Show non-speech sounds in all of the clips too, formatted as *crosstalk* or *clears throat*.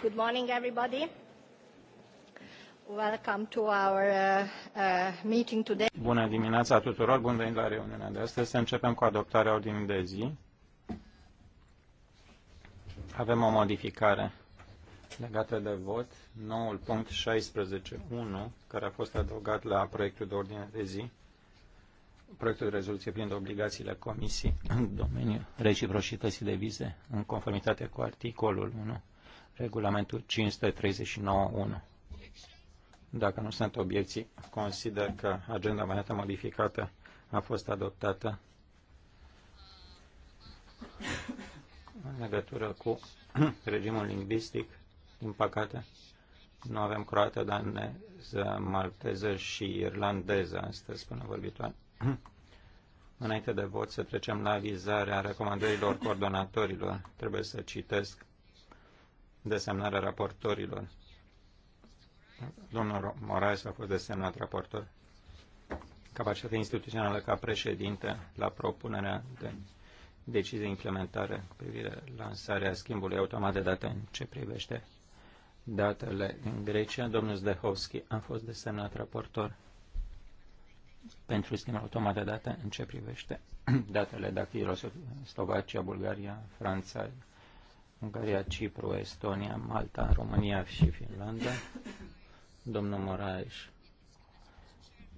Good morning, everybody. Welcome to our uh, uh, meeting today. Bună dimineața tuturor, bun venit la reuniunea de astăzi. Să începem cu adoptarea ordinii de zi. Avem o modificare legată de vot, noul punct 16.1, care a fost adăugat la proiectul de ordine de zi, proiectul de rezoluție privind obligațiile Comisiei în domeniul reciprocității de vize, în conformitate cu articolul 1 regulamentul 539.1. Dacă nu sunt obiecții, consider că agenda monetă modificată a fost adoptată în legătură cu *clears throat* regimul lingvistic. Din păcate, nu avem croată, daneză, malteză și irlandeză astăzi, până vorbitoare. *clears throat* Înainte de vot să trecem la avizarea recomandărilor coordonatorilor. Trebuie să citesc desemnarea raportorilor. Domnul Moraes a fost desemnat raportor. Capacitatea instituțională ca președinte la propunerea de decizie implementare cu privire lansarea schimbului automat de date în ce privește datele în Grecia. Domnul Zdehovski a fost desemnat raportor pentru schimbul automat de date în ce privește *clears throat* datele dactilor Slovacia, Bulgaria, Franța, Ungaria, Cipru, Estonia, Malta, România și Finlanda. Domnul Moraes,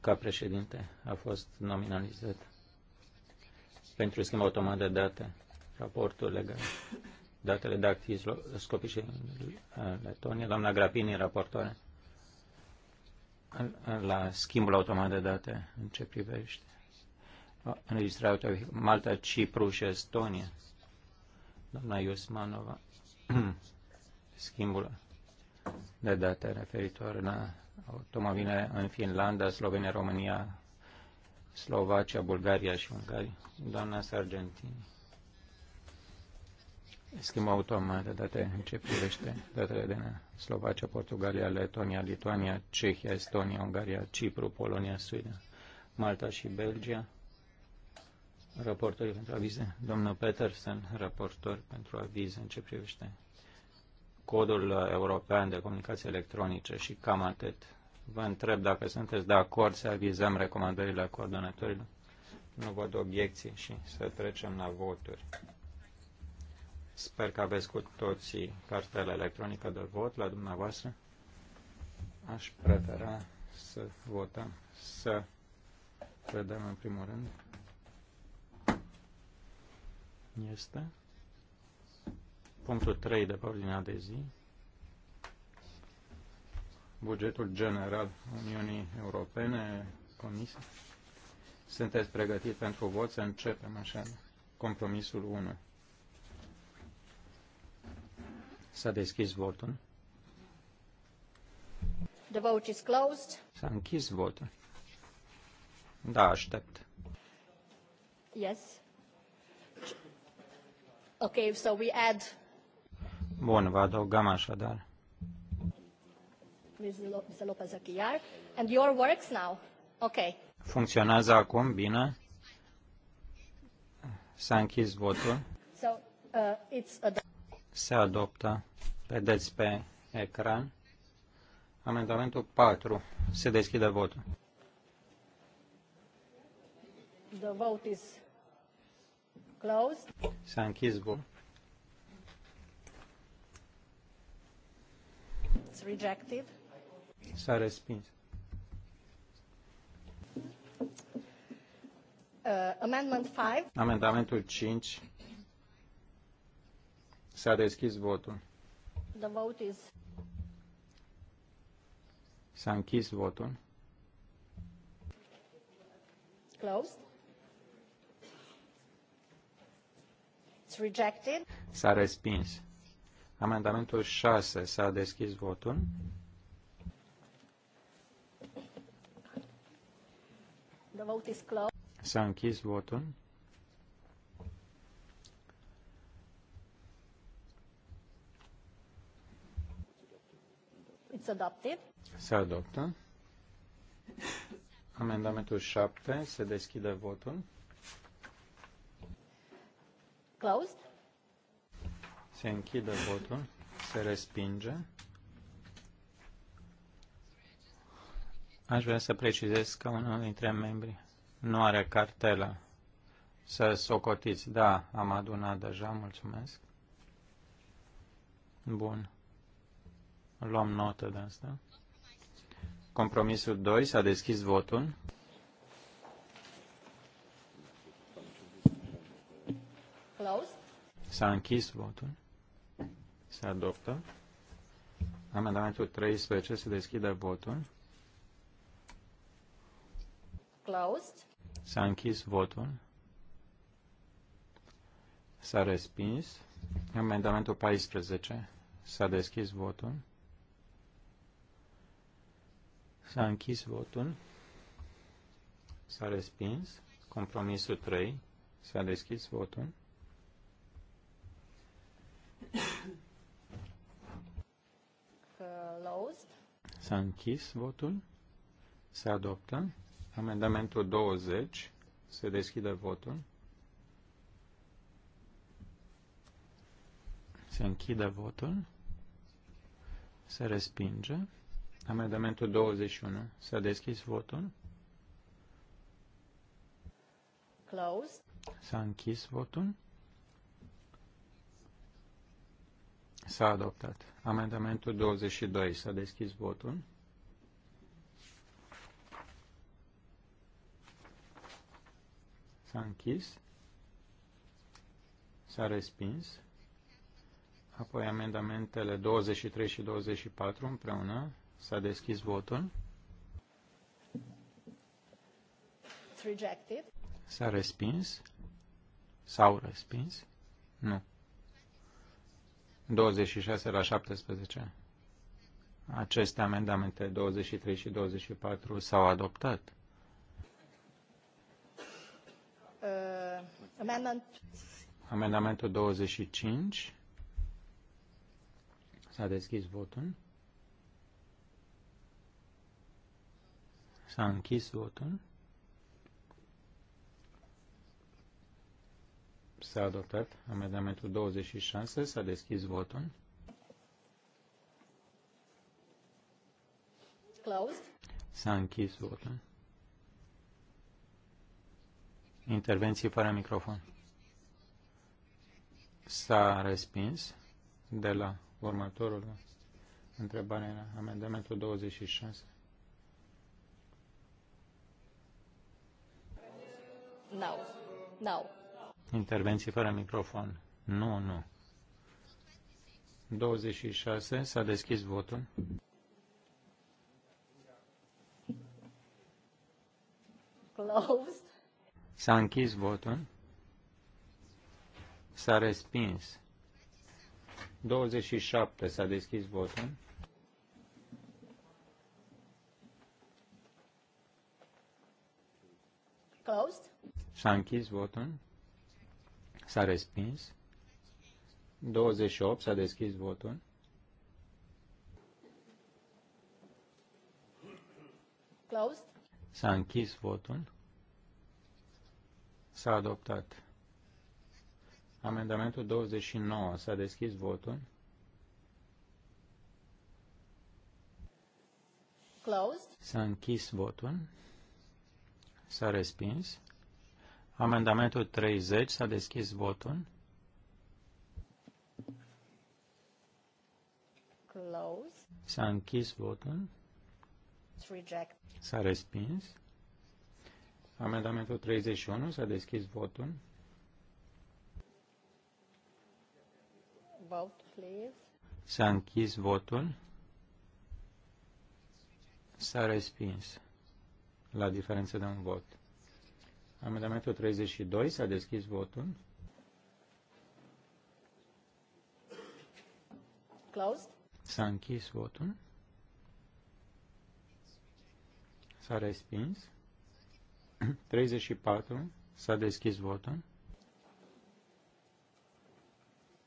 ca președinte, a fost nominalizat pentru schimb automat de date, raportul legat, datele de activi scopii și Letonia, doamna Grapini, raportoare, la schimbul automat de date în ce privește înregistrarea Malta, Cipru și Estonia doamna Iosmanova, *clears throat* schimbul de date referitoare la automobile în Finlanda, Slovenia, România, Slovacia, Bulgaria și Ungaria. Doamna Sargentini. schimbul automat de date în ce privește datele de Slovacia, Portugalia, Letonia, Lituania, Cehia, Estonia, Ungaria, Cipru, Polonia, Suedia, Malta și Belgia raportorii pentru avize, domnul Peterson, raportor pentru avize în ce privește codul european de comunicații electronice și cam atât. Vă întreb dacă sunteți de acord să avizăm recomandările coordonatorilor. Nu văd obiecții și să trecem la voturi. Sper că aveți cu toții cartela electronică de vot la dumneavoastră. Aș prefera să votăm, să vedem în primul rând este punctul 3 de pe ordinea de zi, bugetul general Uniunii Europene, Comisie. Sunteți pregătit pentru vot? Să începem așa, compromisul 1. S-a deschis votul. The vote is closed. S-a închis votul. Da, aștept. Yes. Okay, so we add... Bun, vă adăugăm așadar. Mr. Lopez Aguiar, And your works now? Okay. Funcționează acum bine. S-a închis votul. So, uh, it's ad- Se adoptă. Vedeți pe ecran. Amendamentul 4. Se deschide votul. The vote is Closed. S-a închis It's rejected. S-a respins. Uh, amendment 5. Amendamentul 5. S-a deschis votul. The vote is... S-a închis votul. Closed. rejected. S-a respins. Amendamentul 6. S-a deschis votul. The vote is closed. S-a închis votul. It's adopted. Se adoptă. Amendamentul 7. Se deschide votul. Closed. Se închide votul. Se respinge. Aș vrea să precizez că unul dintre membri nu are cartelă. Să socotiți. Da, am adunat deja, mulțumesc. Bun. Luăm notă de asta. Compromisul 2 s-a deschis votul. closed. S-a închis votul. Se adoptă. Amendamentul 13 se deschide votul. Closed. S-a închis votul. S-a respins. Amendamentul 14. S-a deschis votul. S-a închis votul. S-a respins. Compromisul 3. S-a deschis votul. Closed. S-a închis votul. Se adoptă. Amendamentul 20. Se deschide votul. Se închide votul. Se respinge. Amendamentul 21. S-a deschis votul. Closed. S-a închis votul. S-a adoptat. Amendamentul 22. S-a deschis votul. S-a închis. S-a respins. Apoi amendamentele 23 și 24 împreună. S-a deschis votul. S-a respins. S-au respins. Nu. 26 la 17. Aceste amendamente 23 și 24 s-au adoptat. Uh, amendment. Amendamentul 25. S-a deschis votul. S-a închis votul. S-a adoptat amendamentul 26. S-a deschis votul. Closed. S-a închis votul. Intervenții fără microfon. S-a respins de la următorul întrebare la amendamentul 26. Nu, no. Intervenții fără microfon. Nu, nu. 26. S-a deschis votul. Closed. S-a închis votul. S-a respins. 27. S-a deschis votul. Closed. S-a închis votul. S-a respins. 28. S-a deschis votul. Closed. S-a închis votul. S-a adoptat. Amendamentul 29. S-a deschis votul. Closed. S-a închis votul. S-a respins. Amendamentul 30 s-a deschis votul. Close. S-a închis votul. S-a respins. Amendamentul 31 s-a deschis votul. Vote, please. S-a închis votul. S-a respins la diferență de un vot. Amendamentul 32 s-a deschis votul. Closed. S-a închis votul. S-a respins. 34 *clears throat* s-a deschis votul.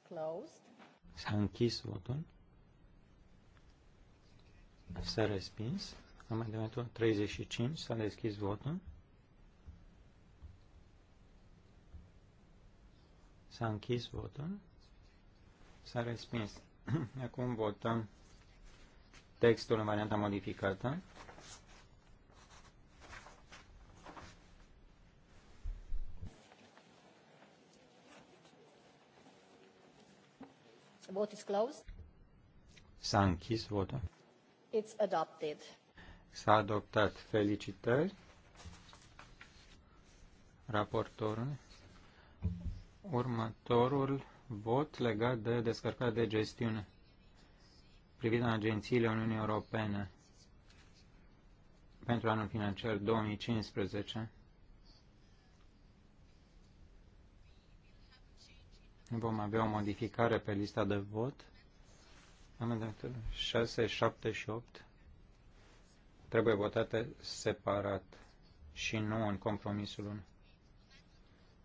Closed. S-a închis votul. S-a respins. Amendamentul 35 s-a deschis votul. S-a închis votul. S-a respins. *clears throat* Acum votăm textul în varianta modificată. Vote is closed. S-a închis votul. It's adopted. S-a adoptat. Felicitări. Raportorul următorul vot legat de descărcarea de gestiune privind agențiile Uniunii Europene pentru anul financiar 2015. Vom avea o modificare pe lista de vot. Amendamentul 6, 7 și 8 trebuie votate separat și nu în compromisul 1.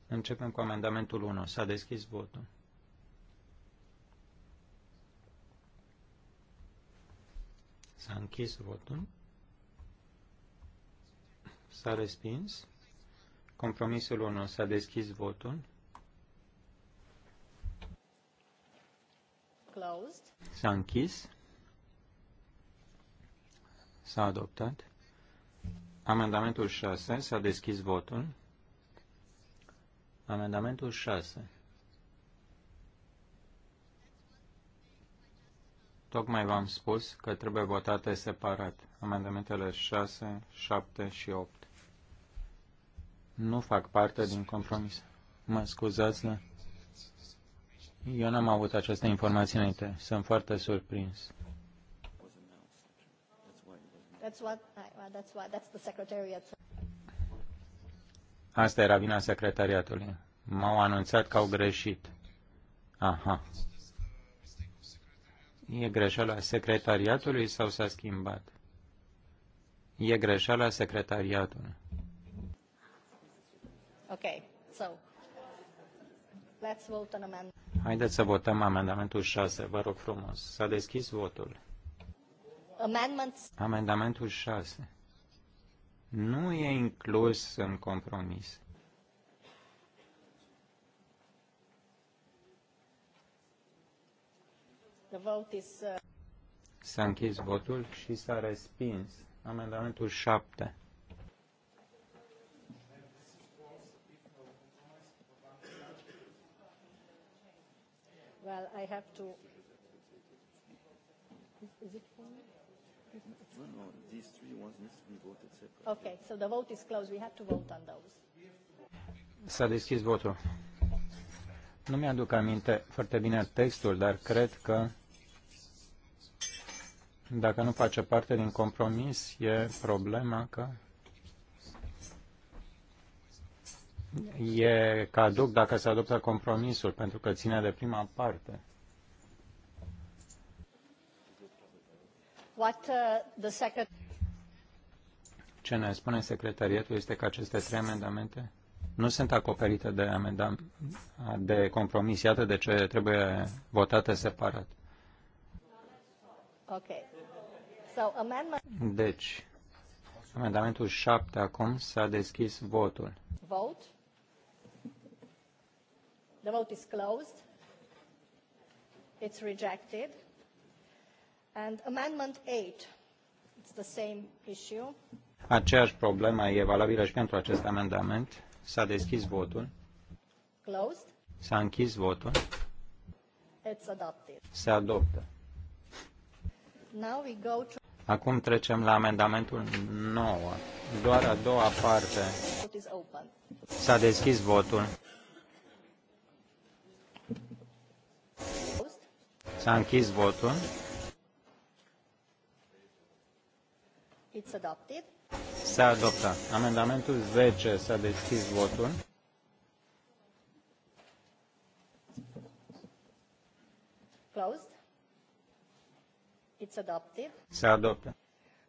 Începem cu amendamentul 1. S-a deschis votul. S-a închis votul. S-a respins. Compromisul 1. S-a deschis votul. S-a închis. S-a adoptat. Amendamentul 6. S-a deschis votul. Amendamentul 6. Tocmai v-am spus că trebuie votate separat amendamentele 6, 7 și 8. Nu fac parte din compromis. Mă scuzați, la... eu n-am avut această informație înainte. Sunt foarte surprins. That's what, that's what, that's the secretariat Asta era vina secretariatului. M-au anunțat că au greșit. Aha. E greșeala secretariatului sau s-a schimbat? E greșeala secretariatului. Ok, so let's vote on amendment. Haideți să votăm amendamentul 6, vă rog frumos. S-a deschis votul. Amendments. Amendamentul 6 nu e inclus în compromis. Uh, s-a închis votul și s-a respins amendamentul 7. Well, I have to. Is, is it for me? No, no, these three ones need to be voted separately. Okay, so the vote is closed. We have to vote on those. S-a deschis votul. Nu mi-aduc aminte foarte bine textul, dar cred că dacă nu face parte din compromis, e problema că e caduc dacă se adoptă compromisul, pentru că ține de prima parte. What, uh, the second... Ce ne spune secretariatul este că aceste trei amendamente nu sunt acoperite de, amendam, de compromis. Iată de ce trebuie votate separat. So, amendment... Deci, amendamentul 7 acum s-a deschis votul. Vote. The vote is closed. It's rejected. And Amendment 8, it's the same issue. Aceeași problemă e valabilă și pentru acest amendament. S-a deschis votul. Closed. S-a închis votul. It's adopted. Se adoptă. Now we go to... Acum trecem la amendamentul 9. Doar a doua parte. S-a deschis votul. S-a închis votul. It's adopted. S-a adoptat. Amendamentul 10 s-a deschis votul. Closed. It's adopted. Se adoptă.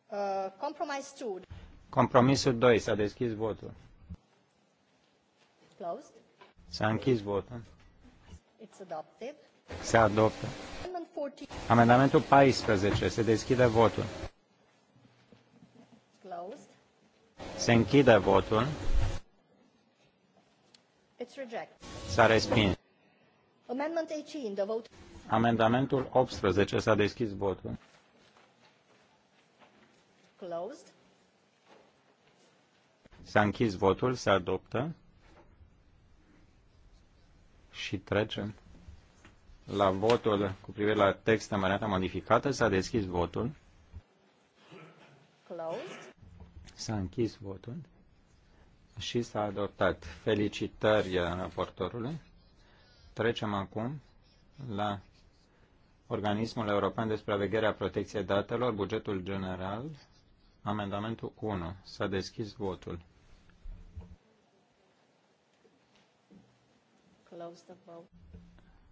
Uh, compromise 2. Compromisul 2 s-a deschis votul. Closed. S-a închis votul. It's adopted. Se adoptă. Amendamentul 14. Se deschide votul. Se închide votul. S-a respins. Amendamentul 18 s-a deschis votul. S-a închis votul, se adoptă și trecem la votul cu privire la text amendată modificată. S-a deschis votul. Closed. S-a închis votul și s-a adoptat. Felicitări uh, raportorului. Trecem acum la Organismul European de Supraveghere a Protecției Datelor, bugetul general, amendamentul 1. S-a deschis votul.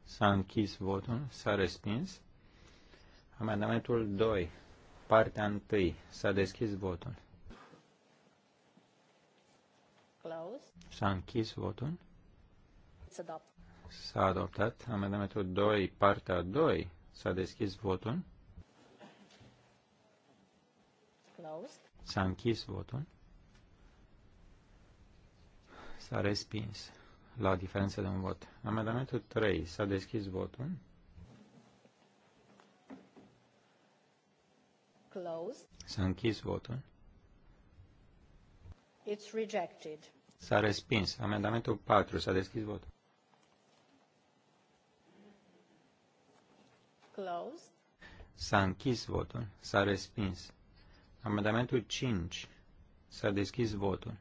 S-a închis votul, s-a respins. Amendamentul 2, partea 1. S-a deschis votul closed. S-a închis votul. S-a adoptat amendamentul 2, partea 2. S-a deschis votul. S-a închis votul. S-a respins la diferență de un vot. Amendamentul 3. S-a deschis votul. S-a închis votul. It's rejected. S-a respins. Amendamentul 4. S-a deschis vot. Closed. S-a închis votul. S-a respins. Amendamentul 5. S-a deschis votul.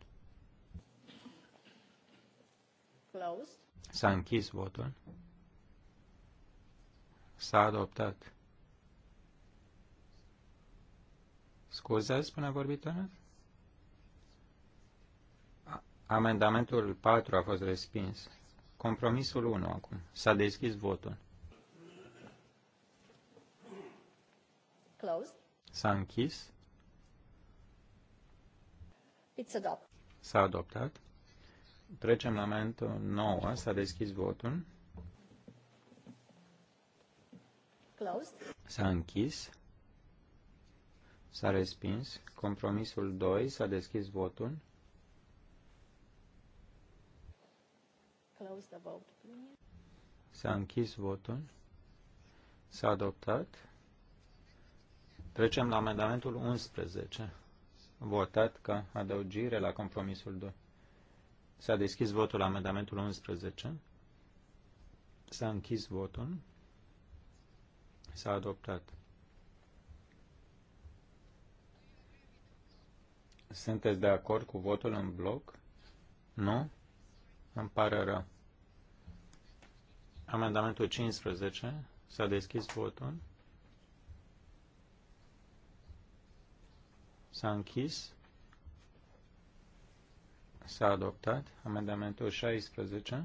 Closed. S-a închis votul. S-a adoptat. Scuzați, spune vorbitoarea? Amendamentul 4 a fost respins. Compromisul 1 acum. S-a deschis votul. Closed. S-a închis. It's adopt. S-a adoptat. Trecem la amendamentul 9. S-a deschis votul. Closed. S-a închis. S-a respins. Compromisul 2. S-a deschis votul. close the vote, S-a închis votul. S-a adoptat. Trecem la amendamentul 11, votat ca adăugire la compromisul 2. S-a deschis votul la amendamentul 11. S-a închis votul. S-a adoptat. Sunteți de acord cu votul în bloc? Nu? Îmi pare rău. Amendamentul 15. S-a deschis votul. S-a închis. S-a adoptat. Amendamentul 16.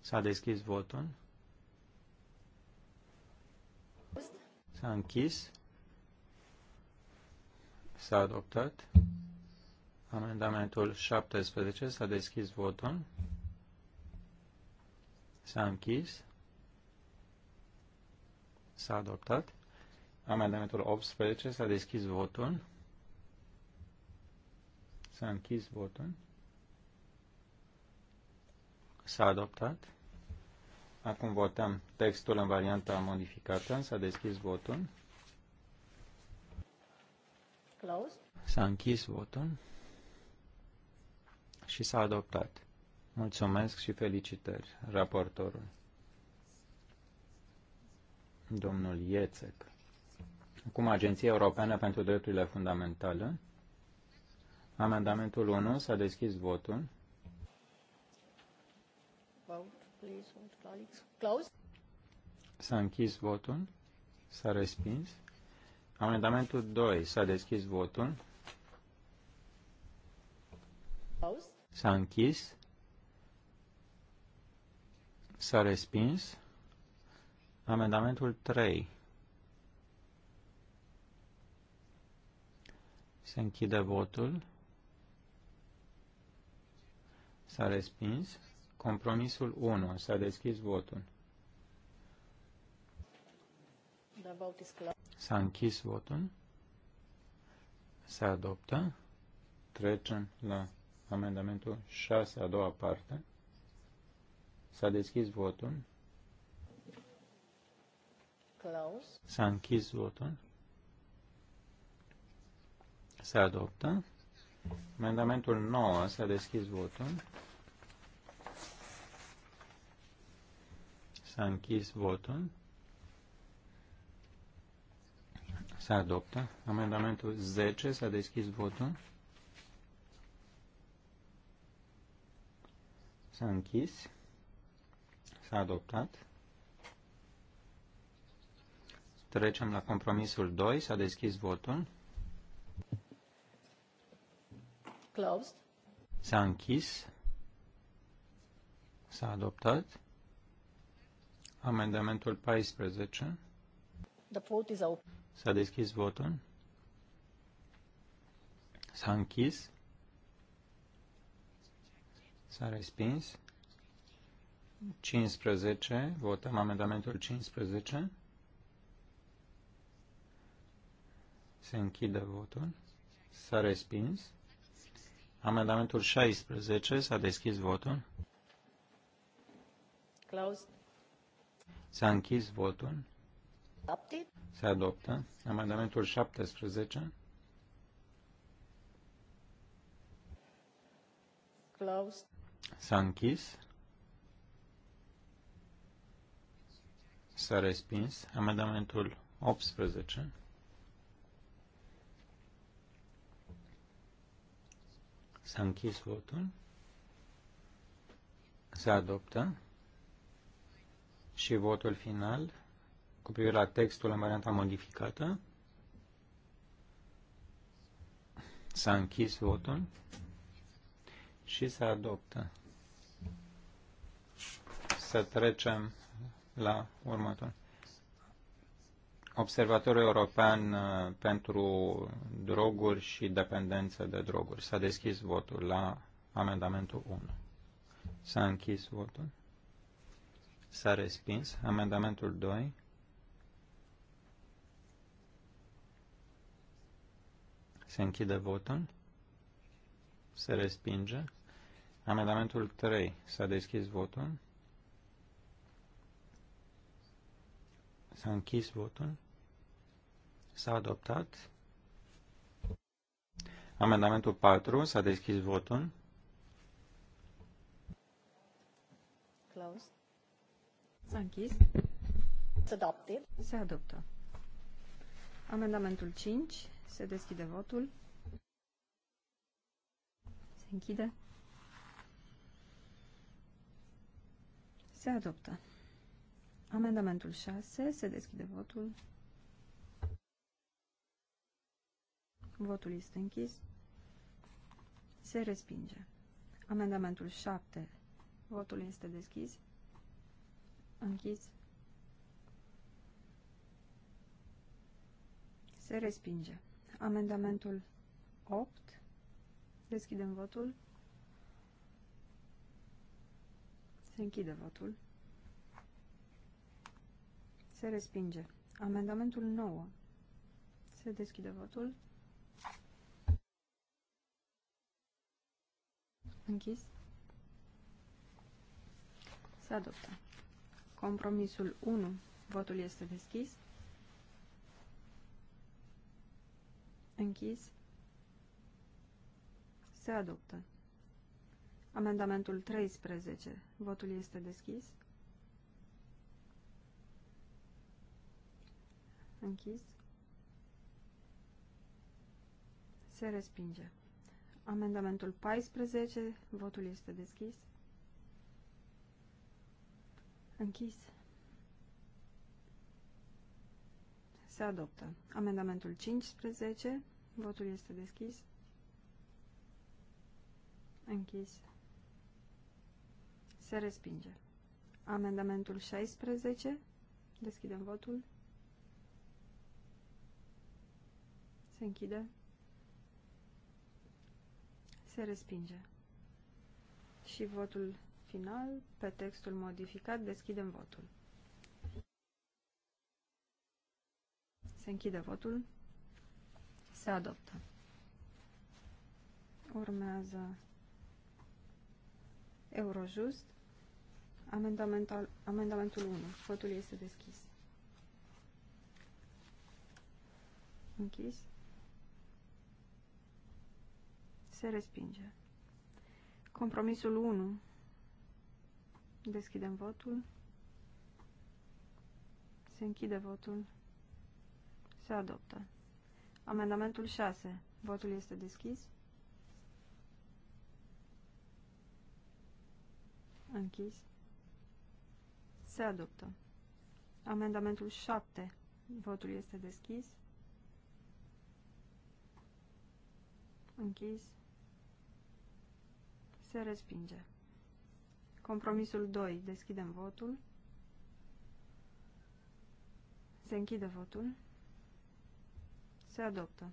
S-a deschis votul. S-a închis. S-a adoptat. Amendamentul 17. S-a deschis votul. S-a închis. S-a adoptat. Amendamentul 18. S-a deschis votul. S-a închis votul. S-a adoptat. Acum votăm textul în varianta modificată. S-a deschis votul. S-a închis votul și s-a adoptat. Mulțumesc și felicitări raportorul. Domnul Iețec. Acum Agenția Europeană pentru Drepturile Fundamentale. Amendamentul 1. S-a deschis votul. S-a închis votul. S-a respins. Amendamentul 2. S-a deschis votul. S-a închis. S-a respins. Amendamentul 3. Se închide votul. S-a respins. Compromisul 1. S-a deschis votul. S-a închis votul. Se adoptă. Trecem la amendamentul 6, a doua parte. S-a deschis votul. S-a închis votul. Se adoptă. Amendamentul 9. S-a deschis votul. S-a închis votul. Se adoptă. Amendamentul 10. S-a deschis votul. S-a închis. S-a adoptat. Trecem la compromisul 2. S-a deschis votul. Closed. S-a închis. S-a adoptat. Amendamentul 14. The vote is open. S-a deschis votul. S-a închis. S-a respins. 15. Votăm amendamentul 15. Se închide votul. S-a respins. Amendamentul 16. S-a deschis votul. Closed. S-a închis votul. Adopted. Se adoptă. Amendamentul 17. Closed. S-a închis. S-a respins. Amendamentul 18. S-a închis votul. Se adoptă. Și votul final cu privire la textul în varianta modificată. S-a închis votul și se adoptă. Să trecem la următor. Observatorul European uh, pentru Droguri și Dependență de Droguri. S-a deschis votul la amendamentul 1. S-a închis votul. S-a respins. Amendamentul 2. Se închide votul. Se respinge. Amendamentul 3. S-a deschis votul. S-a închis votul. S-a adoptat. Amendamentul 4. S-a deschis votul. Closed. S-a închis. It's adopted. Se adoptă. Amendamentul 5. Se deschide votul. Se închide. Se adoptă. Amendamentul 6. Se deschide votul. Votul este închis. Se respinge. Amendamentul 7. Votul este deschis. Închis. Se respinge. Amendamentul 8. Deschidem votul. Se închide votul. Se respinge. Amendamentul 9. Se deschide votul. Închis. Se adoptă. Compromisul 1. Votul este deschis. Închis. Se adoptă. Amendamentul 13. Votul este deschis. Închis. Se respinge. Amendamentul 14. Votul este deschis. Închis. Se adoptă. Amendamentul 15. Votul este deschis. Închis. Se respinge. Amendamentul 16. Deschidem votul. Se închide. Se respinge. Și votul final, pe textul modificat, deschidem votul. Se închide votul. Se adoptă. Urmează Eurojust. Amendamentul, amendamentul 1. Votul este deschis. Închis. se respinge. Compromisul 1. Deschidem votul. Se închide votul. Se adoptă. Amendamentul 6. Votul este deschis. Închis. Se adoptă. Amendamentul 7. Votul este deschis. Închis se respinge. Compromisul 2. Deschidem votul. Se închide votul. Se adoptă.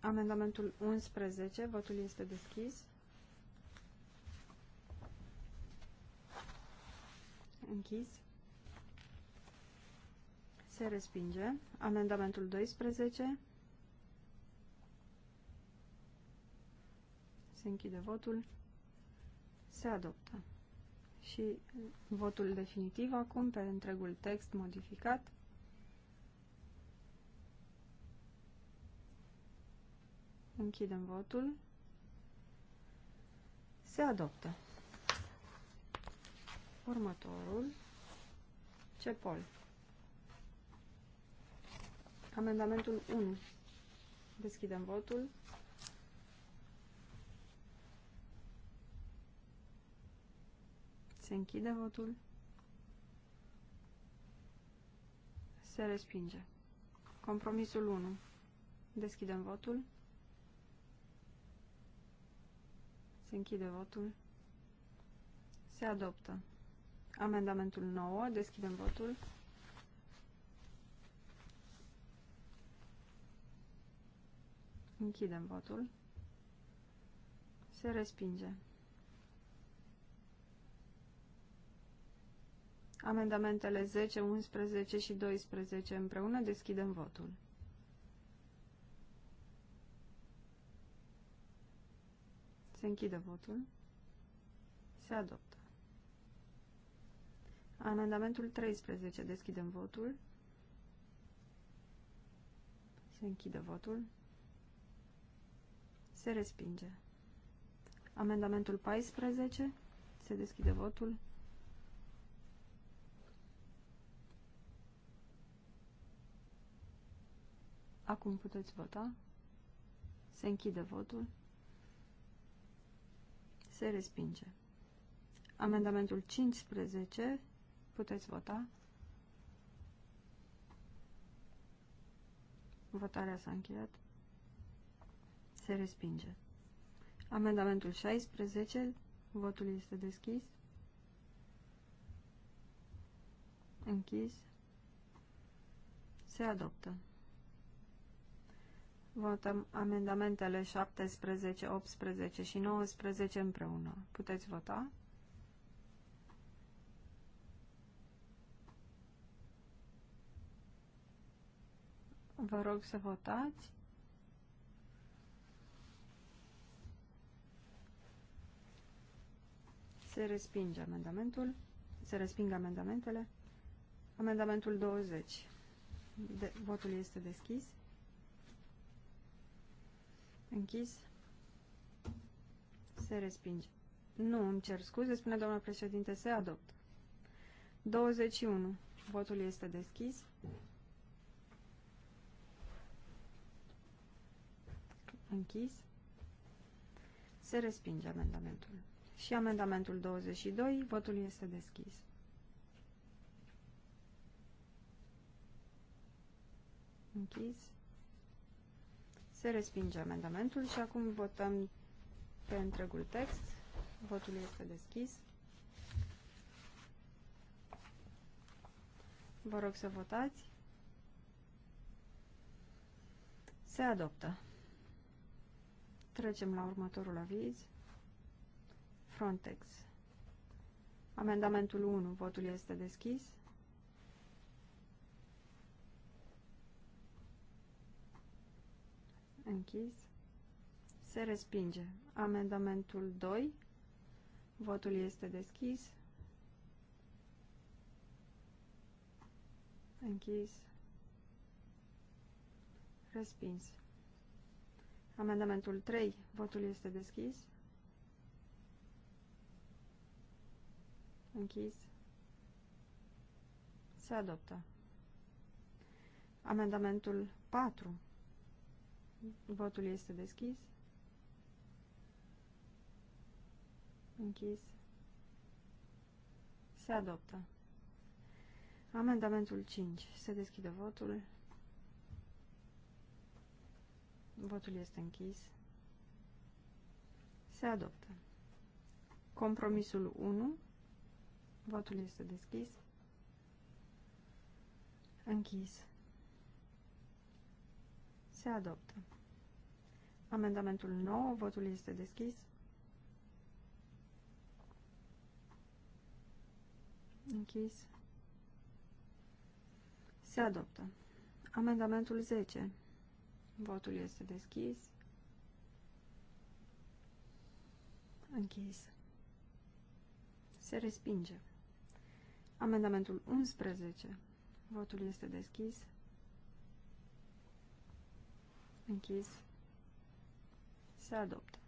Amendamentul 11. Votul este deschis. Închis. Se respinge. Amendamentul 12. Se închide votul. Se adoptă. Și votul definitiv acum pe întregul text modificat. Închidem votul. Se adoptă. Următorul. CEPOL. Amendamentul 1. Deschidem votul. Se închide votul. Se respinge. Compromisul 1. Deschidem votul. Se închide votul. Se adoptă. Amendamentul 9. Deschidem votul. Închidem votul. Se respinge. Amendamentele 10, 11 și 12 împreună deschidem votul. Se închide votul. Se adoptă. Amendamentul 13. Deschidem votul. Se închide votul. Se respinge. Amendamentul 14. Se deschide votul. Acum puteți vota. Se închide votul. Se respinge. Amendamentul 15. Puteți vota. Votarea s-a încheiat. Se respinge. Amendamentul 16. Votul este deschis. Închis. Se adoptă. Votăm amendamentele 17, 18 și 19 împreună. Puteți vota? Vă rog să votați. Se respinge amendamentul. Se resping amendamentele. Amendamentul 20. De, votul este deschis. Închis. Se respinge. Nu, îmi cer scuze, spune doamna președinte, se adoptă. 21. Votul este deschis. Închis. Se respinge amendamentul. Și amendamentul 22, votul este deschis. Închis. Se respinge amendamentul și acum votăm pe întregul text. Votul este deschis. Vă rog să votați. Se adoptă. Trecem la următorul aviz. Frontex. Amendamentul 1. Votul este deschis. Închis. Se respinge. Amendamentul 2. Votul este deschis. Închis. Respins. Amendamentul 3. Votul este deschis. Închis. Se adoptă. Amendamentul 4. Votul este deschis. Închis. Se adoptă. Amendamentul 5. Se deschide votul. Votul este închis. Se adoptă. Compromisul 1. Votul este deschis. Închis. Se adoptă. Amendamentul 9. Votul este deschis. Închis. Se adoptă. Amendamentul 10. Votul este deschis. Închis. Se respinge. Amendamentul 11. Votul este deschis. Închis. Se adoptă.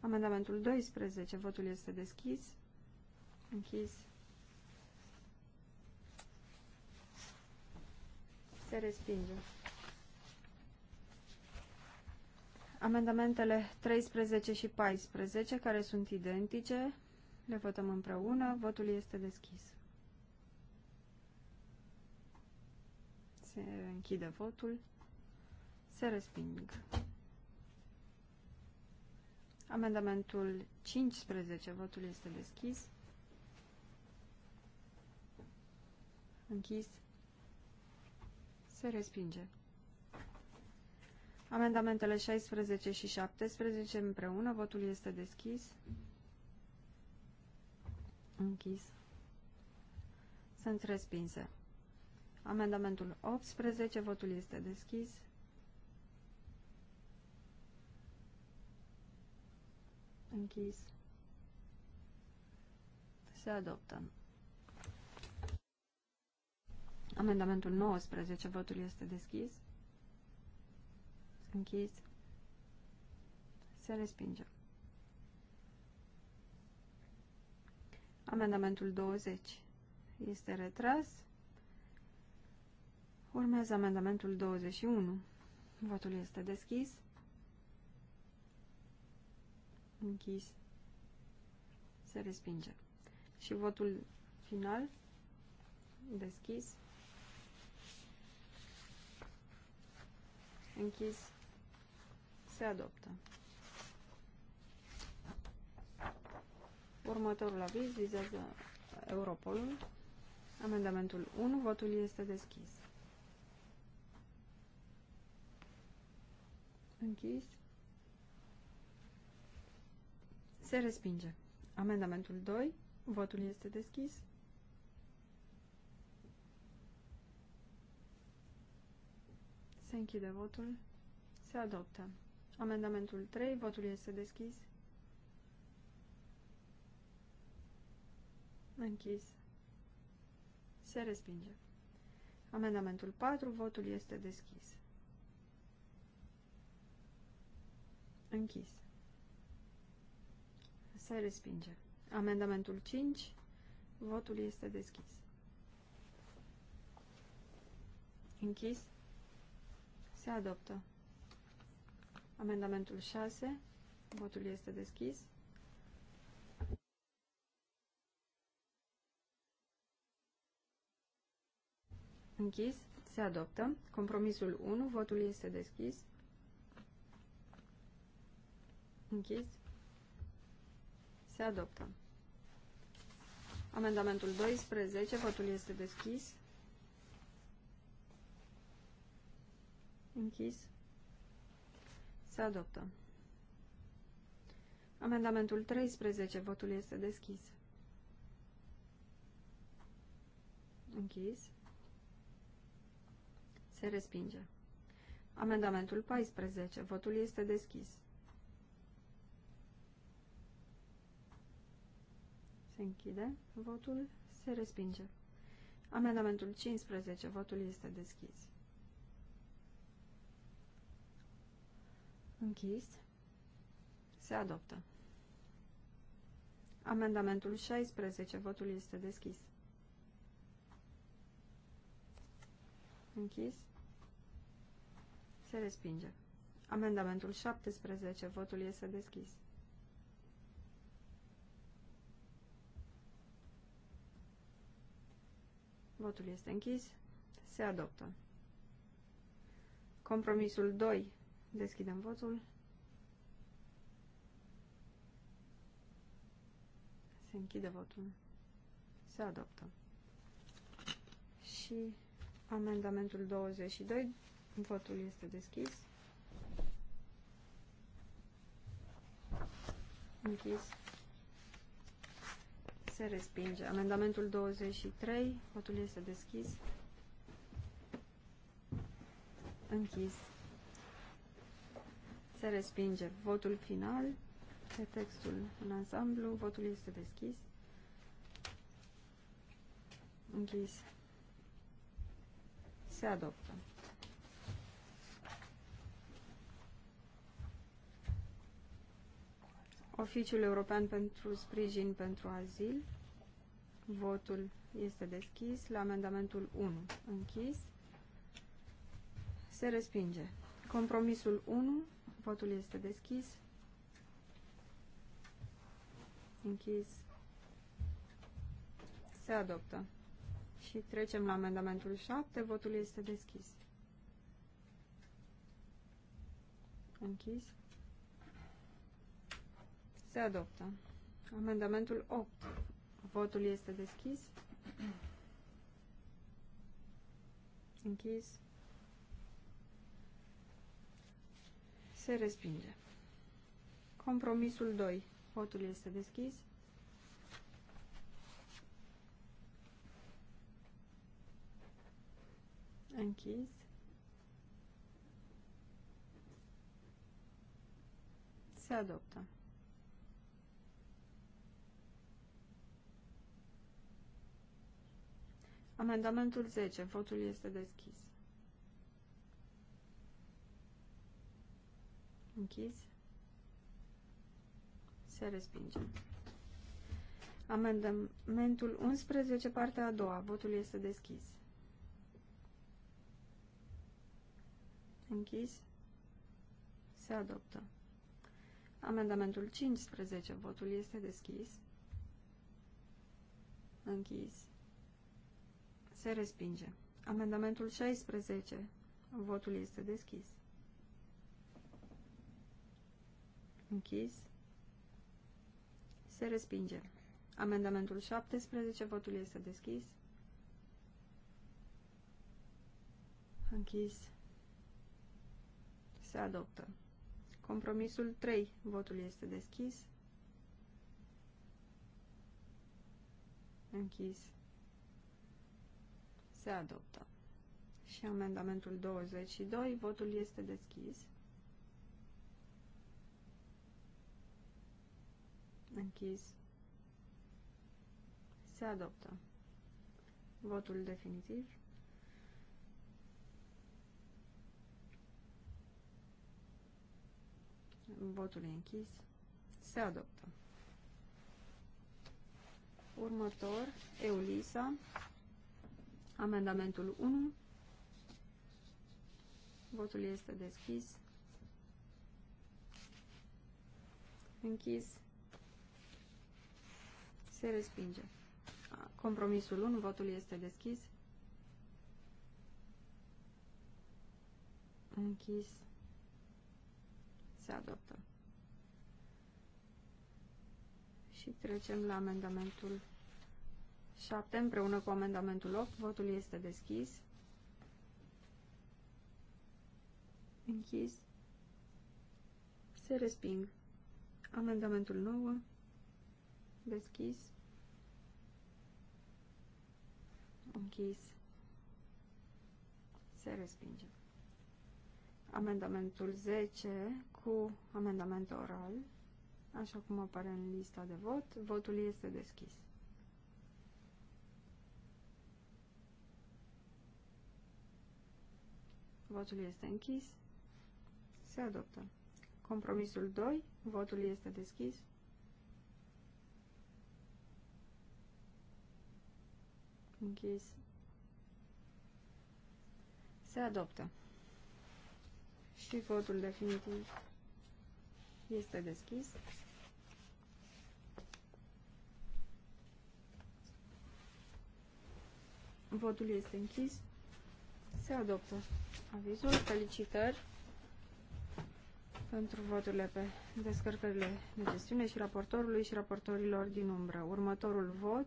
Amendamentul 12. Votul este deschis. Închis. Se respinge. Amendamentele 13 și 14, care sunt identice, le votăm împreună. Votul este deschis. Se închide votul. Se resping. Amendamentul 15. Votul este deschis. Închis. Se respinge. Amendamentele 16 și 17 împreună. Votul este deschis. Închis. Sunt respinse. Amendamentul 18. Votul este deschis. Închis. Se adoptă. Amendamentul 19. Votul este deschis. Închis. Se respinge. Amendamentul 20 este retras. Urmează amendamentul 21. Votul este deschis. Închis. Se respinge. Și votul final. Deschis. Închis. Se adoptă. Următorul aviz vizează Europolul. Amendamentul 1. Votul este deschis. Închis. Se respinge. Amendamentul 2. Votul este deschis. Se închide votul. Se adoptă. Amendamentul 3. Votul este deschis. Închis. Se respinge. Amendamentul 4. Votul este deschis. Închis. Se respinge. Amendamentul 5. Votul este deschis. Închis. Se adoptă. Amendamentul 6. Votul este deschis. Închis. Se adoptă. Compromisul 1. Votul este deschis. Închis se adoptă. Amendamentul 12, votul este deschis. Închis. Se adoptă. Amendamentul 13, votul este deschis. Închis. Se respinge. Amendamentul 14, votul este deschis. Se închide. Votul se respinge. Amendamentul 15. Votul este deschis. Închis. Se adoptă. Amendamentul 16. Votul este deschis. Închis. Se respinge. Amendamentul 17. Votul este deschis. Votul este închis. Se adoptă. Compromisul 2. Deschidem votul. Se închide votul. Se adoptă. Și amendamentul 22. Votul este deschis. Închis se respinge. Amendamentul 23, votul este deschis. Închis. Se respinge. Votul final pe textul în ansamblu, votul este deschis. Închis. Se adoptă. Oficiul European pentru Sprijin pentru Azil. Votul este deschis la amendamentul 1. Închis. Se respinge. Compromisul 1. Votul este deschis. Închis. Se adoptă. Și trecem la amendamentul 7. Votul este deschis. Închis. Se adoptă. Amendamentul 8. Votul este deschis. Închis. Se respinge. Compromisul 2. Votul este deschis. Închis. Se adoptă. Amendamentul 10. Votul este deschis. Închis. Se respinge. Amendamentul 11, partea a doua. Votul este deschis. Închis. Se adoptă. Amendamentul 15. Votul este deschis. Închis. Se respinge. Amendamentul 16. Votul este deschis. Închis. Se respinge. Amendamentul 17. Votul este deschis. Închis. Se adoptă. Compromisul 3. Votul este deschis. Închis. Se adoptă. Și amendamentul 22, votul este deschis. Închis. Se adoptă. Votul definitiv. Votul e închis. Se adoptă. Următor, Eulisa. Amendamentul 1. Votul este deschis. Închis. Se respinge. Compromisul 1. Votul este deschis. Închis. Se adoptă. Și trecem la amendamentul 7 împreună cu amendamentul 8. Votul este deschis. Închis. Se resping. Amendamentul 9. Deschis. Închis. Se respinge. Amendamentul 10 cu amendament oral, așa cum apare în lista de vot. Votul este deschis. Votul este închis. Se adoptă. Compromisul 2. Votul este deschis. Închis. Se adoptă. Și votul definitiv este deschis. Votul este închis. Se adoptă avizul. Felicitări pentru voturile pe descărcările de gestiune și raportorului și raportorilor din umbră. Următorul vot.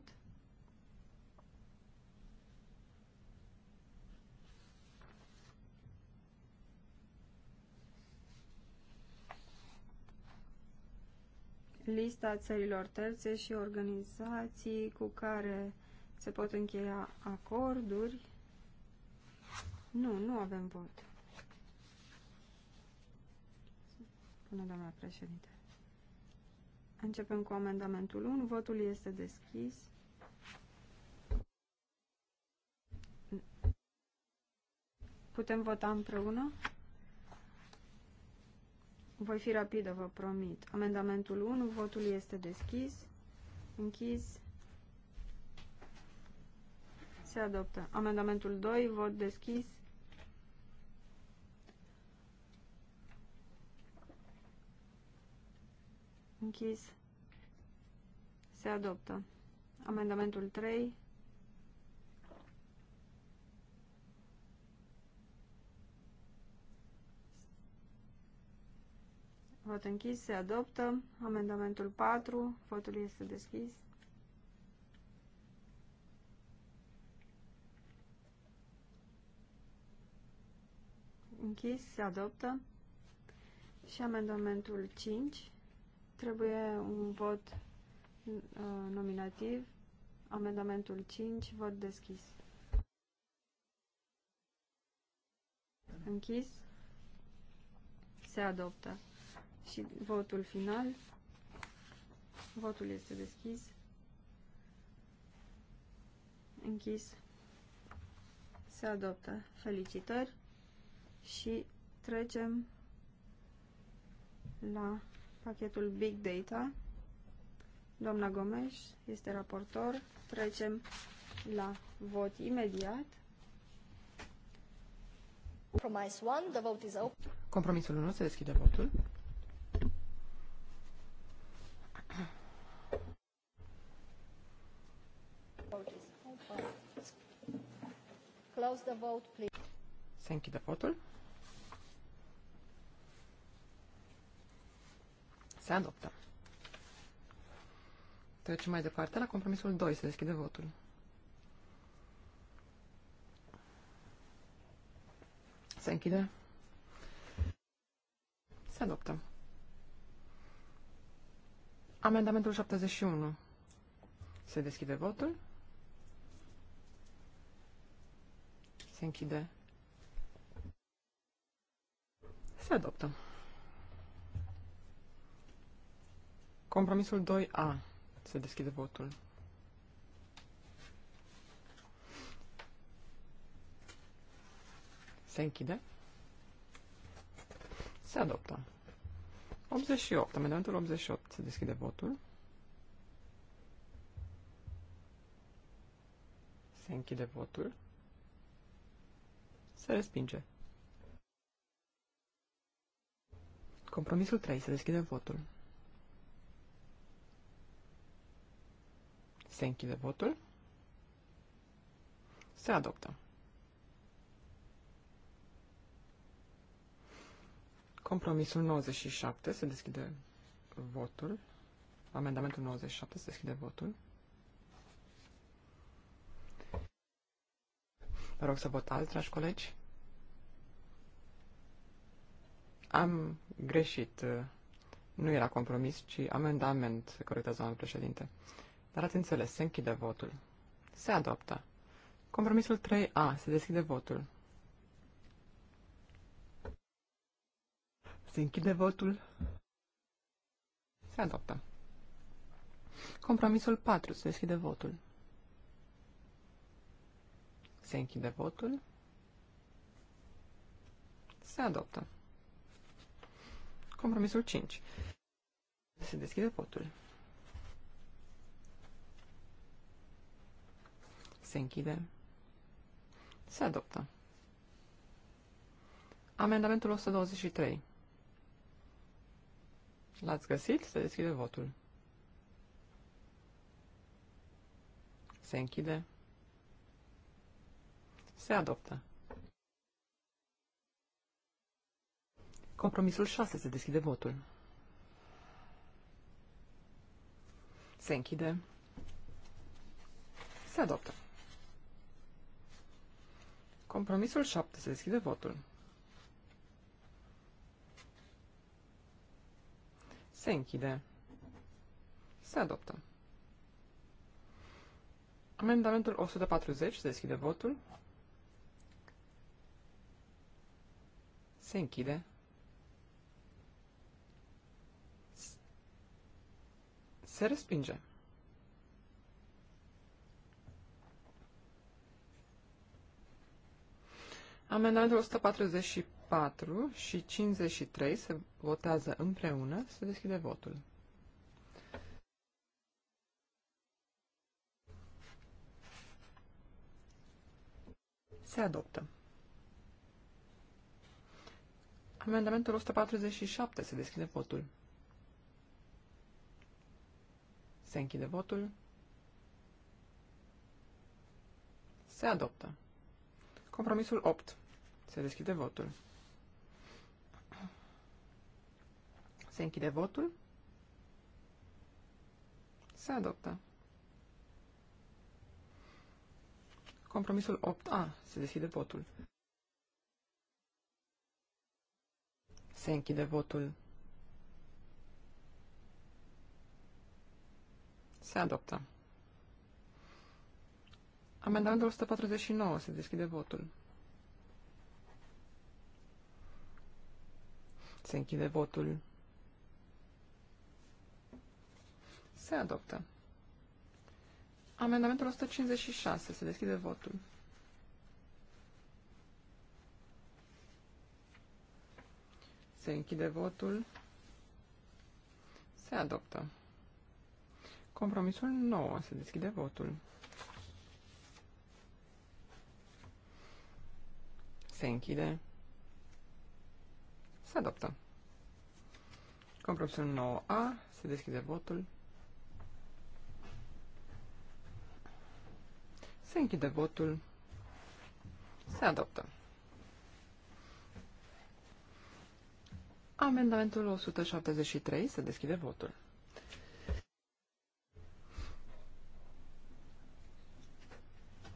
Lista țărilor terțe și organizații cu care se pot încheia acorduri nu, nu avem vot. Bună, doamna președinte. Începem cu amendamentul 1. Votul este deschis. Putem vota împreună? Voi fi rapidă, vă promit. Amendamentul 1, votul este deschis, închis, se adoptă. Amendamentul 2, vot deschis, Închis. Se adoptă. Amendamentul 3. Vot închis. Se adoptă. Amendamentul 4. Votul este deschis. Închis. Se adoptă. Și amendamentul 5. Trebuie un vot uh, nominativ. Amendamentul 5, vot deschis. Închis. Se adoptă. Și votul final. Votul este deschis. Închis. Se adoptă. Felicitări. Și trecem la pachetul Big Data. Doamna Gomes este raportor. Trecem la vot imediat. Compromise 1, the vote is open. Compromisul 1 se deschide votul. Close the vote, please. Se închide votul. Se adoptă. Trecem mai departe la compromisul 2. Se deschide votul. Se închide. Se adoptă. Amendamentul 71. Se deschide votul. Se închide. Se adoptă. Compromisul 2A. Se deschide votul. Se închide. Se adoptă. 88. Amendamentul 88. Se deschide votul. Se închide votul. Se respinge. Compromisul 3. Se deschide votul. Se închide votul. Se adoptă. Compromisul 97 se deschide votul. Amendamentul 97 se deschide votul. Vă rog să votați, dragi colegi. Am greșit. Nu era compromis, ci amendament, corectează domnul președinte. Dar ați înțeles, se închide votul. Se adoptă. Compromisul 3A. Se deschide votul. Se închide votul. Se adoptă. Compromisul 4. Se deschide votul. Se închide votul. Se adoptă. Compromisul 5. Se deschide votul. se închide, se adoptă. Amendamentul 123. L-ați găsit? Se deschide votul. Se închide. Se adoptă. Compromisul 6 se deschide votul. Se închide. Se adoptă. Compromisul 7. Se deschide votul. Se închide. Se adoptă. Amendamentul 140. Se deschide votul. Se închide. Se respinge. Amendamentul 144 și 53 se votează împreună. Se deschide votul. Se adoptă. Amendamentul 147 se deschide votul. Se închide votul. Se adoptă. Compromisul 8. Se deschide votul. Se închide votul. Se adoptă. Compromisul 8A. Se deschide votul. Se închide votul. Se adoptă. Amendamentul 149. Se deschide votul. Se închide votul. Se adoptă. Amendamentul 156. Se deschide votul. Se închide votul. Se adoptă. Compromisul 9. Se deschide votul. se închide, se adoptă. Compromisul 9A, se deschide votul, se închide votul, se adoptă. Amendamentul 173, se deschide votul.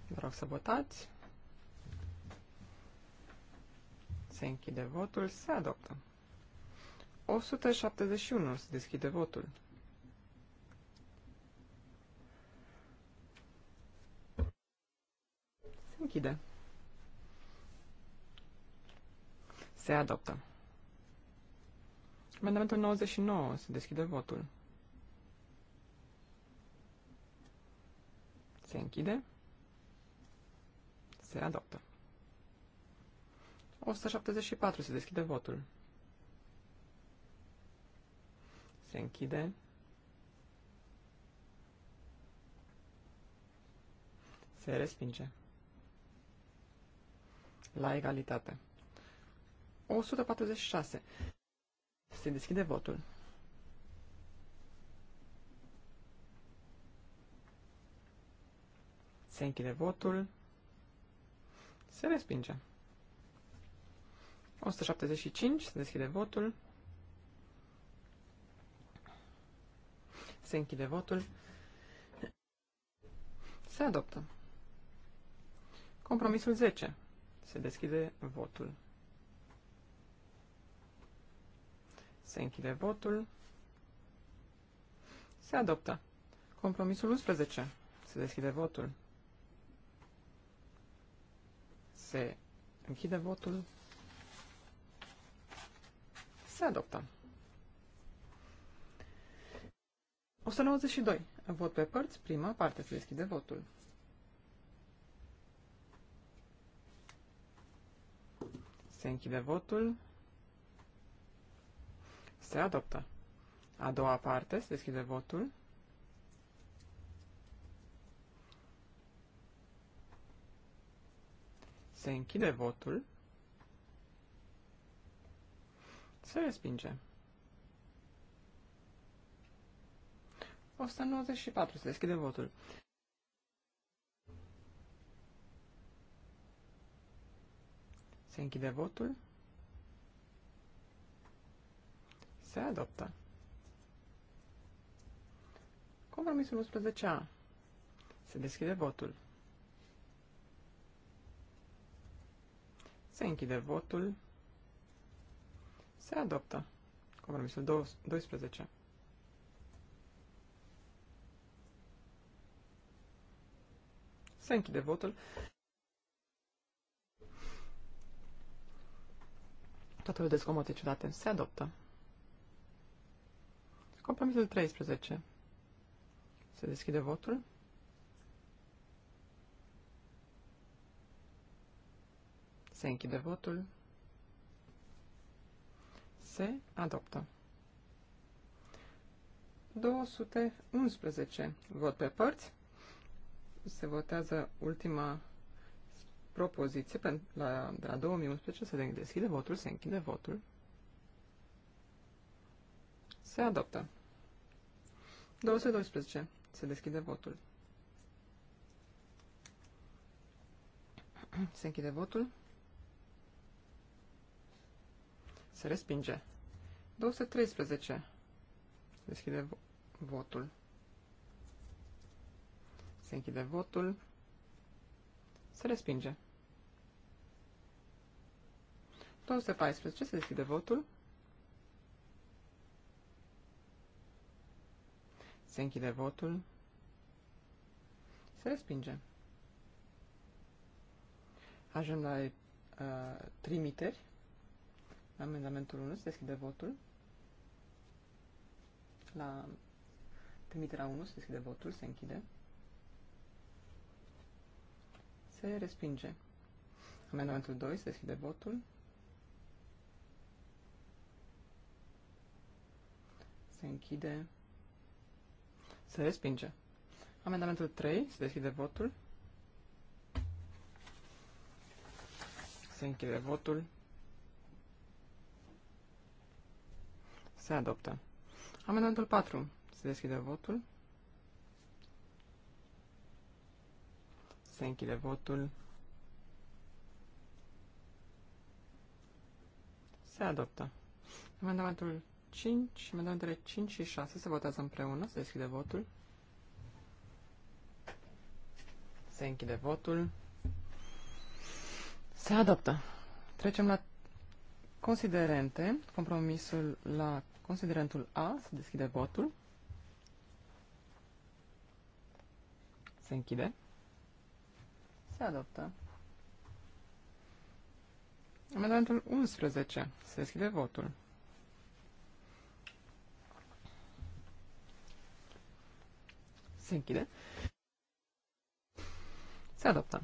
Vă rog să votați. Se închide votul. Se adoptă. 171. Se deschide votul. Se închide. Se adoptă. Amendamentul 99. Se deschide votul. Se închide. Se adoptă. 174. Se deschide votul. Se închide. Se respinge. La egalitate. 146. Se deschide votul. Se închide votul. Se respinge. 175, se deschide votul. Se închide votul. Se adoptă. Compromisul 10. Se deschide votul. Se închide votul. Se adoptă. Compromisul 11. Se deschide votul. Se închide votul. Se adoptă. 192. Vot pe părți, prima parte. Se deschide votul. Se închide votul. Se adoptă. A doua parte, se deschide votul. Se închide votul. Se respinge. 194. Se deschide votul. Se închide votul. Se adoptă. Compromisul 11A. Se deschide votul. Se închide votul. Se adoptă. Compromisul 12. Se închide votul. Totul descomote ciudate. Se adoptă. Compromisul 13. Se deschide votul. Se închide votul se adoptă. 211 vot pe părți. Se votează ultima propoziție pe, la, de la 2011. Se deschide votul, se închide votul. Se adoptă. 212. Se deschide votul. Se închide votul. Se respinge. 213. Deschide votul. Se închide votul. Se respinge. 214. Se deschide votul. Se închide votul. Se respinge. Ajung la uh, trimiteri. Amendamentul 1. Se deschide votul. La trimiterea 1 se deschide votul, se închide. Se respinge. Amendamentul 2 se deschide votul. Se închide. Se respinge. Amendamentul 3 se deschide votul. Se închide votul. Se adoptă. Amendamentul 4. Se deschide votul. Se închide votul. Se adoptă. Amendamentul 5, amendamentele 5 și 6 se votează împreună. Se deschide votul. Se închide votul. Se adoptă. Trecem la considerente. Compromisul la Considerentul A, se deschide votul. Se închide. Se adoptă. Amendamentul 11. Se deschide votul. Se închide. Se adoptă.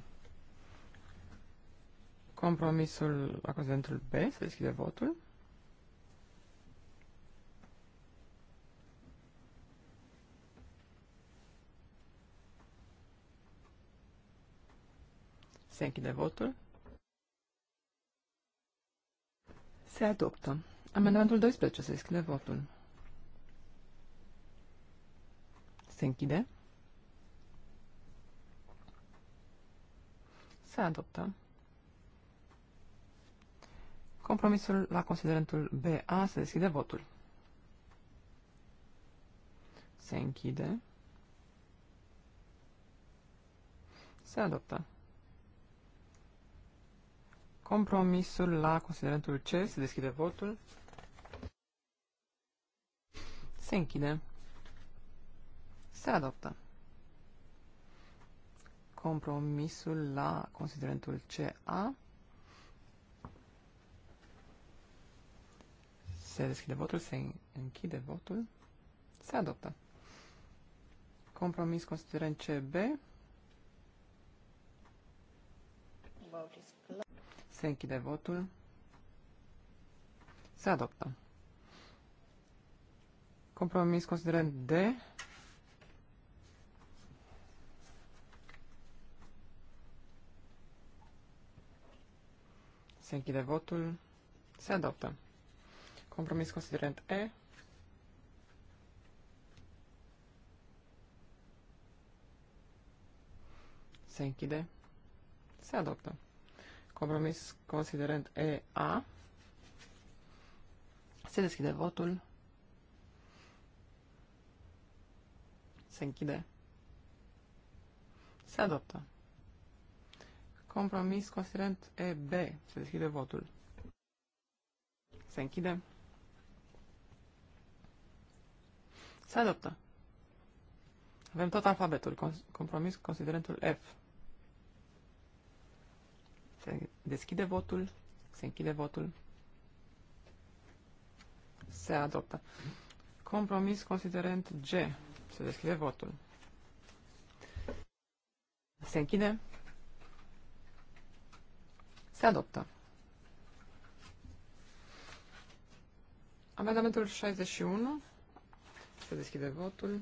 Compromisul acuzentul B. Se deschide votul. Se închide votul. Se adoptă. Amendamentul 12. Se deschide votul. Se închide. Se adoptă. Compromisul la considerentul BA se deschide votul. Se închide. Se adoptă. Compromisul la considerentul C. Se deschide votul. Se închide. Se adoptă. Compromisul la considerentul CA. Se deschide votul, se închide votul, se adoptă. Compromis considerent CB. Vote is se închide votul. Se adoptă. Compromis considerând D. Se închide votul. Se adoptă. Compromis considerent E. Se închide. Se adoptă. Compromis considerent EA. Se deschide votul. Se închide. Se adoptă. Compromis considerent EB. Se deschide votul. Se închide. Se adoptă. Avem tot alfabetul. Compromis considerentul F. Se deschide votul. Se închide votul. Se adoptă. Compromis considerent G. Se deschide votul. Se închide. Se adoptă. Amendamentul 61. Se deschide votul.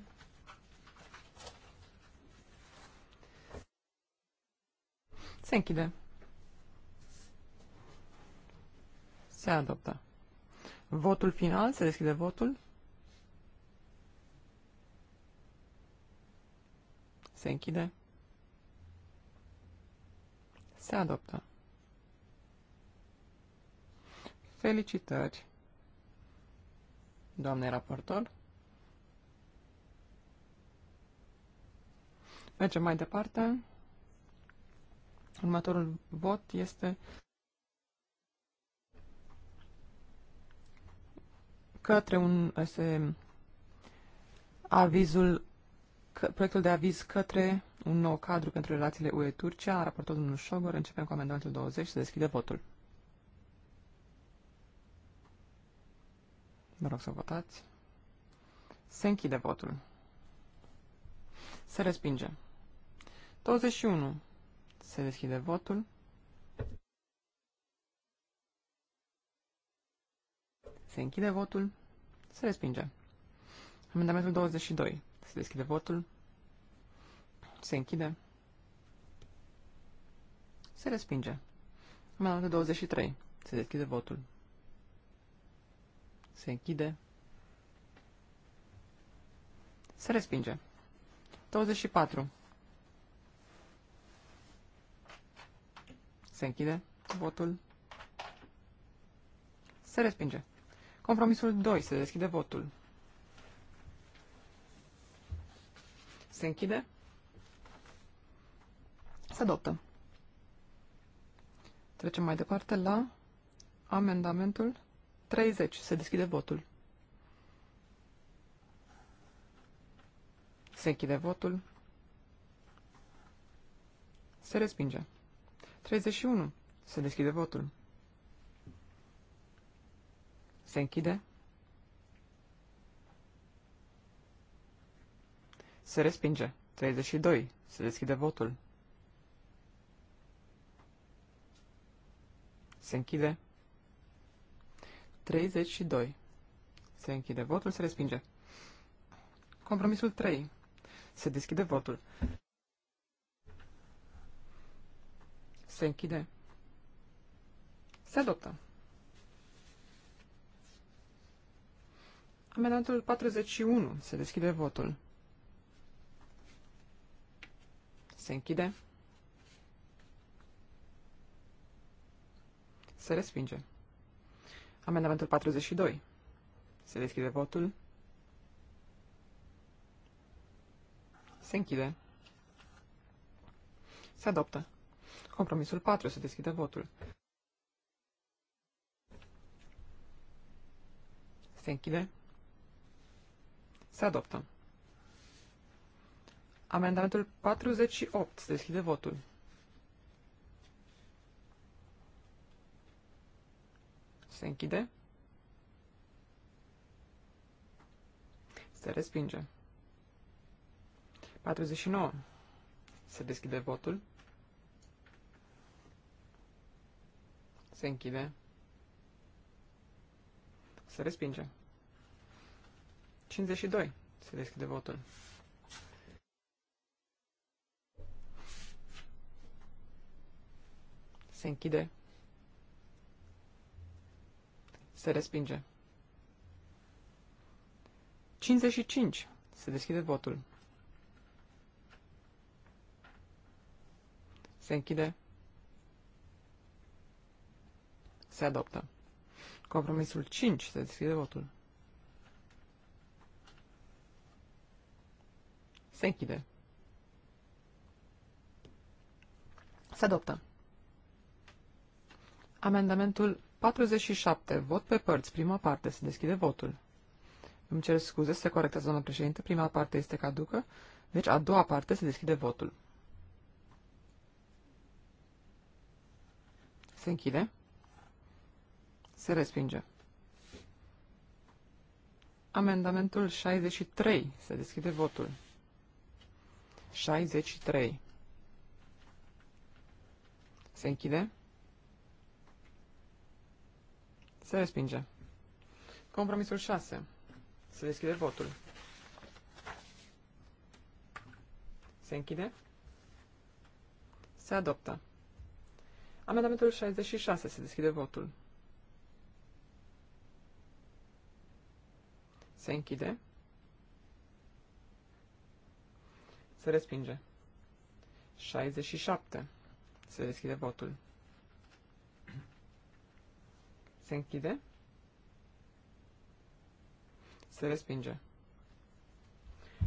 Se închide. Se adoptă. Votul final, se deschide votul. Se închide. Se adoptă. Felicitări, doamne raportor. Mergem mai departe. Următorul vot este către un, este avizul, că, proiectul de aviz către un nou cadru pentru relațiile UE-Turcia, raportul domnul Șogor, începem cu amendamentul 20 și deschide votul. Vă rog să votați. Se închide votul. Se respinge. 21. Se deschide votul. Se închide votul. Se respinge. Amendamentul 22. Se deschide votul. Se închide. Se respinge. Amendamentul 23. Se deschide votul. Se închide. Se respinge. 24. Se închide votul. Se respinge. Compromisul 2. Se deschide votul. Se închide. Se adoptă. Trecem mai departe la amendamentul 30. Se deschide votul. Se închide votul. Se respinge. 31. Se deschide votul. Se închide. Se respinge. 32. Se deschide votul. Se închide. 32. Se închide votul, se respinge. Compromisul 3. Se deschide votul. Se închide. Se adoptă. Amendamentul 41. Se deschide votul. Se închide. Se respinge. Amendamentul 42. Se deschide votul. Se închide. Se adoptă. Compromisul 4. Se deschide votul. Se închide. Se adoptă. Amendamentul 48. Se deschide votul. Se închide. Se respinge. 49. Se deschide votul. Se închide. Se respinge. 52. Se deschide votul. Se închide. Se respinge. 55. Se deschide votul. Se închide. Se adoptă. Compromisul 5. Se deschide votul. Se închide. Se adoptă. Amendamentul 47. Vot pe părți. Prima parte. Se deschide votul. Îmi cer scuze, se corectează, doamnă președinte. Prima parte este caducă. Deci a doua parte se deschide votul. Se închide. Se respinge. Amendamentul 63. Se deschide votul. 63. Se închide. Se respinge. Compromisul 6. Se deschide votul. Se închide. Se adoptă. Amendamentul 66. Se deschide votul. Se închide. Se respinge. 67. Se deschide votul. Se închide. Se respinge.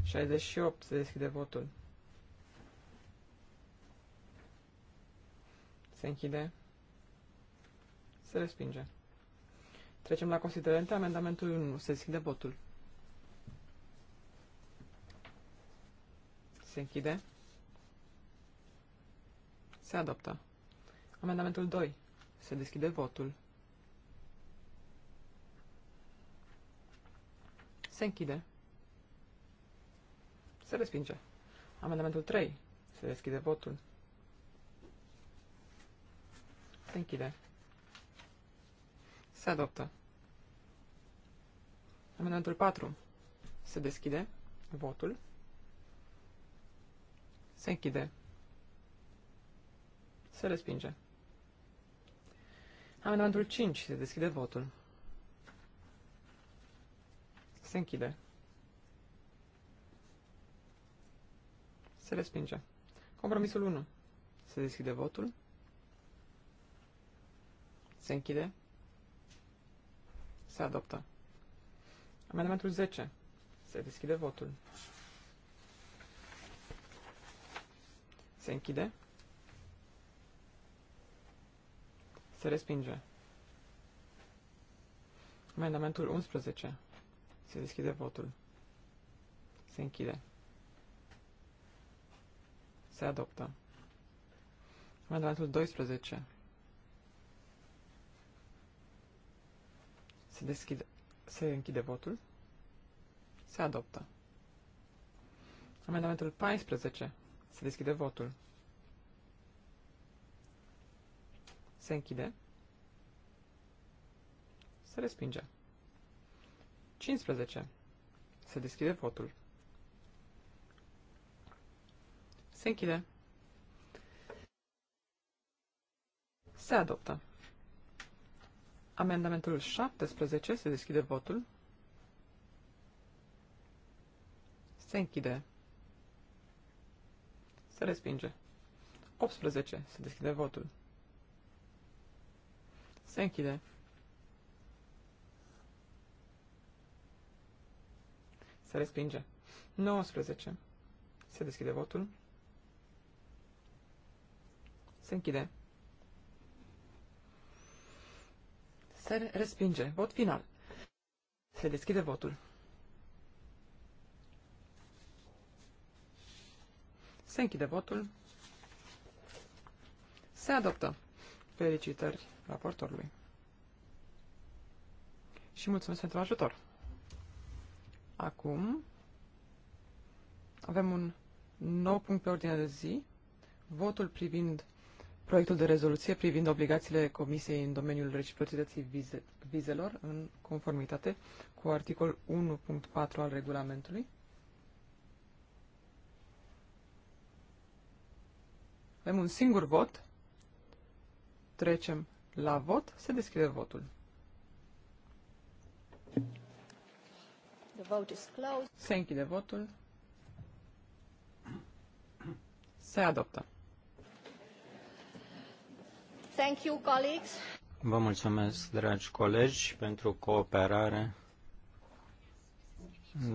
68. Se deschide votul. Se închide. Se respinge. Trecem la considerente. Amendamentul 1. Se deschide votul. se închide. Se adoptă. Amendamentul 2. Se deschide votul. Se închide. Se respinge. Amendamentul 3. Se deschide votul. Se închide. Se adoptă. Amendamentul 4. Se deschide votul. Se închide. Se respinge. Amendamentul 5. Se deschide votul. Se închide. Se respinge. Compromisul 1. Se deschide votul. Se închide. Se adoptă. Amendamentul 10. Se deschide votul. Se închide. Se respinge. Amendamentul 11. Se deschide votul. Se închide. Se adoptă. Amendamentul 12. Se deschide. Se închide votul. Se adoptă. Amendamentul 14. Se deschide votul. Se închide. Se respinge. 15. Se deschide votul. Se închide. Se adoptă. Amendamentul 17. Se deschide votul. Se închide. Se respinge. 18. Se deschide votul. Se închide. Se respinge. 19. Se deschide votul. Se închide. Se respinge. Vot final. Se deschide votul. Se închide votul. Se adoptă. Felicitări raportorului. Și mulțumesc pentru ajutor. Acum avem un nou punct pe ordine de zi, votul privind proiectul de rezoluție privind obligațiile Comisiei în domeniul reciprocității vize, vizelor în conformitate cu articol 1.4 al regulamentului. Avem un singur vot. Trecem la vot. Se deschide votul. The vote is closed. Se închide votul. Se adoptă. Thank you, colleagues. Vă mulțumesc, dragi colegi, pentru cooperare.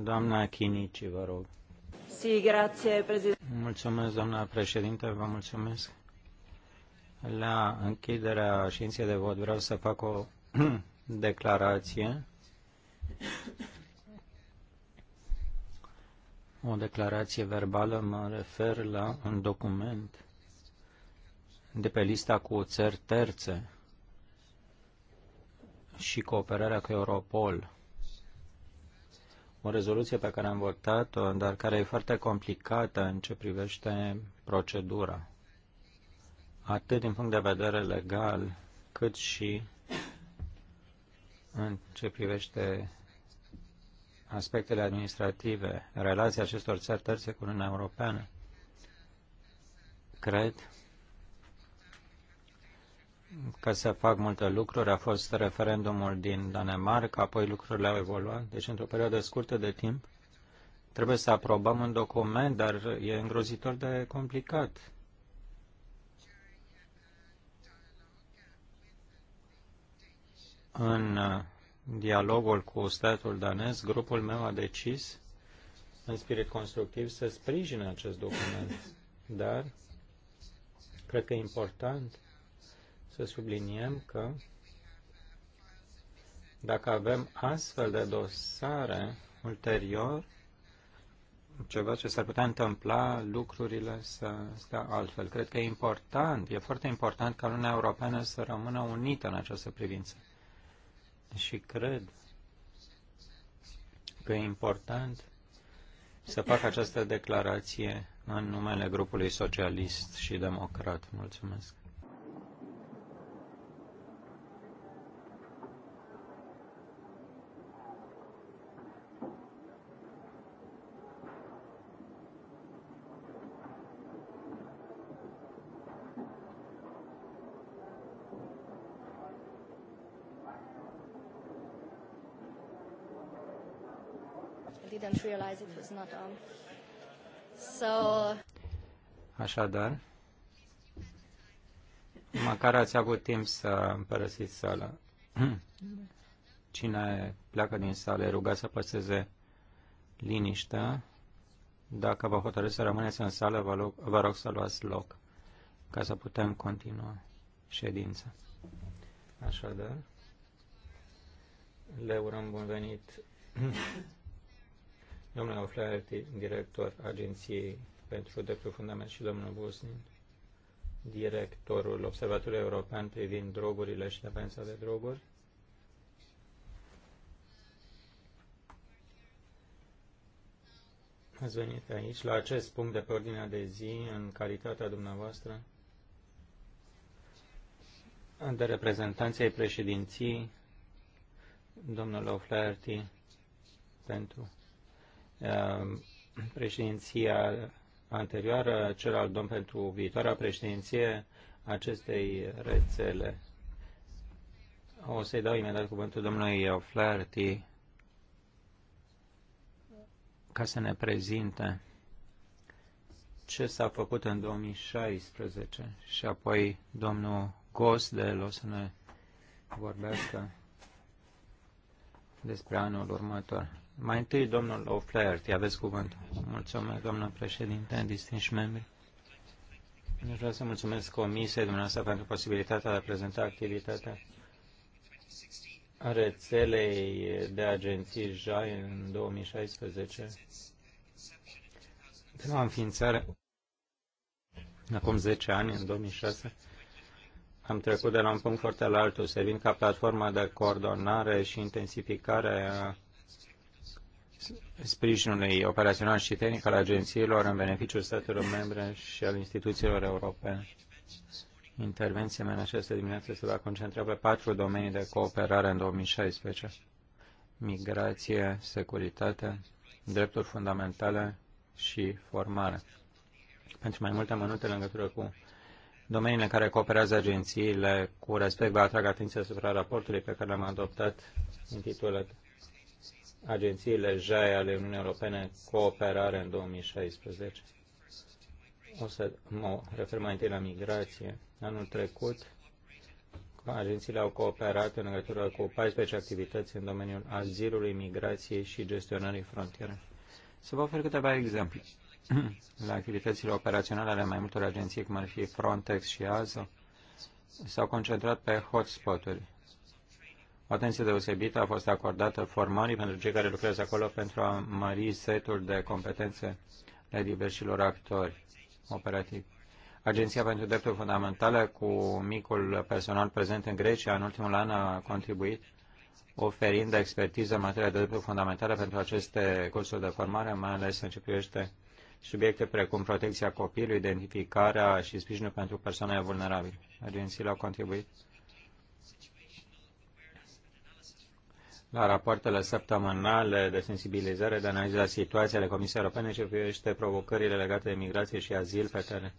Doamna Chinici, vă rog mulțumesc, doamna președinte, vă mulțumesc. La închiderea ședinței de vot vreau să fac o *clears throat* declarație. O declarație verbală mă refer la un document de pe lista cu țări terțe și cooperarea cu Europol o rezoluție pe care am votat-o, dar care e foarte complicată în ce privește procedura, atât din punct de vedere legal, cât și în ce privește aspectele administrative, relația acestor țări terțe cu Uniunea Europeană. Cred că se fac multe lucruri. A fost referendumul din Danemarca, apoi lucrurile au evoluat. Deci, într-o perioadă scurtă de timp, trebuie să aprobăm un document, dar e îngrozitor de complicat. În uh, dialogul cu statul danez, grupul meu a decis, în spirit constructiv, să sprijine acest document. Dar cred că e important să subliniem că dacă avem astfel de dosare ulterior, ceva ce s-ar putea întâmpla, lucrurile să stea altfel. Cred că e important, e foarte important ca lumea Europeană să rămână unită în această privință. Și cred că e important să fac această declarație în numele grupului socialist și democrat. Mulțumesc. not So... Așadar, măcar ați avut timp să părăsiți sala. *clears throat* Cine pleacă din sală, ruga să păseze liniștea. Dacă vă hotărâți să rămâneți în sală, vă, loc, vă rog să luați loc ca să putem continua ședința. Așadar, le urăm bun venit *clears throat* domnul O'Flaherty, director Agenției pentru Dreptul Fundament și domnul Busnin, directorul Observatorului European privind drogurile și dependența de droguri. Ați venit aici, la acest punct de pe ordinea de zi, în calitatea dumneavoastră de reprezentanței președinției, domnul O'Flaherty, pentru Ehm, președinția anterioară, cel al domn pentru viitoarea președinție acestei rețele. O să-i dau imediat cuvântul domnului Flaherty ca să ne prezinte ce s-a făcut în 2016 și apoi domnul Gosdel o să ne vorbească despre anul următor. Mai întâi, domnul O'Flaherty, aveți cuvânt. Mulțumesc, domnul președinte, distinși membri. Nu vreau să mulțumesc Comisiei dumneavoastră pentru posibilitatea de a prezenta activitatea rețelei de agenții JAI în 2016. De la înființare, acum 10 ani, în 2006, am trecut de la un punct foarte la altul, servind ca platformă de coordonare și intensificare a sprijinului operațional și tehnic al agențiilor în beneficiul statelor membre și al instituțiilor europene. Intervenția mea în această dimineață se va concentra pe patru domenii de cooperare în 2016. Migrație, securitate, drepturi fundamentale și formare. Pentru mai multe amănunte în legătură cu domeniile în care cooperează agențiile, cu respect vă atrag atenția asupra raportului pe care l-am adoptat intitulat agențiile JAI ale Uniunii Europene cooperare în 2016. O să mă refer mai întâi la migrație. Anul trecut, agențiile au cooperat în legătură cu 14 activități în domeniul azilului, migrației și gestionării frontiere. Să vă ofer câteva exemple *clears throat* la activitățile operaționale ale mai multor agenții, cum ar fi Frontex și AZO, s-au concentrat pe hotspot-uri, o atenție deosebită a fost acordată formării pentru cei care lucrează acolo pentru a mări setul de competențe ale diversilor actori operativi. Agenția pentru Drepturi Fundamentale, cu micul personal prezent în Grecia, în ultimul an a contribuit oferind expertiză în materie de drepturi fundamentale pentru aceste cursuri de formare, mai ales în ce privește subiecte precum protecția copilului, identificarea și sprijinul pentru persoanele vulnerabile. Agențiile au contribuit la rapoartele săptămânale de sensibilizare, de analiza situației ale Comisiei Europene ce privește provocările legate de migrație și azil pe teren.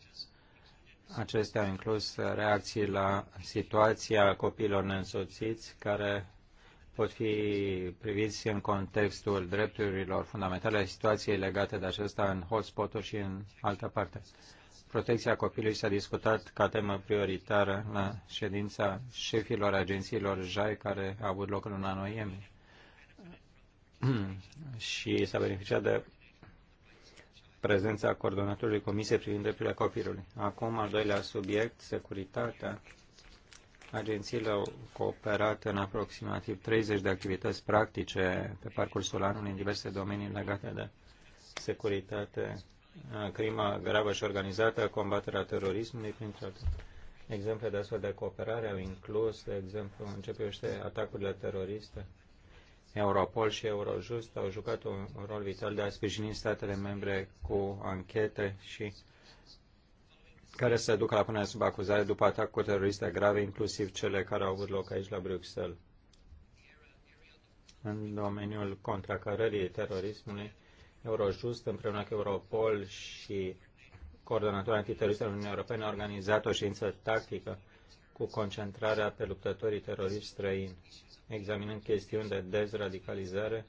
Acestea au inclus reacții la situația copiilor neînsoțiți care pot fi priviți în contextul drepturilor fundamentale a situației legate de acesta în hotspot-uri și în altă parte. Protecția copilului s-a discutat ca temă prioritară la ședința șefilor agențiilor JAI care a avut loc în luna noiembrie *clears throat* și s-a beneficiat de prezența coordonatorului Comisiei privind drepturile copilului. Acum, al doilea subiect, securitatea. Agențiile au cooperat în aproximativ 30 de activități practice pe parcursul anului în diverse domenii legate de securitate crima gravă și organizată, combaterea terorismului, printre altele. Exemple de astfel de cooperare au inclus, de exemplu, începește atacurile teroriste. Europol și Eurojust au jucat un rol vital de a sprijini statele membre cu anchete și care se ducă la punerea sub acuzare după atacuri teroriste grave, inclusiv cele care au avut loc aici la Bruxelles. În domeniul contracărării terorismului, Eurojust împreună cu Europol și coordonatorul antiterorist al Uniunii Europene a organizat o ședință tactică cu concentrarea pe luptătorii teroriști străini, examinând chestiuni de dezradicalizare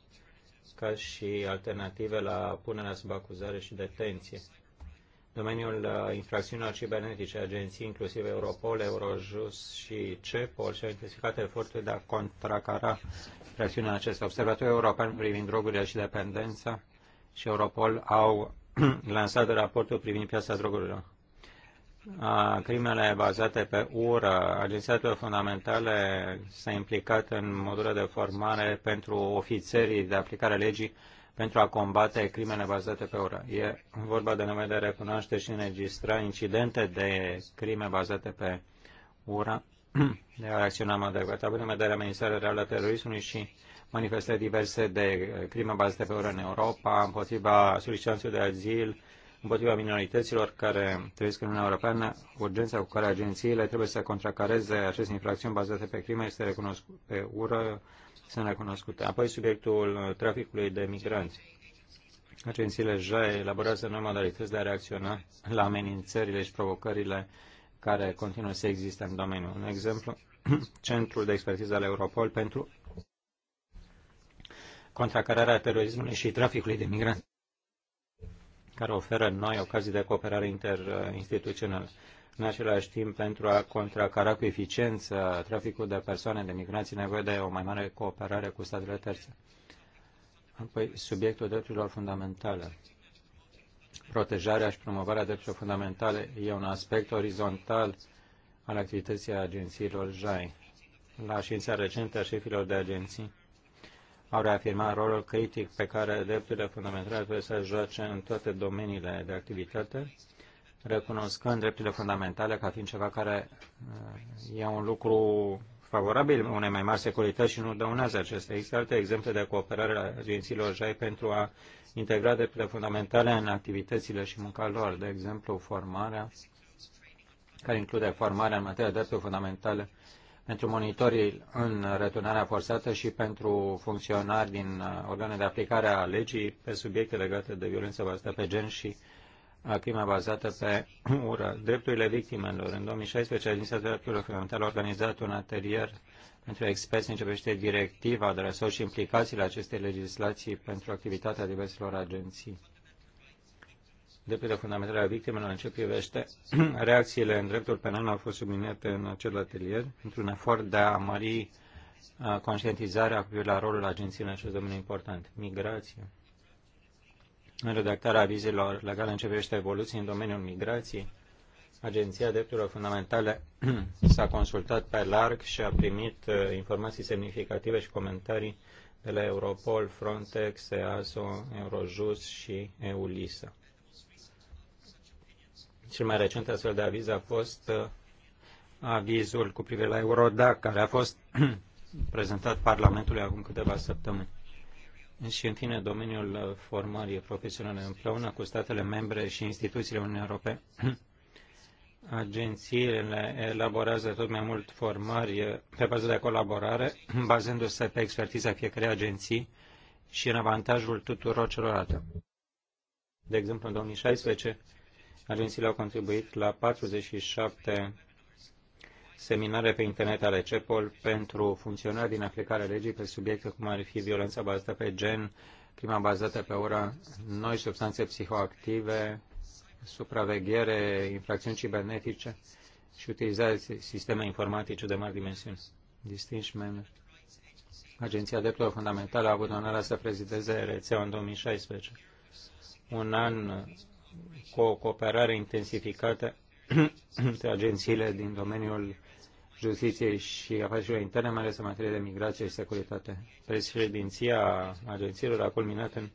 ca și alternative la punerea sub acuzare și detenție. Domeniul uh, infracțiunilor cibernetice, agenții inclusiv Europol, Eurojust și CEPOL și-au intensificat eforturile de a contracara presiunea acesta. Observatorul European privind drogurile și dependența și Europol au *clears throat* lansat raportul privind piața drogurilor. Crimele bazate pe ură, agențiile fundamentale s-a implicat în modul de formare pentru ofițerii de aplicare a legii pentru a combate crimele bazate pe ură. E vorba de nume de recunoaște și înregistra incidente de crime bazate pe ură, *clears throat* de a acționa mai adecvat, având în vedere amenințarea reală a terorismului și manifestări diverse de uh, crime bazate pe ură în Europa, împotriva solicitanților de azil, împotriva minorităților care trăiesc în Uniunea Europeană, urgența cu care agențiile trebuie să contracareze aceste infracțiuni bazate pe crime este recunoscută pe ură, sunt recunoscute. Apoi subiectul traficului de migranți. Agențiile JA elaborează noi modalități de a reacționa la amenințările și provocările care continuă să existe în domeniu. Un exemplu, *clears throat* Centrul de Expertiză al Europol pentru contracararea terorismului și traficului de migranți, care oferă noi ocazii de cooperare interinstituțională. În același timp, pentru a contracara cu eficiență traficul de persoane de migranți, nevoie de o mai mare cooperare cu statele terțe. Apoi, subiectul drepturilor fundamentale. Protejarea și promovarea drepturilor fundamentale e un aspect orizontal al activității agențiilor JAI. La ședința recentă a șefilor de agenții au reafirmat rolul critic pe care drepturile fundamentale trebuie să joace în toate domeniile de activitate, recunoscând drepturile fundamentale ca fiind ceva care uh, e un lucru favorabil unei mai mari securități și nu dăunează acestea. Există alte exemple de cooperare la agențiilor JAI pentru a integra drepturile fundamentale în activitățile și munca lor, de exemplu formarea, care include formarea în materie de drepturi fundamentale pentru monitorii în returnarea forțată și pentru funcționari din uh, organe de aplicare a legii pe subiecte legate de violență bazată pe gen și uh, crima bazată pe *clears throat* ură. Drepturile victimelor. În 2016, Agenția Drepturilor Fundamentale a organizat un atelier pentru experți în ce privește directiva, adresor și implicațiile acestei legislații pentru activitatea diverselor agenții drepturile fundamentale a victimelor în ce privește *clears throat* reacțiile în dreptul penal au fost subliniate în acel atelier într-un efort de a mări uh, conștientizarea cu la rolul agenției în acest domeniu important, migrație. În redactarea avizelor legale în ce privește evoluții în domeniul migrației, Agenția Drepturilor Fundamentale *clears throat* s-a consultat pe larg și a primit uh, informații semnificative și comentarii de la Europol, Frontex, EASO, Eurojust și EULISA. Cel mai recent astfel de aviz a fost uh, avizul cu privire la Eurodac, care a fost *clears throat* prezentat Parlamentului acum câteva săptămâni. Și, în fine, domeniul uh, formării profesionale împreună cu statele membre și instituțiile Uniunii Europene. *clears throat* Agențiile elaborează tot mai mult formări uh, pe bază de colaborare, *clears throat* bazându-se pe expertiza fiecărei agenții și în avantajul tuturor celorlalte. De exemplu, în 2016, Agențiile au contribuit la 47 seminare pe internet ale CEPOL pentru funcționarea din aplicarea legii pe subiecte cum ar fi violența bazată pe gen, prima bazată pe ora, noi substanțe psihoactive, supraveghere, infracțiuni cibernetice și utilizarea sisteme informatice de mari dimensiuni. Distinși membri. Agenția Drepturilor Fundamentale a avut onoarea să prezideze rețeaua în 2016, un an cu o cooperare intensificată *clears throat* între agențiile din domeniul justiției și afacerilor interne, mai ales în materie de migrație și securitate. Președinția agențiilor a culminat în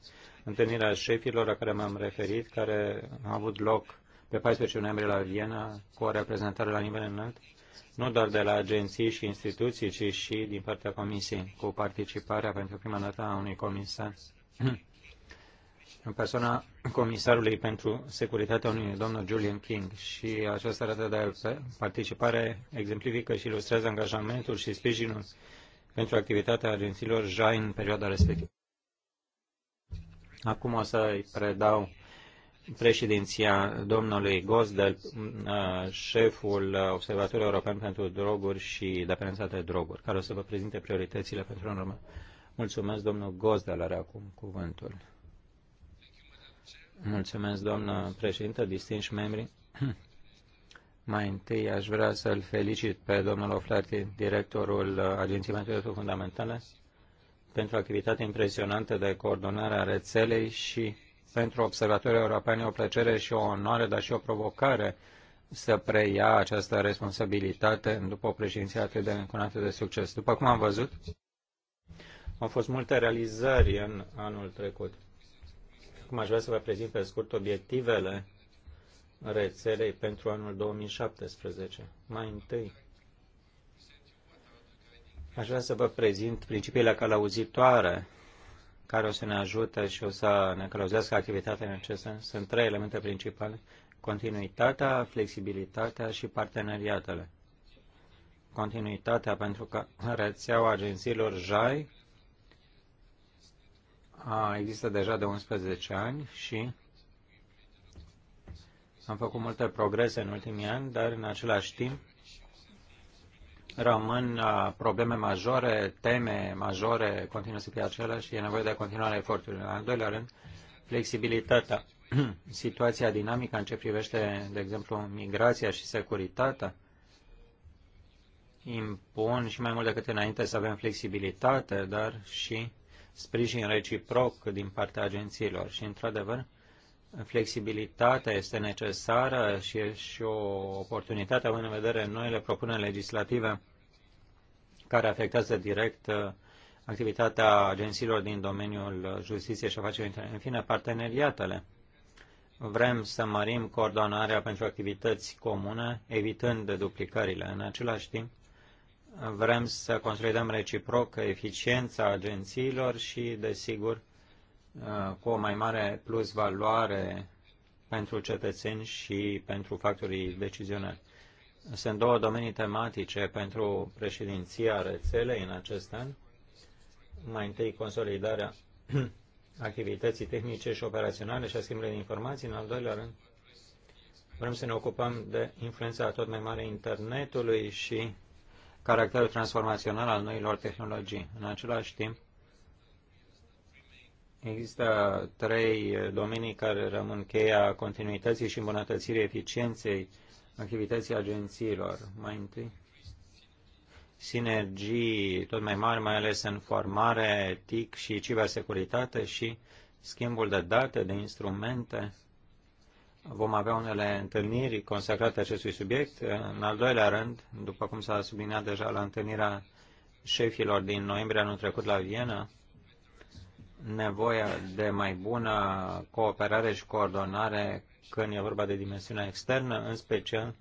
întâlnirea șefilor la care m-am referit, care a avut loc pe 14 noiembrie la Viena, cu o reprezentare la nivel înalt, nu doar de la agenții și instituții, ci și din partea Comisiei, cu participarea pentru prima dată a unui comisar *clears throat* în persoana Comisarului pentru Securitatea Uniunii, domnul Julian King, și această rată de participare exemplifică și ilustrează angajamentul și sprijinul pentru activitatea agențiilor JA în perioada respectivă. Acum o să-i predau președinția domnului Gosdel, uh, șeful Observatorului European pentru Droguri și Dependența de Droguri, care o să vă prezinte prioritățile pentru urmă. Mulțumesc, domnul Gosdel are acum cuvântul. Mulțumesc, doamnă președintă, distinși membri. *clears throat* Mai întâi aș vrea să-l felicit pe domnul Oflati, directorul Agenției pentru Drepturi Fundamentale, pentru activitatea impresionantă de coordonare a rețelei și pentru observatorii europeni o plăcere și o onoare, dar și o provocare să preia această responsabilitate după o președinție atât de încunată de succes. După cum am văzut, au fost multe realizări în anul trecut Acum aș vrea să vă prezint pe scurt obiectivele rețelei pentru anul 2017. Mai întâi, aș vrea să vă prezint principiile călăuzitoare care o să ne ajute și o să ne călăuzească activitatea în acest sens. Sunt trei elemente principale. Continuitatea, flexibilitatea și parteneriatele. Continuitatea pentru că rețeaua agențiilor JAI a, există deja de 11 ani și am făcut multe progrese în ultimii ani, dar în același timp rămân probleme majore, teme majore, continuă să fie aceleași și e nevoie de continuare eforturilor. În al doilea rând, flexibilitatea, *clears throat* situația dinamică în ce privește, de exemplu, migrația și securitatea, impun și mai mult decât înainte să avem flexibilitate, dar și sprijin reciproc din partea agențiilor și, într-adevăr, flexibilitatea este necesară și e și o oportunitate, având în vedere noile propuneri legislative care afectează direct uh, activitatea agențiilor din domeniul justiției și afacerilor interne. În fine, parteneriatele. Vrem să mărim coordonarea pentru activități comune, evitând duplicările. În același timp, Vrem să consolidăm reciproc eficiența agențiilor și, desigur, uh, cu o mai mare plus valoare pentru cetățeni și pentru factorii decizionali. Sunt două domenii tematice pentru președinția rețelei în acest an. Mai întâi, consolidarea *clears throat* activității tehnice și operaționale și a schimbului de informații. În al doilea rând, vrem să ne ocupăm de influența tot mai mare internetului și caracterul transformațional al noilor tehnologii. În același timp, există trei domenii care rămân cheia continuității și îmbunătățirii eficienței activității agențiilor. Mai întâi, sinergii tot mai mari, mai ales în formare, TIC și cibersecuritate și schimbul de date, de instrumente vom avea unele întâlniri consacrate acestui subiect. În al doilea rând, după cum s-a subliniat deja la întâlnirea șefilor din noiembrie anul trecut la Viena, nevoia de mai bună cooperare și coordonare când e vorba de dimensiunea externă, în special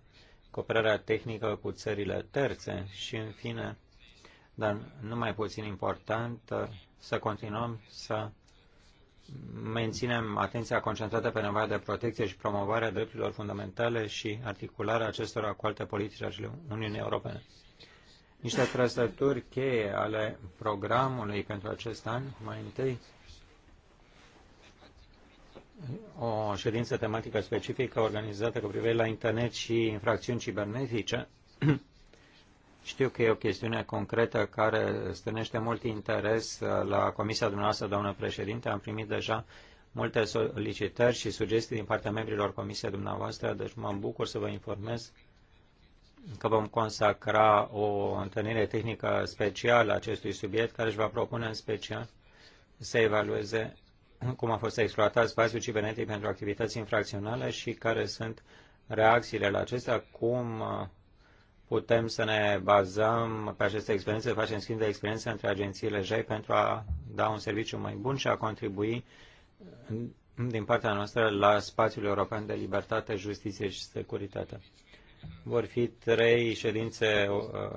cooperarea tehnică cu țările terțe și, în fine, dar nu mai puțin important, să continuăm să menținem atenția concentrată pe nevoia de protecție și promovarea drepturilor fundamentale și articularea acestora cu alte politici ale Uniunii Europene. Niște trăsături cheie ale programului pentru acest an, mai întâi o ședință tematică specifică organizată cu privire la internet și infracțiuni cibernetice știu că e o chestiune concretă care strânește mult interes la Comisia dumneavoastră, doamnă președinte. Am primit deja multe solicitări și sugestii din partea membrilor Comisiei dumneavoastră, deci mă bucur să vă informez că vom consacra o întâlnire tehnică specială acestui subiect, care își va propune în special să evalueze cum a fost exploatat spațiul cibernetic pentru activități infracționale și care sunt reacțiile la acestea, cum putem să ne bazăm pe aceste experiențe, facem schimb de experiențe între agențiile JAI pentru a da un serviciu mai bun și a contribui mm, din partea noastră la spațiul european de libertate, justiție și securitate. Vor fi trei ședințe uh,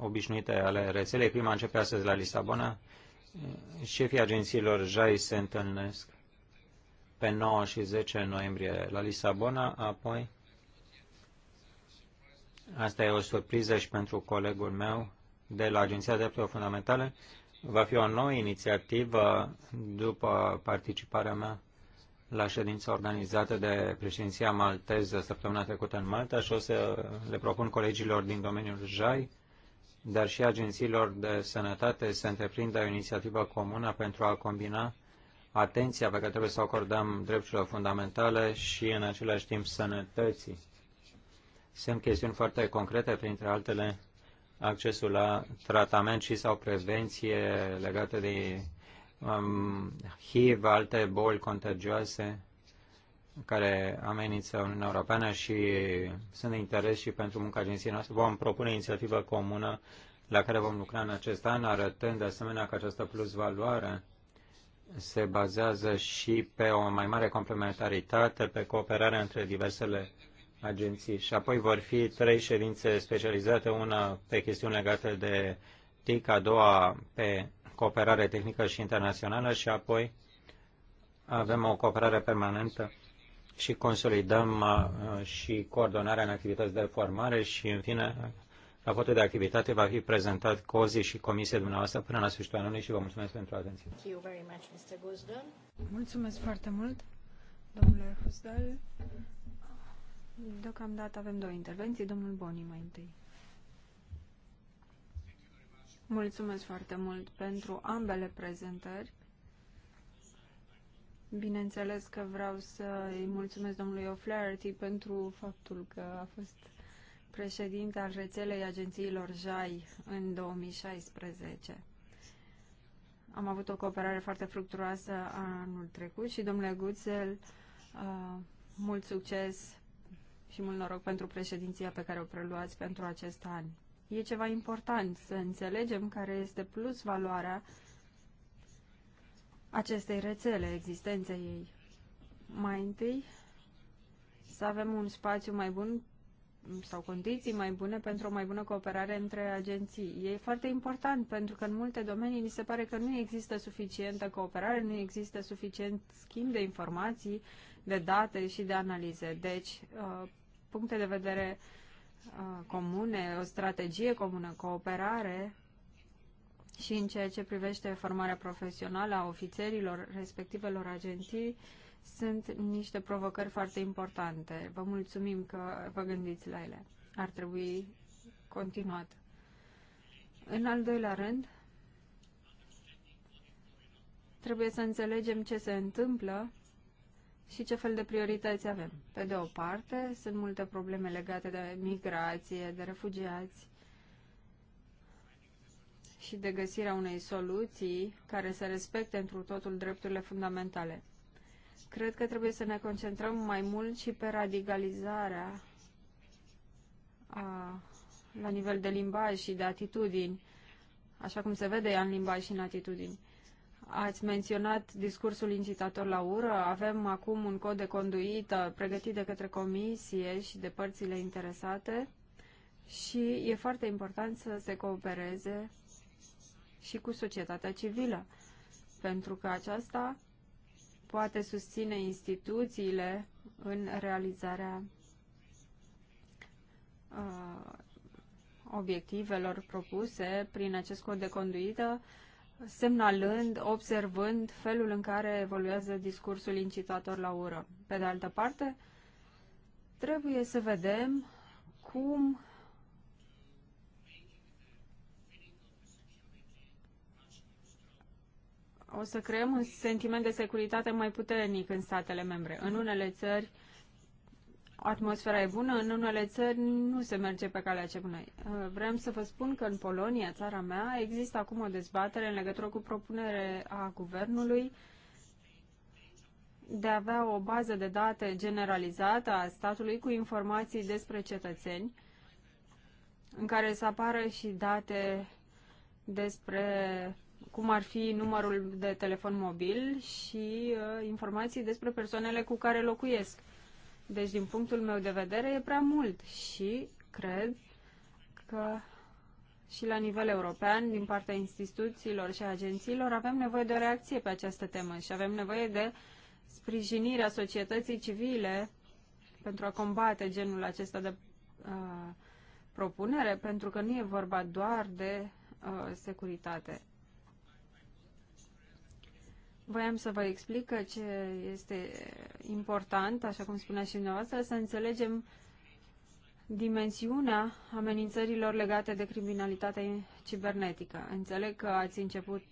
obișnuite ale rețelei. Prima începe astăzi la Lisabona. Șefii agențiilor JAI se întâlnesc pe 9 și 10 noiembrie la Lisabona, apoi Asta e o surpriză și pentru colegul meu de la Agenția Drepturilor Fundamentale. Va fi o nouă inițiativă după participarea mea la ședința organizată de președinția malteză săptămâna trecută în Malta și o să le propun colegilor din domeniul JAI, dar și agențiilor de sănătate să întreprindă o inițiativă comună pentru a combina atenția pe care trebuie să acordăm drepturilor fundamentale și în același timp sănătății sunt chestiuni foarte concrete, printre altele accesul la tratament și sau prevenție legate de um, HIV, alte boli contagioase care amenință Uniunea Europeană și sunt de interes și pentru munca agenției noastre. Vom propune inițiativă comună la care vom lucra în acest an, arătând de asemenea că această plusvaloare se bazează și pe o mai mare complementaritate, pe cooperarea între diversele agenții. Și apoi vor fi trei ședințe specializate, una pe chestiuni legate de TIC, a doua pe cooperare tehnică și internațională și apoi avem o cooperare permanentă și consolidăm uh, și coordonarea în activități de formare și, în fine, raportul de activitate va fi prezentat COZI și Comisia dumneavoastră până la sfârșitul anului și vă mulțumesc pentru atenție. Mulțumesc foarte mult, domnule Husdal. Deocamdată avem două intervenții. Domnul Boni mai întâi. Mulțumesc foarte mult pentru ambele prezentări. Bineînțeles că vreau să îi mulțumesc domnului O'Flaherty pentru faptul că a fost președinte al rețelei agențiilor JAI în 2016. Am avut o cooperare foarte fructuroasă anul trecut și domnule Guțel, uh, mult succes și mult noroc pentru președinția pe care o preluați pentru acest an. E ceva important să înțelegem care este plus valoarea acestei rețele, existenței ei. Mai întâi, să avem un spațiu mai bun sau condiții mai bune pentru o mai bună cooperare între agenții. E foarte important pentru că în multe domenii ni se pare că nu există suficientă cooperare, nu există suficient schimb de informații, de date și de analize. Deci, uh, puncte de vedere uh, comune, o strategie comună, cooperare și în ceea ce privește formarea profesională a ofițerilor respectivelor agenții, sunt niște provocări foarte importante. Vă mulțumim că vă gândiți la ele. Ar trebui continuat. În al doilea rând, trebuie să înțelegem ce se întâmplă și ce fel de priorități avem. Pe de o parte, sunt multe probleme legate de migrație, de refugiați și de găsirea unei soluții care să respecte întru totul drepturile fundamentale. Cred că trebuie să ne concentrăm mai mult și pe radicalizarea a, la nivel de limbaj și de atitudini, așa cum se vede ea în limbaj și în atitudini. Ați menționat discursul incitator la ură. Avem acum un cod de conduită pregătit de către comisie și de părțile interesate și e foarte important să se coopereze și cu societatea civilă, pentru că aceasta poate susține instituțiile în realizarea uh, obiectivelor propuse prin acest cod de conduită semnalând, observând felul în care evoluează discursul incitator la ură. Pe de altă parte, trebuie să vedem cum o să creăm un sentiment de securitate mai puternic în statele membre. În unele țări, atmosfera e bună, în unele țări nu se merge pe calea ce bună. Uh, Vrem să vă spun că în Polonia, țara mea, există acum o dezbatere în legătură cu propunerea a guvernului de a avea o bază de date generalizată a statului cu informații despre cetățeni, în care să apară și date despre cum ar fi numărul de telefon mobil și uh, informații despre persoanele cu care locuiesc deci, din punctul meu de vedere, e prea mult și cred că și la nivel european, din partea instituțiilor și agențiilor, avem nevoie de o reacție pe această temă și avem nevoie de sprijinirea societății civile pentru a combate genul acesta de uh, propunere, pentru că nu e vorba doar de uh, securitate voiam să vă explic că ce este important, așa cum spunea și dumneavoastră, să înțelegem dimensiunea amenințărilor legate de criminalitatea cibernetică. Înțeleg că ați început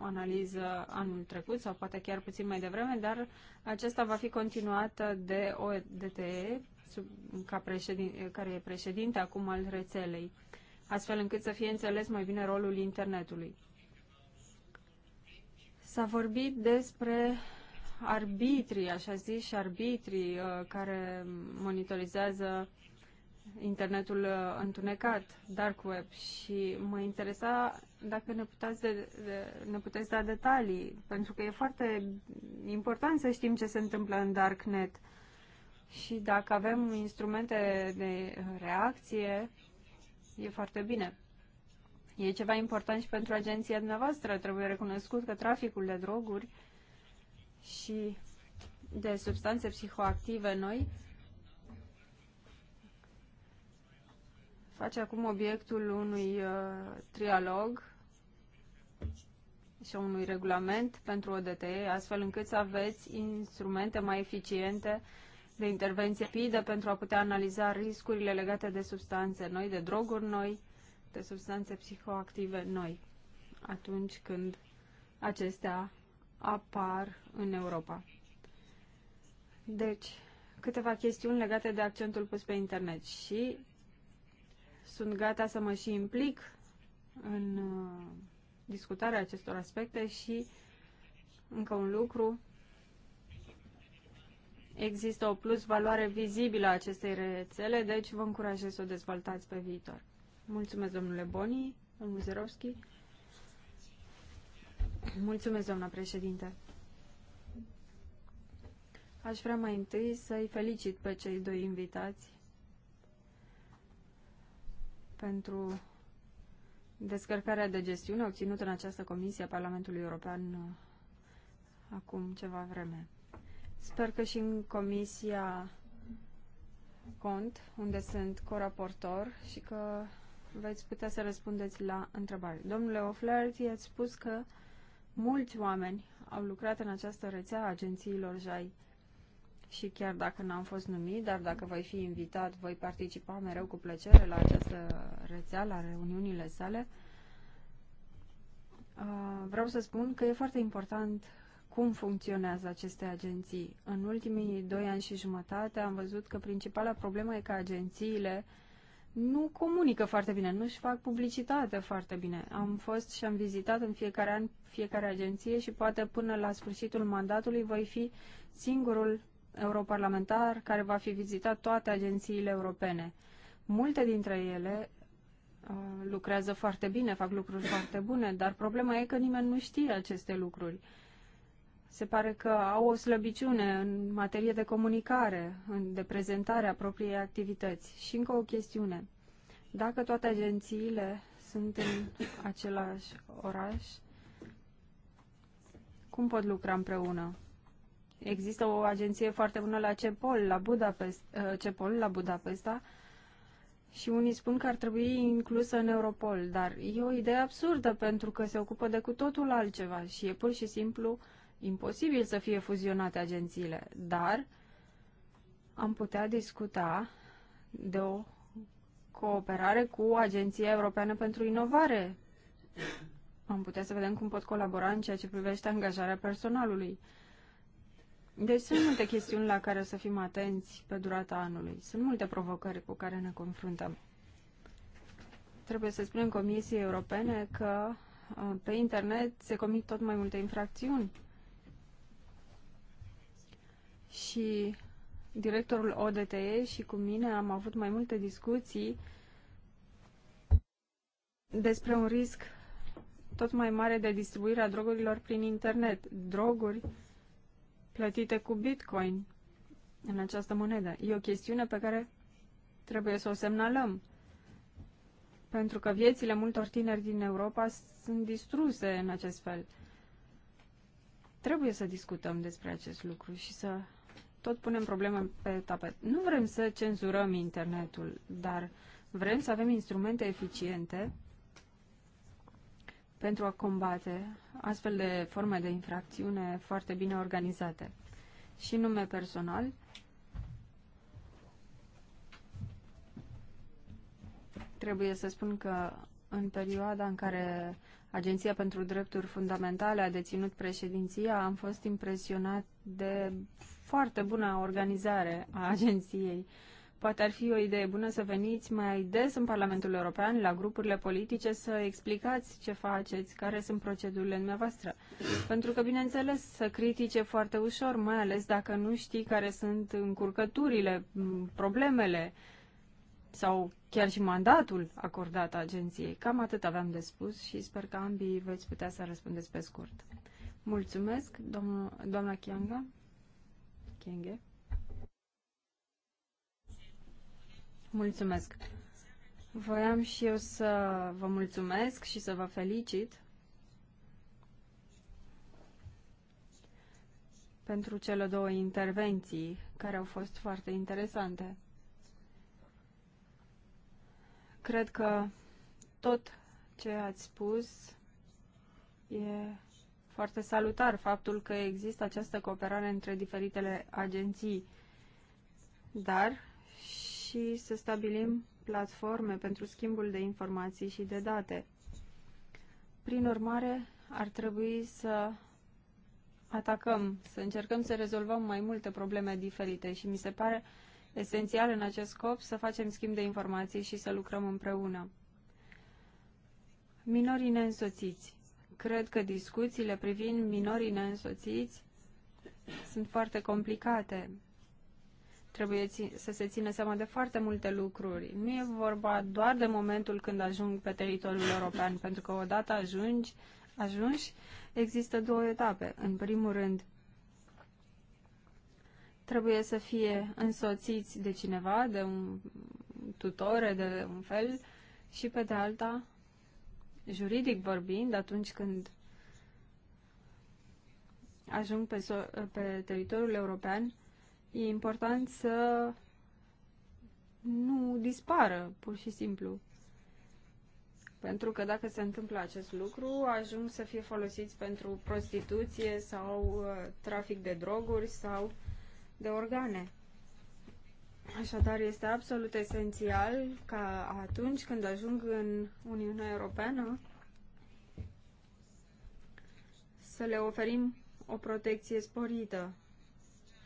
o analiză anul trecut sau poate chiar puțin mai devreme, dar aceasta va fi continuată de ODTE, sub, ca președin, care e președinte acum al rețelei, astfel încât să fie înțeles mai bine rolul internetului. S-a vorbit despre arbitrii, așa zis, și arbitrii uh, care monitorizează internetul uh, întunecat, dark web, și mă interesa dacă ne puteți, de, de, ne puteți da detalii, pentru că e foarte important să știm ce se întâmplă în darknet și dacă avem instrumente de reacție, e foarte bine. E ceva important și pentru agenția dumneavoastră. Trebuie recunoscut că traficul de droguri și de substanțe psihoactive noi face acum obiectul unui uh, trialog și unui regulament pentru ODTE, astfel încât să aveți instrumente mai eficiente de intervenție rapidă pentru a putea analiza riscurile legate de substanțe noi, de droguri noi aceste substanțe psihoactive noi atunci când acestea apar în Europa. Deci, câteva chestiuni legate de accentul pus pe internet și sunt gata să mă și implic în uh, discutarea acestor aspecte și încă un lucru, există o plus valoare vizibilă a acestei rețele, deci vă încurajez să o dezvoltați pe viitor. Mulțumesc, domnule Boni, domnul Zerovski. Mulțumesc, doamna președinte. Aș vrea mai întâi să-i felicit pe cei doi invitați pentru descărcarea de gestiune obținută în această comisie a Parlamentului European uh, acum ceva vreme. Sper că și în comisia cont, unde sunt coraportor și că veți putea să răspundeți la întrebare. Domnule O'Flaherty, ați spus că mulți oameni au lucrat în această rețea a agențiilor JAI și chiar dacă n-am fost numit, dar dacă voi fi invitat, voi participa mereu cu plăcere la această rețea, la reuniunile sale. Ah, vreau să spun că e foarte important cum funcționează aceste agenții. În ultimii doi ani și jumătate am văzut că principala problemă e că agențiile uh, nu comunică foarte bine, nu își fac publicitate foarte bine. Am fost și am vizitat în fiecare an fiecare agenție și poate până la sfârșitul mandatului voi fi singurul europarlamentar care va fi vizitat toate agențiile europene. Multe dintre ele uh, lucrează foarte bine, fac lucruri foarte bune, dar problema e că nimeni nu știe aceste lucruri. Uh, se pare că au o slăbiciune în materie de comunicare, de prezentare a propriei activități. Și încă o chestiune. Dacă toate agențiile sunt în același oraș, cum pot lucra împreună? Există o agenție foarte bună la Cepol, la Budapesta, ă, Cepol, la Budapesta și unii spun că ar trebui inclusă în Europol, dar e o idee absurdă pentru că se ocupă de cu totul altceva și e pur și simplu uh, imposibil să fie fuzionate agențiile, dar am putea discuta de o cooperare cu Agenția Europeană pentru Inovare. Am putea să vedem cum pot colabora în ceea ce privește angajarea personalului. Deci sunt multe chestiuni la care să fim atenți pe durata anului. Sunt multe provocări cu care ne confruntăm. Trebuie să spunem Comisiei Europene că uh, pe internet se comit tot mai multe infracțiuni și directorul ODTE și cu mine am avut mai multe discuții despre un risc tot mai mare de distribuirea drogurilor prin internet, droguri plătite cu bitcoin în această monedă. E o chestiune pe care trebuie să o semnalăm, pentru că viețile multor tineri din Europa sunt distruse în acest fel. Trebuie să discutăm despre acest lucru și să tot punem probleme pe tapet. Nu vrem să cenzurăm internetul, dar vrem să avem instrumente eficiente pentru a combate astfel de forme de infracțiune foarte bine organizate. Și nume personal, trebuie să spun că în perioada în care Agenția pentru Drepturi Fundamentale a deținut președinția, am fost impresionat de foarte bună organizare a *laughs* agenției. Poate ar fi o idee bună să veniți mai des în Parlamentul European, la grupurile politice, să explicați ce faceți, care sunt procedurile dumneavoastră. Pentru că, bineînțeles, să critice foarte ușor, mai ales dacă nu știi care sunt încurcăturile, problemele sau chiar și mandatul acordat agenției. Cam atât aveam de spus și sper că ambii veți putea să răspundeți pe scurt. Mulțumesc, doamna Chianga. Chienghe. Mulțumesc. Voiam și eu să vă mulțumesc și să vă felicit pentru cele două intervenții care au fost foarte interesante. Cred că tot ce ați spus e foarte salutar faptul că există această cooperare între diferitele agenții, dar și să stabilim platforme pentru schimbul de informații și de date. Prin urmare, ar trebui să atacăm, să încercăm să rezolvăm mai multe probleme diferite și mi se pare esențial în acest scop să facem schimb de informații și să lucrăm împreună. Minorii neînsoțiți cred că discuțiile privind minorii neînsoțiți sunt foarte complicate. Trebuie să se țină seama de foarte multe lucruri. Nu e vorba doar de momentul când ajung pe teritoriul european, pentru că odată ajungi, ajungi, există două etape. În primul rând, trebuie să fie însoțiți de cineva, de un tutore, de un fel, și pe de alta, juridic vorbind, atunci când ajung pe, so- pe teritoriul european, e important să nu dispară, pur și simplu. Pentru că dacă se întâmplă acest lucru, ajung să fie folosiți pentru prostituție sau uh, trafic de droguri sau de organe. Așadar, este absolut esențial ca atunci când ajung în Uniunea Europeană să le oferim o protecție sporită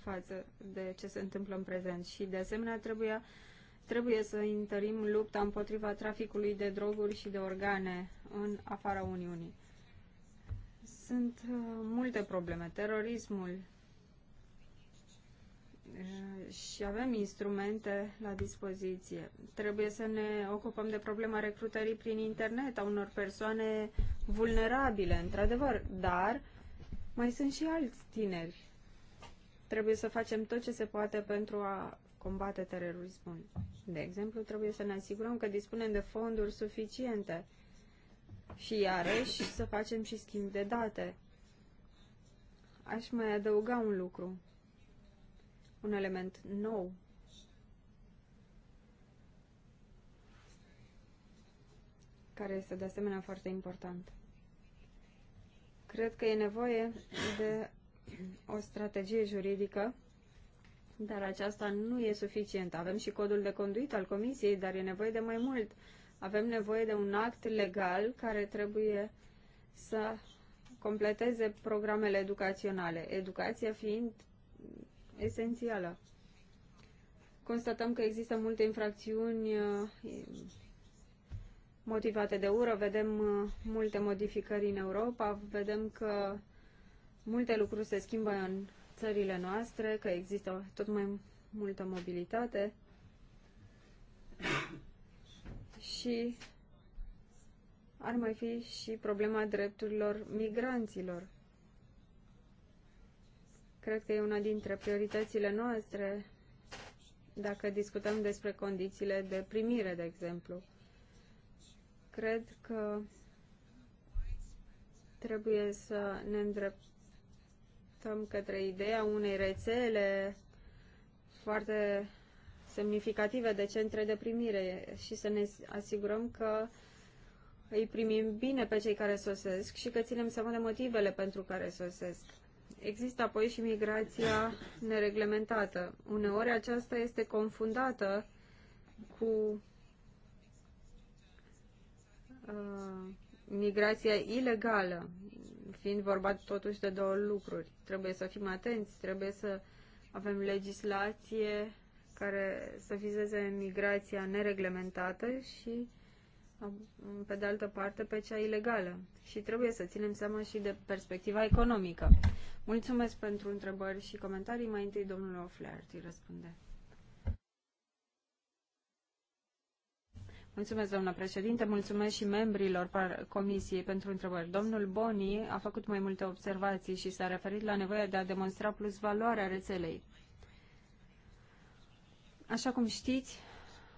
față de ce se întâmplă în prezent. Și, de asemenea, trebuie, trebuie să întărim lupta împotriva traficului de droguri și de organe în afara Uniunii. Sunt uh, multe probleme. Terorismul, și avem instrumente la dispoziție. Trebuie să ne ocupăm de problema recrutării prin internet a unor persoane vulnerabile, într-adevăr, dar mai sunt și alți tineri. Trebuie să facem tot ce se poate pentru a combate terorismul. De exemplu, trebuie să ne asigurăm că dispunem de fonduri suficiente și iarăși să facem și schimb de date. Aș mai adăuga un lucru un element nou. care este de asemenea foarte important. Cred că e nevoie de o strategie juridică, dar aceasta nu e suficientă. Avem și codul de conduită al Comisiei, dar e nevoie de mai mult. Avem nevoie de un act legal care trebuie să completeze programele educaționale, educația fiind esențială. Constatăm că există multe infracțiuni uh, motivate de ură, vedem uh, multe modificări în Europa, vedem că multe lucruri se schimbă în țările noastre, că există tot mai multă mobilitate și ar mai fi și problema drepturilor migranților. Cred că e una dintre prioritățile noastre dacă discutăm despre condițiile de primire, de exemplu. Cred că trebuie să ne îndreptăm către ideea unei rețele foarte semnificative de centre de primire și să ne asigurăm că îi primim bine pe cei care sosesc și că ținem seama de motivele pentru care sosesc. Există apoi și migrația nereglementată. Uneori aceasta este confundată cu uh, migrația ilegală, fiind vorba totuși de două lucruri. Trebuie să fim atenți, trebuie să avem legislație care să vizeze migrația nereglementată și, uh, pe de altă parte, pe cea ilegală. Și trebuie să ținem seama și de perspectiva economică. Mulțumesc pentru întrebări și comentarii. Mai întâi domnul O'Flaherty răspunde. Mulțumesc, doamna președinte, mulțumesc și membrilor Comisiei pentru întrebări. Domnul Boni a făcut mai multe observații și s-a referit la nevoia de a demonstra plus valoarea rețelei. Așa cum știți,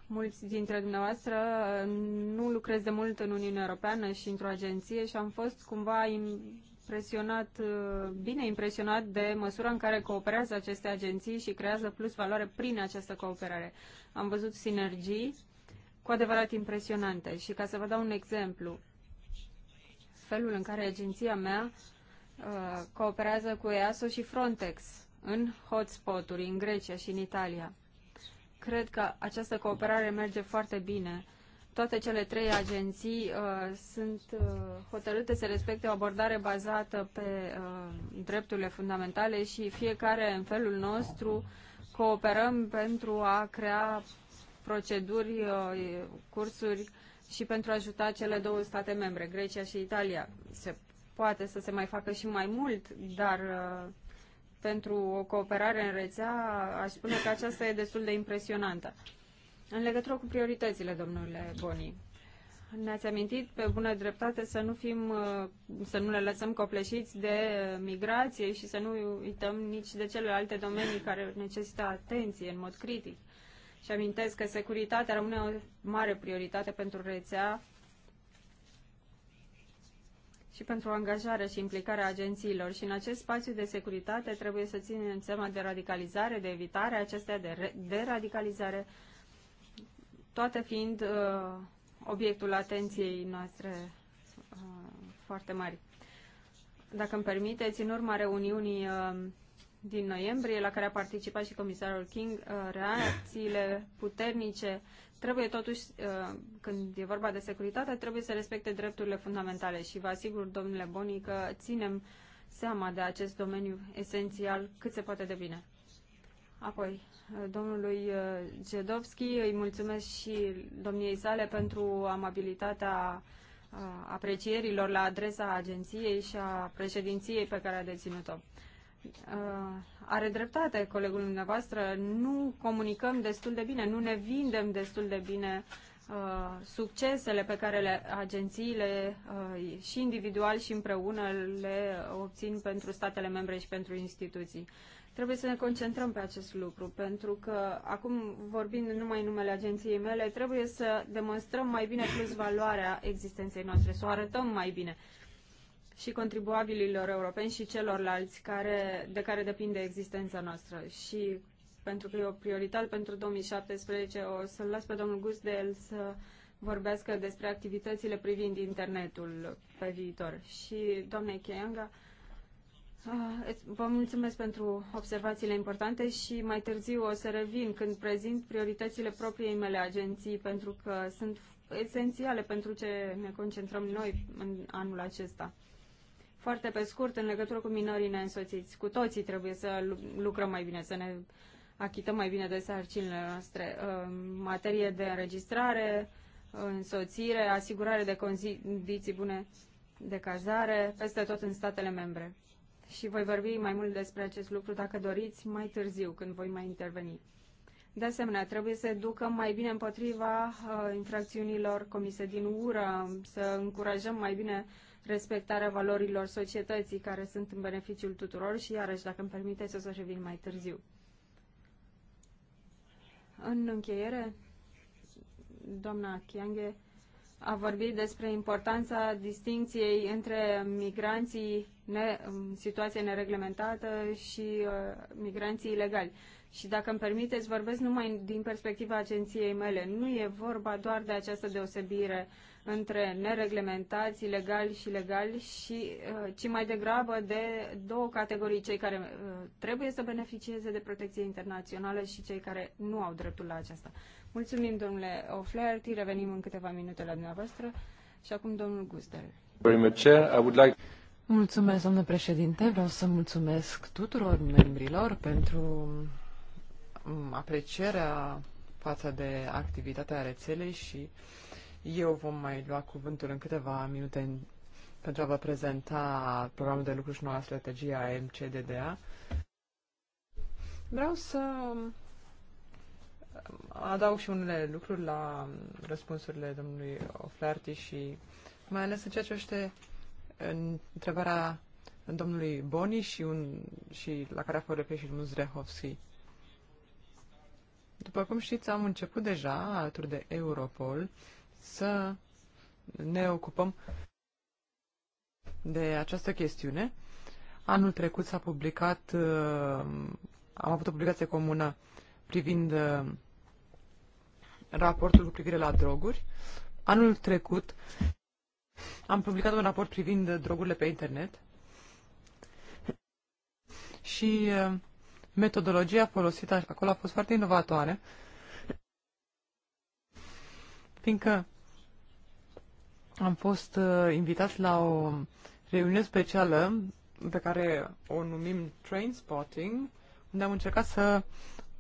mulți dintre dumneavoastră uh, nu lucrez de mult în Uniunea Europeană și într-o agenție și am fost cumva impresionat, bine impresionat de măsura în care cooperează aceste agenții și creează plus valoare prin această cooperare. Am văzut sinergii cu adevărat impresionante și ca să vă dau un exemplu, felul în care agenția mea uh, cooperează cu EASO și Frontex în hotspoturi în Grecia și în Italia. Cred că această cooperare merge foarte bine toate cele trei agenții uh, sunt uh, hotărâte să respecte o abordare bazată pe uh, drepturile fundamentale și fiecare în felul nostru cooperăm pentru a crea proceduri, uh, cursuri și pentru a ajuta cele două state membre, Grecia și Italia. Se poate să se mai facă și mai mult, dar uh, pentru o cooperare în rețea aș spune că aceasta e destul de impresionantă. În legătură cu prioritățile, domnule Boni, ne-ați amintit pe bună dreptate să nu fim, uh, să nu le lăsăm copleșiți de uh, migrație și să nu uităm nici de celelalte domenii care necesită atenție în mod critic. Și amintesc că securitatea rămâne o mare prioritate pentru rețea și pentru angajarea și implicarea agențiilor. Și în acest spațiu de securitate trebuie să ținem seama de radicalizare, de evitare acestea, de de radicalizare, toate fiind uh, obiectul atenției noastre uh, foarte mari. Dacă îmi permiteți, în urma reuniunii uh, din noiembrie, la care a participat și comisarul King, uh, reacțiile puternice trebuie totuși, uh, când e vorba de securitate, trebuie să respecte drepturile fundamentale și vă asigur, domnule Boni, că ținem seama de acest domeniu esențial cât se poate de bine. Apoi, domnului Zedovski, uh, îi mulțumesc și domniei sale pentru amabilitatea uh, aprecierilor la adresa agenției și a președinției pe care a deținut-o. Uh, are dreptate colegul dumneavoastră, nu comunicăm destul de bine, nu ne vindem destul de bine succesele pe care le, agențiile și individual și împreună le obțin pentru statele membre și pentru instituții. Trebuie să ne concentrăm pe acest lucru, pentru că acum, vorbind numai în numele agenției mele, trebuie să demonstrăm mai bine plus valoarea existenței noastre, să o arătăm mai bine și contribuabililor europeni și celorlalți care, de care depinde existența noastră. Și pentru că e o prioritate pentru 2017, o să-l las pe domnul el să vorbească despre activitățile privind internetul pe viitor. Și doamne Cheianga, Ah, vă mulțumesc pentru observațiile importante și mai târziu o să revin când prezint prioritățile propriei mele agenții, pentru că sunt esențiale pentru ce ne concentrăm noi în anul acesta. Foarte pe scurt, în legătură cu minorii neînsoțiți, cu toții trebuie să lucrăm mai bine, să ne achităm mai bine de sarcinile noastre. În ă, materie de înregistrare, însoțire, asigurare de condiții bune de cazare, peste tot în statele membre și voi vorbi mai mult despre acest lucru dacă doriți mai târziu, când voi mai interveni. De asemenea, trebuie să educăm mai bine împotriva uh, infracțiunilor comise din ură, să încurajăm mai bine respectarea valorilor societății care sunt în beneficiul tuturor și, iarăși, dacă îmi permiteți, o să revin mai târziu. În încheiere, doamna Chianghe a vorbit despre importanța distinției între migranții ne, în situație nereglementată și uh, migranții ilegali. Și dacă îmi permiteți, vorbesc numai din perspectiva agenției mele. Nu e vorba doar de această deosebire uh, între nereglementați, ilegali și legali, și, uh, ci mai degrabă de două categorii, cei care uh, trebuie să beneficieze de protecție internațională și cei care nu au dreptul la aceasta. Mulțumim, domnule O'Flaherty, revenim în câteva minute la dumneavoastră și acum domnul Gustel. Mulțumesc, domnule președinte. Vreau să mulțumesc tuturor membrilor pentru um, aprecierea față de activitatea rețelei și eu vom mai lua cuvântul în câteva minute în, pentru a vă prezenta programul de lucru și noua strategie a MCDDA. Vreau să adaug și unele lucruri la răspunsurile domnului Oflarti și mai ales în ceea ce este întrebarea domnului Boni și, un, și la care a fost referit și domnul Zrehovski. După cum știți, am început deja alături de Europol să ne ocupăm de această chestiune. Anul trecut s-a publicat, uh, am avut o publicație comună privind uh, raportul cu privire la droguri. Anul trecut am publicat un raport privind drogurile pe internet și uh, metodologia folosită acolo a fost foarte inovatoare, fiindcă am fost uh, invitat la o reuniune specială pe care o numim Train Spotting, unde am încercat să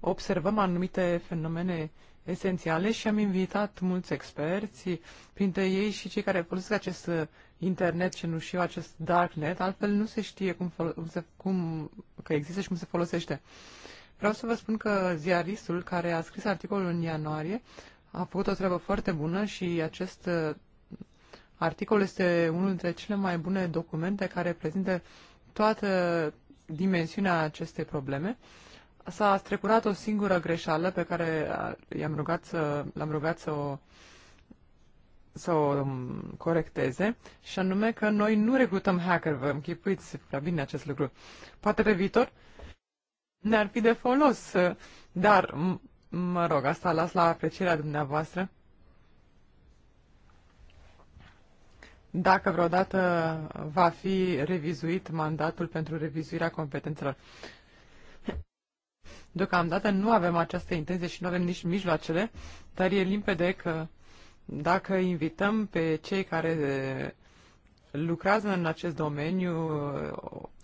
observăm anumite fenomene esențiale și am invitat mulți experți, printre ei și cei care folosesc acest uh, internet cenușiu, acest darknet, altfel nu se știe cum, cum, se, cum că există și cum se folosește. Vreau să vă spun că ziaristul care a scris articolul în ianuarie a făcut o treabă foarte bună și acest uh, Articolul este unul dintre cele mai bune documente care prezintă toată dimensiunea acestei probleme. S-a strecurat o singură greșeală pe care l am rugat să, l-am rugat să o, să o um, corecteze, și anume că noi nu recrutăm hacker, vă închipuiți prea bine acest lucru. Poate pe viitor ne-ar fi de folos, uh, dar, mă rog, asta las la aprecierea dumneavoastră. dacă vreodată va fi revizuit mandatul pentru revizuirea competențelor. Deocamdată nu avem această intenție și nu avem nici mijloacele, dar e limpede că dacă invităm pe cei care lucrează în acest domeniu,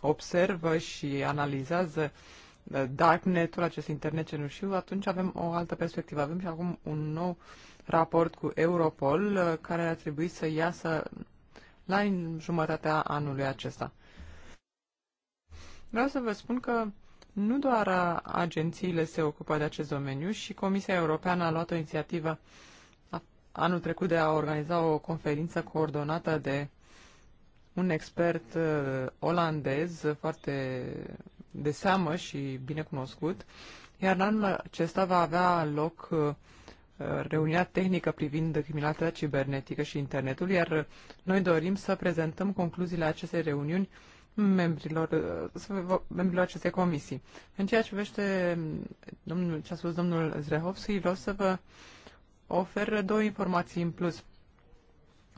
observă și analizează darknet-ul, acest internet cenușiu, atunci avem o altă perspectivă. Avem și acum un nou raport cu Europol care ar trebui să iasă la jumătatea anului acesta. Vreau să vă spun că nu doar agențiile se ocupă de acest domeniu și Comisia Europeană a luat o inițiativă anul trecut de a organiza o conferință coordonată de un expert uh, olandez foarte de seamă și bine cunoscut, iar anul acesta va avea loc uh, Uh, reuniunea tehnică privind criminalitatea cibernetică și internetul, iar noi dorim să prezentăm concluziile acestei reuniuni membrilor, uh, membrilor acestei comisii. În ceea ce privește mm, domnul, ce a spus domnul Zrehovski, vreau să vă ofer două informații în plus.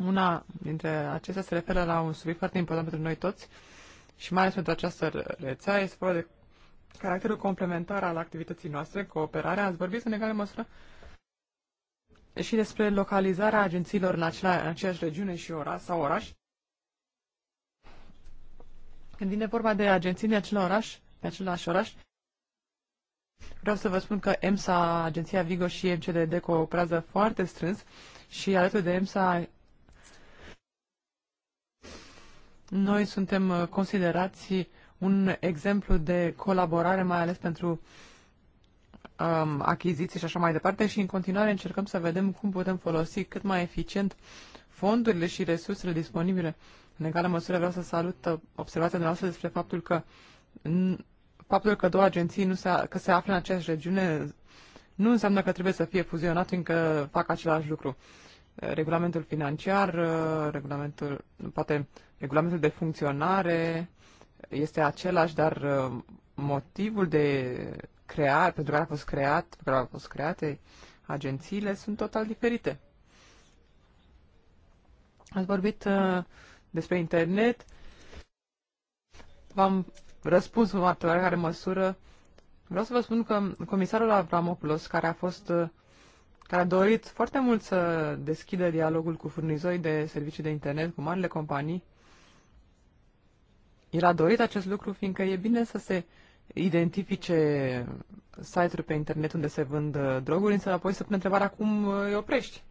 Una dintre acestea se referă la un subiect foarte important pentru noi toți și mai ales pentru această rețea. Este vorba de caracterul complementar al activității noastre, cooperarea. Ați vorbit în egală măsură și despre localizarea agențiilor în, acela, în aceeași regiune și ora, sau oraș. Când vine vorba de agenții în acel oraș, în același oraș, vreau să vă spun că EMSA, Agenția Vigo și MCDD cooperează foarte strâns și alături de EMSA noi suntem considerați un exemplu de colaborare, mai ales pentru uh, Um, achiziții și așa mai departe și în continuare încercăm să vedem cum putem folosi cât mai eficient fondurile și resursele disponibile. În egală măsură vreau să salut uh, observația noastră despre faptul că faptul că două agenții nu se, că se află în aceeași regiune nu înseamnă că trebuie să fie fuzionat, încă fac același lucru. Regulamentul financiar, uh, regulamentul, poate regulamentul de funcționare este același, dar uh, motivul de creat, pentru care a fost creat, pentru care au fost create agențiile, sunt total diferite. Ați vorbit uh, despre internet. V-am răspuns în oarecare măsură. Vreau să vă spun că comisarul Avramopoulos, care a fost uh, care a dorit foarte mult să deschidă dialogul cu furnizorii de servicii de internet, cu marile companii. El a dorit acest lucru, fiindcă e bine să se identifice site-uri pe internet unde se vând uh, droguri, însă apoi să pune întrebarea cum uh, îi oprești.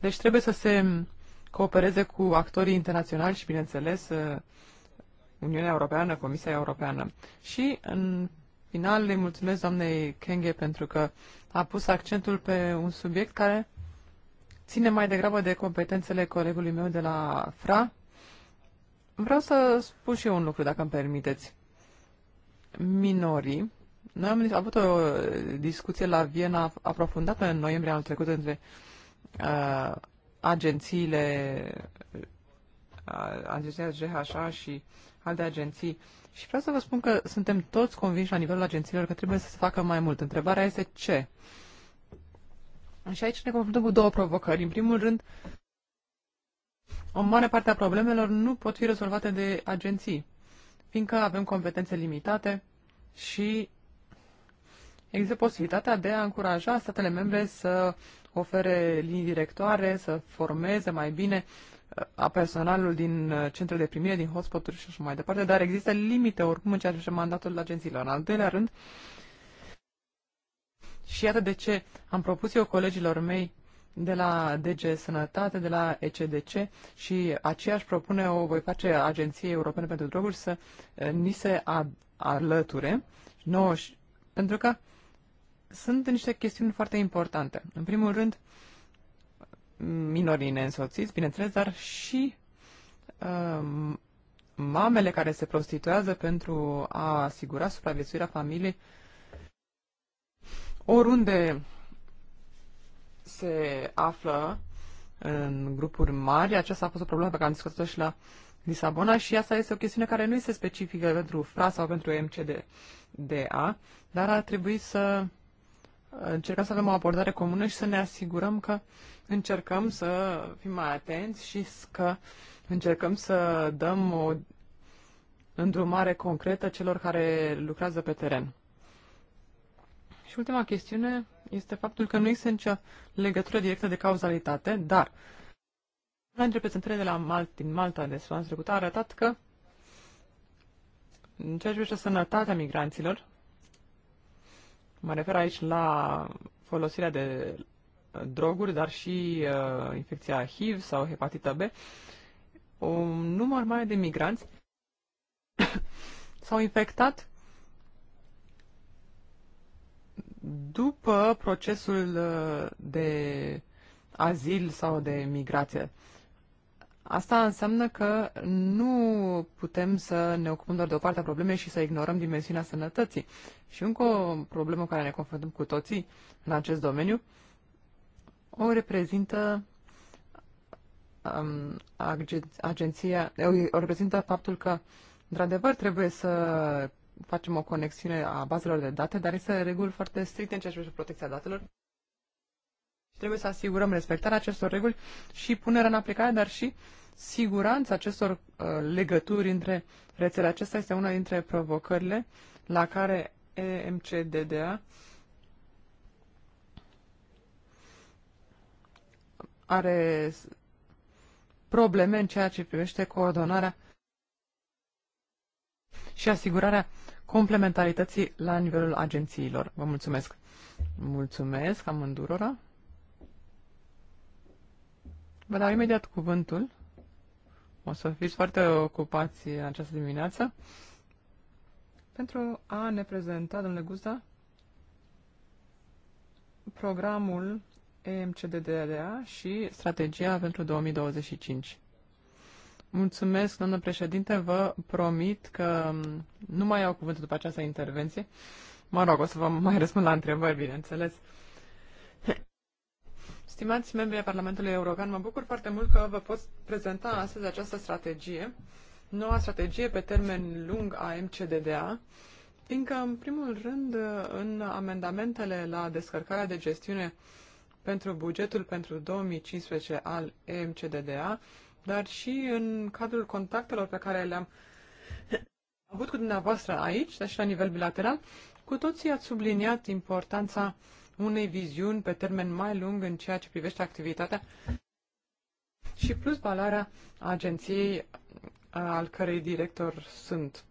Deci trebuie să se coopereze cu actorii internaționali și, bineînțeles, uh, Uniunea Europeană, Comisia Europeană. Și, în final, le mulțumesc doamnei Kenge pentru că a pus accentul pe un subiect care ține mai degrabă de competențele colegului meu de la FRA, Vreau să spun și eu un lucru, dacă îmi permiteți. Minorii, noi am avut o discuție la Viena aprofundată în noiembrie anul trecut între uh, agențiile uh, agenția GHA și alte agenții și vreau să vă spun că suntem toți convinși la nivelul agențiilor că trebuie să se facă mai mult. Întrebarea este ce? Și aici ne confruntăm cu două provocări. În primul rând, o mare parte a problemelor nu pot fi rezolvate de agenții, fiindcă avem competențe limitate și există posibilitatea de a încuraja statele membre să ofere linii directoare, să formeze mai bine uh, a personalul din uh, centrele de primire, din hotspot-uri și așa mai departe, dar există limite oricum în ceea ce mandatul agențiilor. În al doilea rând, și iată de ce am propus eu colegilor mei de la DG Sănătate, de la ECDC și aceeași propune o voi face Agenției Europene pentru Droguri să eh, ni se alăture nouă, pentru că sunt niște chestiuni foarte importante. În primul rând, minorii neînsoțiți, bineînțeles, dar și ehm, mamele care se prostituează pentru a asigura supraviețuirea familiei oriunde se află în grupuri mari. Aceasta a fost o problemă pe care am discutat-o și la Lisabona și asta este o chestiune care nu este specifică pentru FRA sau pentru MCDA, dar ar trebui să încercăm să avem o abordare comună și să ne asigurăm că încercăm să fim mai atenți și că încercăm să dăm o îndrumare concretă celor care lucrează pe teren. Și ultima chestiune este faptul că nu există nicio legătură directă de cauzalitate, dar una dintre prezentările de la Mal- din Malta de săptămâna trecut a arătat că în ceea ce privește sănătatea migranților, mă refer aici la folosirea de uh, droguri, dar și uh, infecția HIV sau hepatită B, un număr mare de migranți *coughs* s-au infectat după procesul uh, de azil sau de migrație. Asta înseamnă că nu putem să ne ocupăm doar de o parte a problemei și să ignorăm dimensiunea sănătății. Și încă o problemă cu care ne confruntăm cu toții în acest domeniu o reprezintă um, agen- agenția, o reprezintă faptul că, într-adevăr, trebuie să facem o conexiune a bazelor de date, dar este reguli foarte stricte în ceea ce privește protecția datelor. Și trebuie să asigurăm respectarea acestor reguli și punerea în aplicare, dar și siguranța acestor uh, legături între rețele. Acesta este una dintre provocările la care EMCDDA are probleme în ceea ce privește coordonarea și asigurarea complementarității la nivelul agențiilor. Vă mulțumesc! Mulțumesc amândurora! Vă dau imediat cuvântul. O să fiți foarte ocupați în această dimineață. Pentru a ne prezenta, domnule Guza, programul EMCDDA și strategia pentru 2025. Mulțumesc, domnule președinte. Vă promit că nu mai iau cuvântul după această intervenție. Mă rog, o să vă mai răspund la întrebări, bineînțeles. Stimați membri ai Parlamentului European, mă bucur foarte mult că vă pot prezenta astăzi această strategie, noua strategie pe termen lung a MCDDA, fiindcă, în primul rând, în amendamentele la descărcarea de gestiune pentru bugetul pentru 2015 al MCDDA dar și în cadrul contactelor pe care le-am *coughs* avut cu dumneavoastră aici, dar și la nivel bilateral, cu toții ați subliniat importanța unei viziuni pe termen mai lung în ceea ce privește activitatea și plus valoarea agenției al cărei director sunt.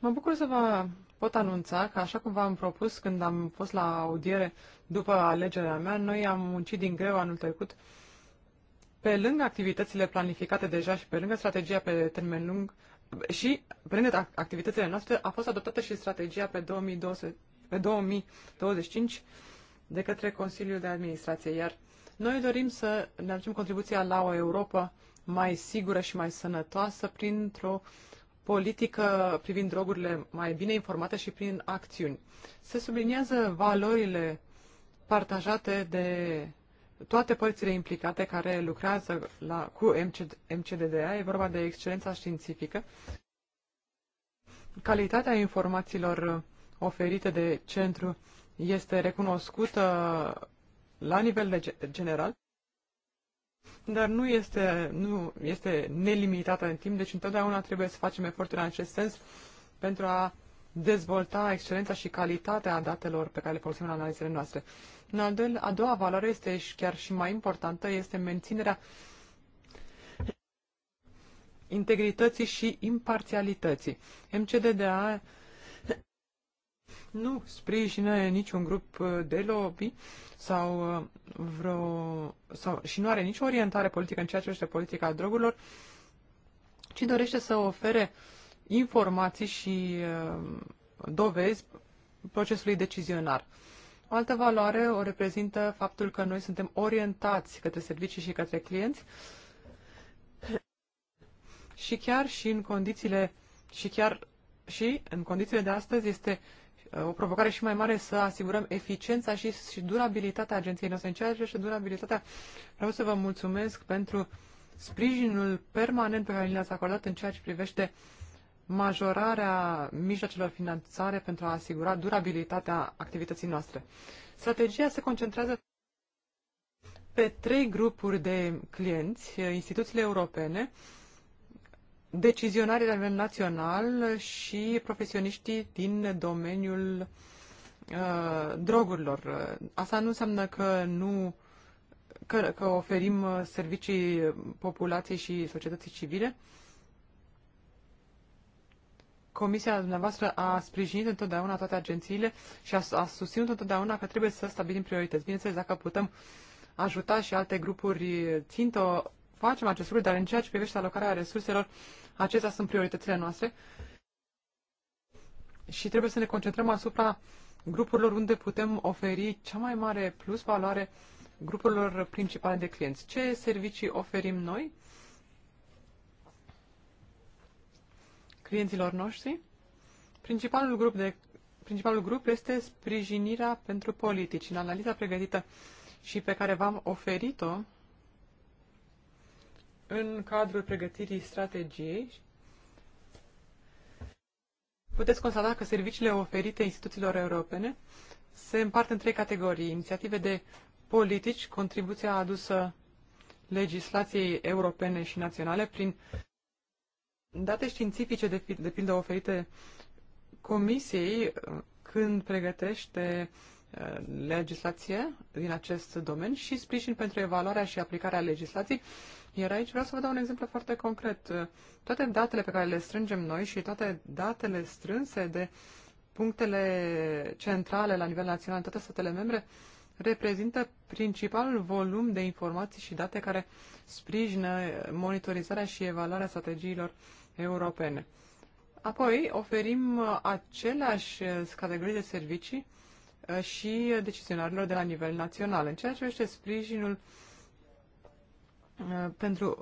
Mă bucur să vă pot anunța că, așa cum v-am propus când am fost la audiere după alegerea mea, noi am muncit din greu anul trecut pe lângă activitățile planificate deja și pe lângă strategia pe termen lung și pe lângă activitățile noastre a fost adoptată și strategia pe, 2020, pe 2025 de către Consiliul de Administrație, iar noi dorim să ne aducem contribuția la o Europa mai sigură și mai sănătoasă printr-o politică privind drogurile mai bine informată și prin acțiuni. Se subliniază valorile partajate de toate părțile implicate care lucrează la, cu MCDDA, e vorba de excelența științifică, calitatea informațiilor oferite de centru este recunoscută la nivel de general, dar nu este, nu este nelimitată în timp, deci întotdeauna trebuie să facem eforturi în acest sens pentru a dezvolta excelența și calitatea datelor pe care le folosim în analizele noastre. În al doilea, a doua valoare este și chiar și mai importantă, este menținerea integrității și imparțialității. MCDDA nu sprijină niciun grup de lobby sau uh, vreo, sau, și nu are nicio orientare politică în ceea ce este politica drogurilor, ci dorește să ofere informații și uh, dovezi procesului decizionar. O altă valoare o reprezintă faptul că noi suntem orientați către servicii și către clienți și chiar și în condițiile și chiar și în condițiile de astăzi este uh, o provocare și mai mare să asigurăm eficiența și, și durabilitatea agenției noastre. În ceea ce și durabilitatea, vreau să vă mulțumesc pentru sprijinul permanent pe care l-ați acordat în ceea ce privește uh, majorarea mijloacelor finanțare pentru a asigura durabilitatea activității noastre. Strategia se concentrează pe trei grupuri de clienți, instituțiile europene, decizionarii la nivel național și profesioniștii din domeniul uh, drogurilor. Asta nu înseamnă că nu că, că oferim uh, servicii populației și societății civile, Comisia dumneavoastră a sprijinit întotdeauna toate agențiile și a, a susținut întotdeauna că trebuie să stabilim priorități. Bineînțeles, dacă putem ajuta și alte grupuri țintă, facem acest lucru, dar în ceea ce privește alocarea resurselor, acestea sunt prioritățile noastre și trebuie să ne concentrăm asupra grupurilor unde putem oferi cea mai mare plus valoare grupurilor principale de clienți. Ce servicii oferim noi? clienților noștri. Principalul grup, de, principalul grup este sprijinirea pentru politici. În analiza pregătită și pe care v-am oferit-o în cadrul pregătirii strategiei, puteți constata că serviciile oferite instituțiilor europene se împart în trei categorii. Inițiative de politici, contribuția adusă legislației europene și naționale prin date științifice, de, de pildă, oferite comisiei uh, când pregătește uh, legislație din acest domeniu și sprijin pentru evaluarea și aplicarea legislației. Iar aici vreau să vă dau un exemplu foarte concret. Uh, toate datele pe care le strângem noi și toate datele strânse de punctele centrale la nivel național în toate statele membre reprezintă principalul volum de informații și date care sprijină monitorizarea și evaluarea strategiilor europene. Apoi oferim uh, aceleași uh, categorii de servicii uh, și decizionarilor de la nivel național. În ceea ce privește sprijinul pentru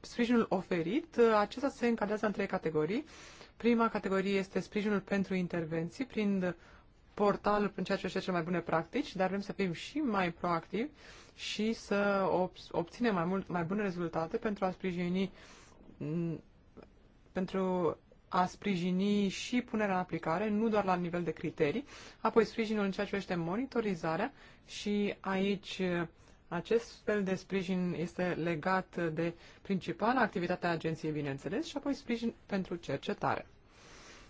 sprijinul oferit, acesta se încadrează în trei categorii. Prima categorie este sprijinul pentru intervenții prin portal prin ceea ce este cele mai bune practici, dar vrem să fim și mai proactivi și să obținem mai, mult, mai bune rezultate pentru a sprijini mm, pentru a sprijini și punerea în aplicare, nu doar la nivel de criterii, apoi sprijinul în ceea ce este monitorizarea și aici uh, acest fel de sprijin este legat de principala activitate a agenției, bineînțeles, și apoi sprijin pentru cercetare.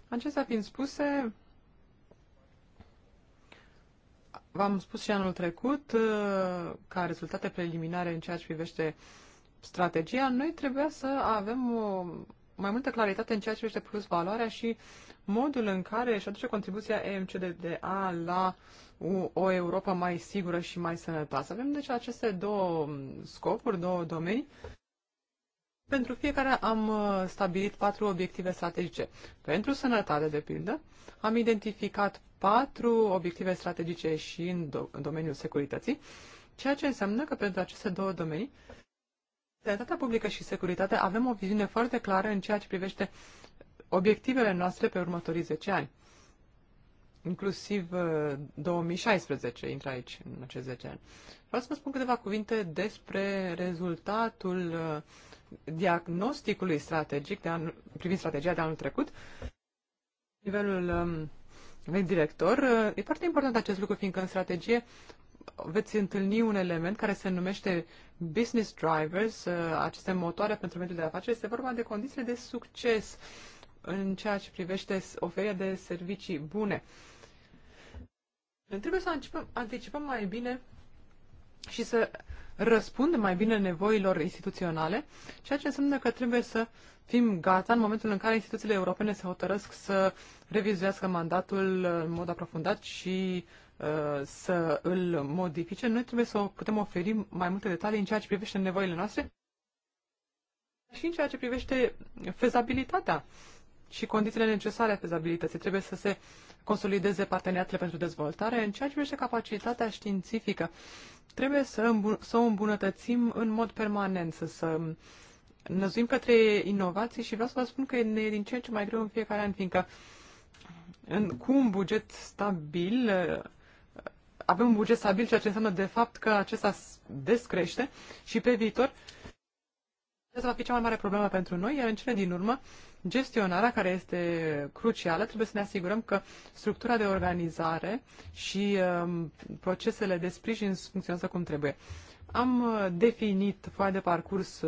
Acestea fiind spuse, v-am spus și anul trecut, uh, ca rezultate preliminare în ceea ce privește strategia, noi trebuia să avem o mai multă claritate în ceea ce este plus valoarea și modul în care își aduce contribuția EMCDDA la o Europa mai sigură și mai sănătoasă. Avem deci aceste două scopuri, două domenii. Pentru fiecare am uh, stabilit patru obiective strategice. Pentru sănătate, de pildă, am identificat patru obiective strategice și în, do- în domeniul securității, ceea ce înseamnă că pentru aceste două domenii Sănătatea publică și securitate avem o viziune foarte clară în ceea ce privește obiectivele noastre pe următorii 10 ani. Inclusiv 2016 uh, intră aici în acești 10 ani. Vreau să vă spun câteva cuvinte despre rezultatul uh, diagnosticului strategic de anul, privind strategia de anul trecut. Nivelul um, director. Uh, e foarte important acest lucru, fiindcă în strategie veți întâlni un element care se numește business drivers, uh, aceste motoare pentru mediul de afaceri. Este vorba de condițiile de succes în ceea ce privește oferirea de servicii bune. trebuie să anticipăm, anticipăm mai bine și să răspundem mai bine nevoilor instituționale, ceea ce înseamnă că trebuie să fim gata în momentul în care instituțiile europene se hotărăsc să revizuiască mandatul uh, în mod aprofundat și Uh, să îl modifice, noi trebuie să putem oferi mai multe detalii în ceea ce privește nevoile noastre și în ceea ce privește fezabilitatea și condițiile necesare a fezabilității. Trebuie să se consolideze parteneriatele pentru dezvoltare. În ceea ce privește capacitatea științifică, trebuie să, îmbun- să o îmbunătățim în mod permanent, să, să năzuim către inovații și vreau să vă spun că ne e din ce în ce mai greu în fiecare an, fiindcă în, cu un buget stabil avem un buget stabil, ceea ce înseamnă de fapt că acesta descrește și pe viitor aceasta va fi cea mai mare problemă pentru noi, iar în cele din urmă, gestionarea care este crucială, trebuie să ne asigurăm că structura de organizare și um, procesele de sprijin funcționează cum trebuie. Am uh, definit foaia de parcurs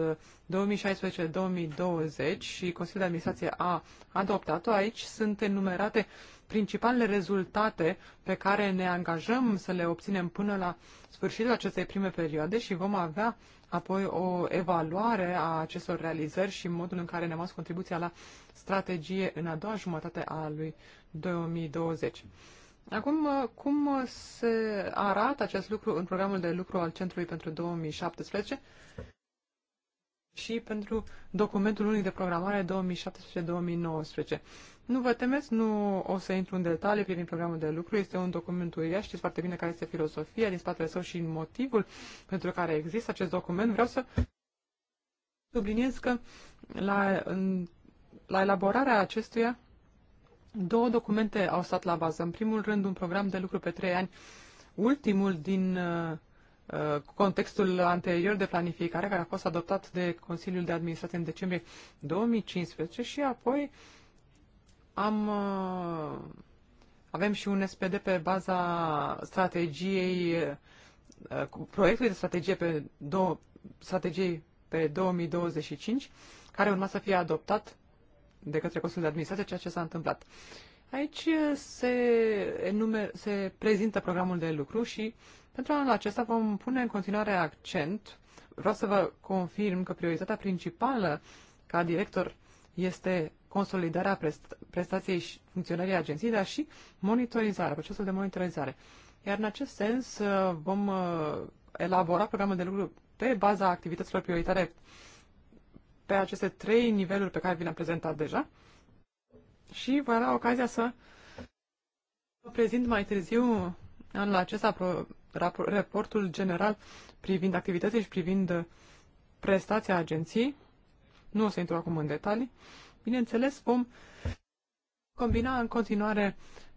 2016-2020 uh, și Consiliul de Administrație a adoptat-o. Aici sunt enumerate principalele rezultate pe care ne angajăm să le obținem până la sfârșitul acestei prime perioade și vom avea apoi o evaluare a acestor realizări și modul în care ne-am contribuția la strategie în a doua jumătate a lui 2020. Acum, uh, cum uh, se arată acest lucru în programul de lucru al Centrului pentru 2017 și pentru documentul unic de programare 2017-2019? Nu vă temeți, nu o să intru în detalii privind programul de lucru. Este un document uriaș, știți foarte bine care este filosofia din spatele său și motivul pentru care există acest document. Vreau să subliniez că la, la elaborarea acestuia Două documente au stat la bază. În primul rând, un program de lucru pe trei ani, ultimul din uh, uh contextul anterior de planificare, care a fost adoptat de Consiliul de Administrație în decembrie 2015 și apoi am, uh, avem și un SPD pe baza strategiei, uh, proiectului de strategie pe, două, strategie pe 2025, care urma să fie adoptat de către Consiliul de Administrație, ceea ce s-a întâmplat. Aici se, enumer, se prezintă programul de lucru și pentru anul acesta vom pune în continuare accent. Vreau să vă confirm că prioritatea principală ca director este consolidarea prestației și funcționării agenției, dar și monitorizarea, procesul de monitorizare. Iar în acest sens uh, vom uh, elabora programul de lucru pe baza activităților prioritare pe aceste trei niveluri pe care vi le-am prezentat deja și voi avea ocazia să vă prezint mai târziu anul acesta raportul general privind activității și privind prestația agenției. Nu o să intru acum în detalii. Bineînțeles, vom combina în continuare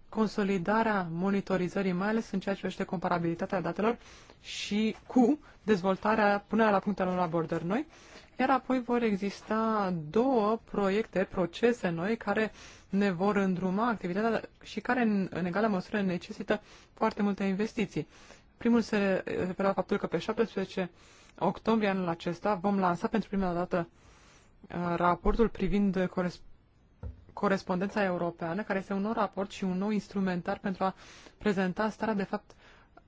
consolidarea monitorizării, mai ales în ceea ce privește comparabilitatea datelor și cu dezvoltarea, punerea la punctele unor abordări noi iar apoi vor exista două proiecte, procese noi, care ne vor îndruma activitatea și care, în, în egală măsură, necesită foarte multe investiții. Primul se referă la faptul că pe 17 octombrie anul acesta vom lansa pentru prima dată uh, raportul privind corespondența corespondența europeană, care este un nou raport și un nou instrumentar pentru a prezenta starea de fapt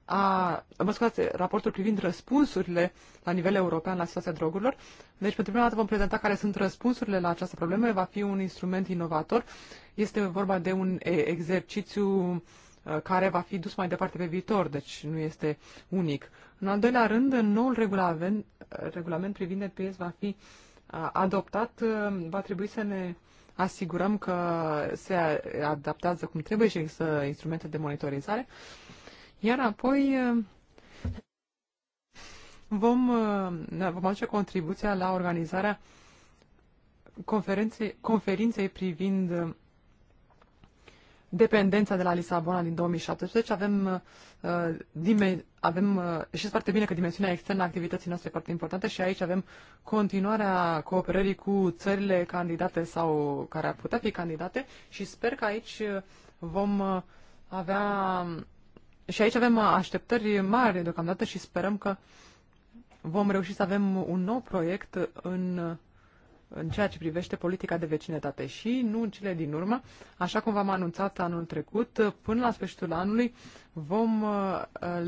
a, mă scuzați, raportul privind răspunsurile la nivel european la situația drogurilor. Deci, pentru prima dată vom prezenta care sunt răspunsurile la această problemă. Va fi un instrument inovator. Este vorba de un exercițiu care va fi dus mai departe pe viitor, deci nu este unic. În al doilea rând, noul regulament, regulament privind EPS va fi adoptat. Va trebui să ne asigurăm că se adaptează cum trebuie și există instrumente de monitorizare. Uh, iar apoi eh, vom, eh, vom aduce contribuția la organizarea conferinței, conferinței privind eh, dependența de la Lisabona din 2017. Avem, uh, dime, avem uh, știți foarte bine că dimensiunea externă a activității noastre e foarte importantă și aici avem continuarea cooperării cu țările candidate sau care ar putea fi candidate și sper că aici vom avea și aici avem așteptări mari deocamdată și sperăm că vom reuși să avem un nou proiect în, în ceea ce privește politica de vecinătate și nu în cele din urmă. Așa cum v-am anunțat anul trecut, până la sfârșitul anului vom uh,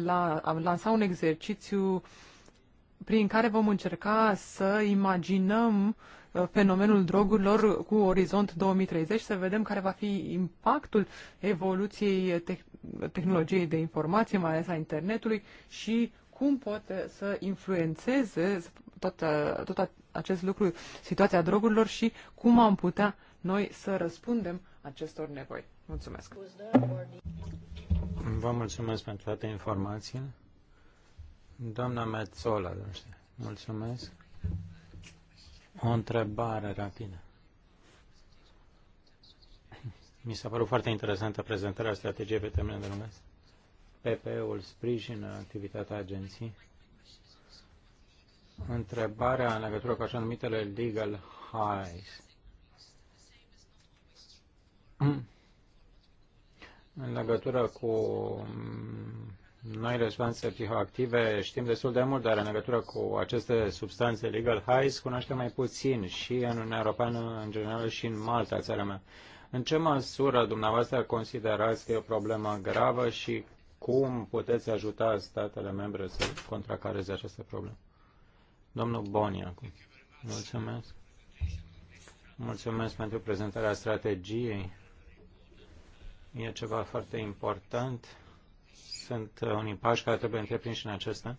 la, lansa un exercițiu prin care vom încerca să imaginăm uh, fenomenul drogurilor cu orizont 2030, să vedem care va fi impactul evoluției tehnologiei de informație, mai ales a internetului și cum pot să influențeze tot, tot acest lucru, situația drogurilor și cum am putea noi să răspundem acestor nevoi. Mulțumesc! Vă mulțumesc pentru toate informațiile. Doamna Metzola, mulțumesc. O întrebare rapidă. Mi s-a părut foarte interesantă prezentarea strategiei pe termen de lungă. PP-ul sprijină activitatea agenției. Întrebarea în legătură cu așa numitele legal highs. *clears throat* În legătură cu mm, noi substanțe psihoactive știm destul de mult, dar în legătură cu aceste substanțe legal highs cunoaștem mai puțin și în Uniunea Europeană în general și în Malta, țara mea. În ce măsură dumneavoastră considerați că e o problemă gravă și cum puteți ajuta statele membre să contracareze această problemă? Domnul Boni acum. Mulțumesc. Mulțumesc pentru prezentarea strategiei. E ceva foarte important. Sunt uh, unii pași care trebuie întreprinși în acesta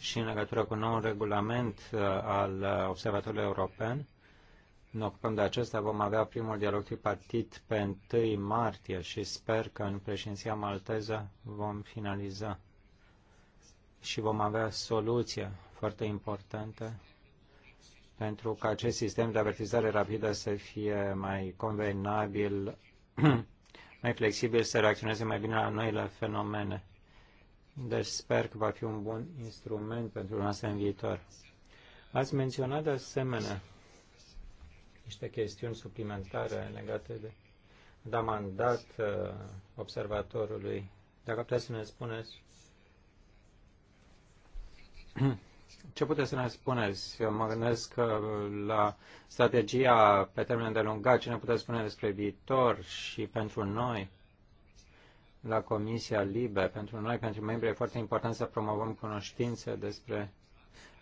și în legătură cu noul regulament uh, al uh, Observatorului European ne ocupăm de acestea. vom avea primul dialog tripartit pe 1 martie și sper că în președinția malteză vom finaliza și vom avea soluție foarte importantă pentru ca acest sistem de avertizare rapidă să fie mai convenabil, *clears throat* mai flexibil, să reacționeze mai bine la noile fenomene. Deci sper că va fi un bun instrument pentru noastră în viitor. Ați menționat de asemenea niște chestiuni suplimentare legate de da mandat uh, observatorului. Dacă puteți să ne spuneți *clears throat* ce puteți să ne spuneți? Eu mă gândesc la strategia pe termen de lungat, ce ne puteți spune despre viitor și pentru noi, la Comisia Libe, pentru noi, pentru membri, e foarte important să promovăm cunoștințe despre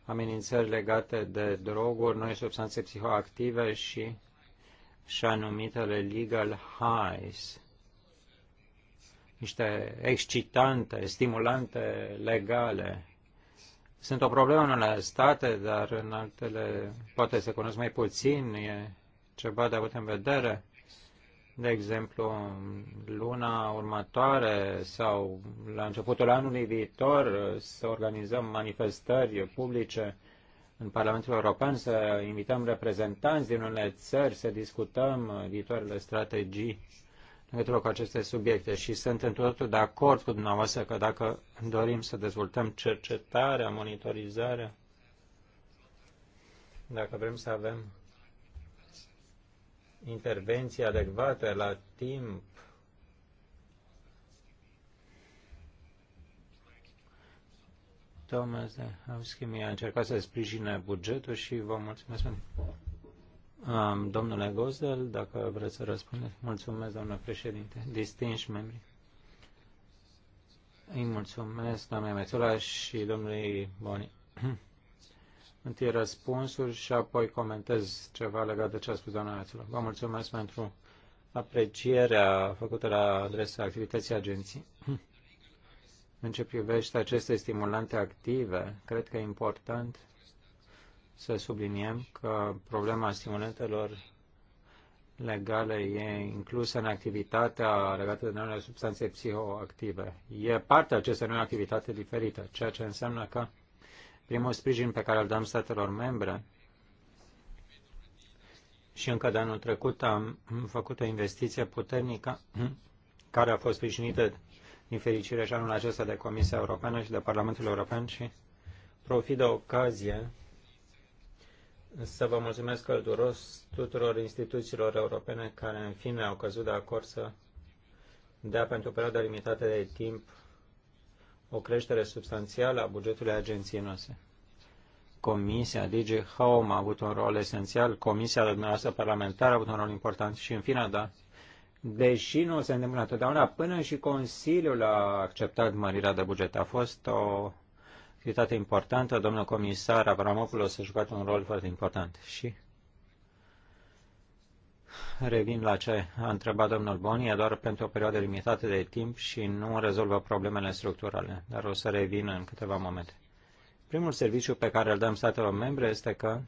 amenințări legate de droguri, noi substanțe psihoactive și și anumitele legal highs, niște excitante, stimulante legale. Sunt o problemă în unele state, dar în altele poate se cunosc mai puțin, e ceva de avut în vedere de exemplu, luna următoare sau la începutul anului viitor să organizăm manifestări publice în Parlamentul European, să invităm reprezentanți din unele țări, să discutăm viitoarele strategii în legătură cu aceste subiecte și sunt în totul de acord cu dumneavoastră că dacă dorim să dezvoltăm cercetarea, monitorizarea, dacă vrem să avem intervenții adecvate la timp Thomas de mi a încercat să sprijine bugetul și vă mulțumesc Um, domnule Gozel, dacă vreți să răspundeți. Mulțumesc, domnule președinte. Distinși membri. Îi mulțumesc, doamne Mețula și domnului Boni *clears throat* întâi răspunsuri și apoi comentez ceva legat de ce a spus doamna Iațulă. Vă mulțumesc pentru aprecierea făcută la adresa activității agenției. *clears throat* În ce privește aceste stimulante active, cred că e important să subliniem că problema stimulantelor legale e inclusă în activitatea legată de noile substanțe psihoactive. E parte a acestei noi activitate diferită, ceea ce înseamnă că Primul sprijin pe care îl dăm statelor membre și încă de anul trecut am făcut o investiție puternică *clears throat* care a fost sprijinită din fericire și anul acesta de Comisia Europeană și de Parlamentul European și profit de ocazie să vă mulțumesc călduros tuturor instituțiilor europene care în fine au căzut de acord să dea pentru o perioadă limitată de timp o creștere substanțială a bugetului agenției noastre. Comisia DG Home a avut un rol esențial, Comisia dumneavoastră parlamentară a avut un rol important și în fine, da, deși nu se întâmplă întotdeauna, până și Consiliul a acceptat mărirea de buget. A fost o activitate importantă, domnul comisar Avramopoulos a jucat un rol foarte important și Revin la ce a întrebat domnul Boni, e doar pentru o perioadă limitată de timp și nu rezolvă problemele structurale, dar o să revin în câteva momente. Primul serviciu pe care îl dăm statelor membre este că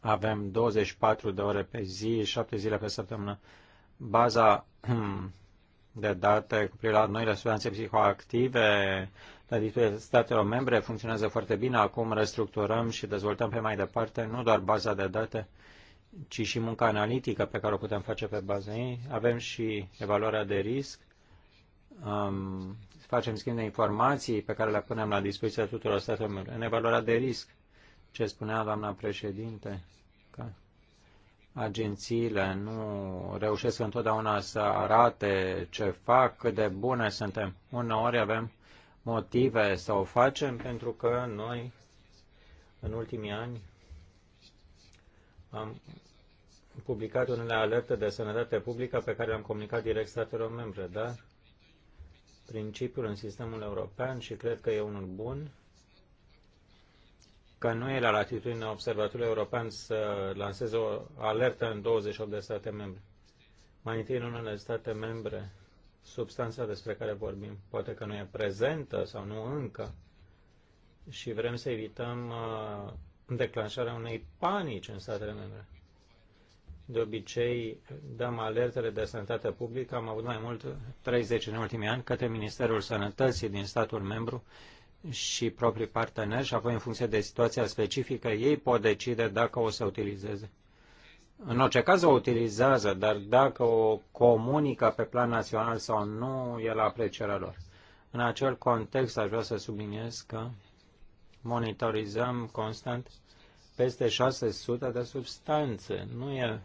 avem 24 de ore pe zi, 7 zile pe săptămână. Baza hmm, de date cu privire la noile substanțe psihoactive, la diferite statelor membre, funcționează foarte bine. Acum restructurăm și dezvoltăm pe mai departe nu doar baza de date, ci și munca analitică pe care o putem face pe baza ei. Avem și evaluarea de risc, um, facem schimb de informații pe care le punem la dispoziția tuturor statelor membre. În evaluarea de risc, ce spunea doamna președinte, că agențiile nu reușesc întotdeauna să arate ce fac, cât de bune suntem. Uneori avem motive să o facem pentru că noi în ultimii ani am publicat unele alerte de sănătate publică pe care le-am comunicat direct statelor membre, dar principiul în sistemul european și cred că e unul bun, că nu e la latitudinea observatorului european să lanseze o alertă în 28 de state membre. Mai întâi în unele state membre, substanța despre care vorbim poate că nu e prezentă sau nu încă și vrem să evităm uh, declanșarea unei panici în statele membre. De obicei dăm alertele de sănătate publică, am avut mai mult 30 în ultimii ani, către Ministerul Sănătății din statul membru și proprii parteneri și apoi în funcție de situația specifică ei pot decide dacă o să utilizeze. În orice caz o utilizează, dar dacă o comunică pe plan național sau nu, e la aprecierea lor. În acel context aș vrea să subliniez că monitorizăm constant peste 600 de substanțe. Nu e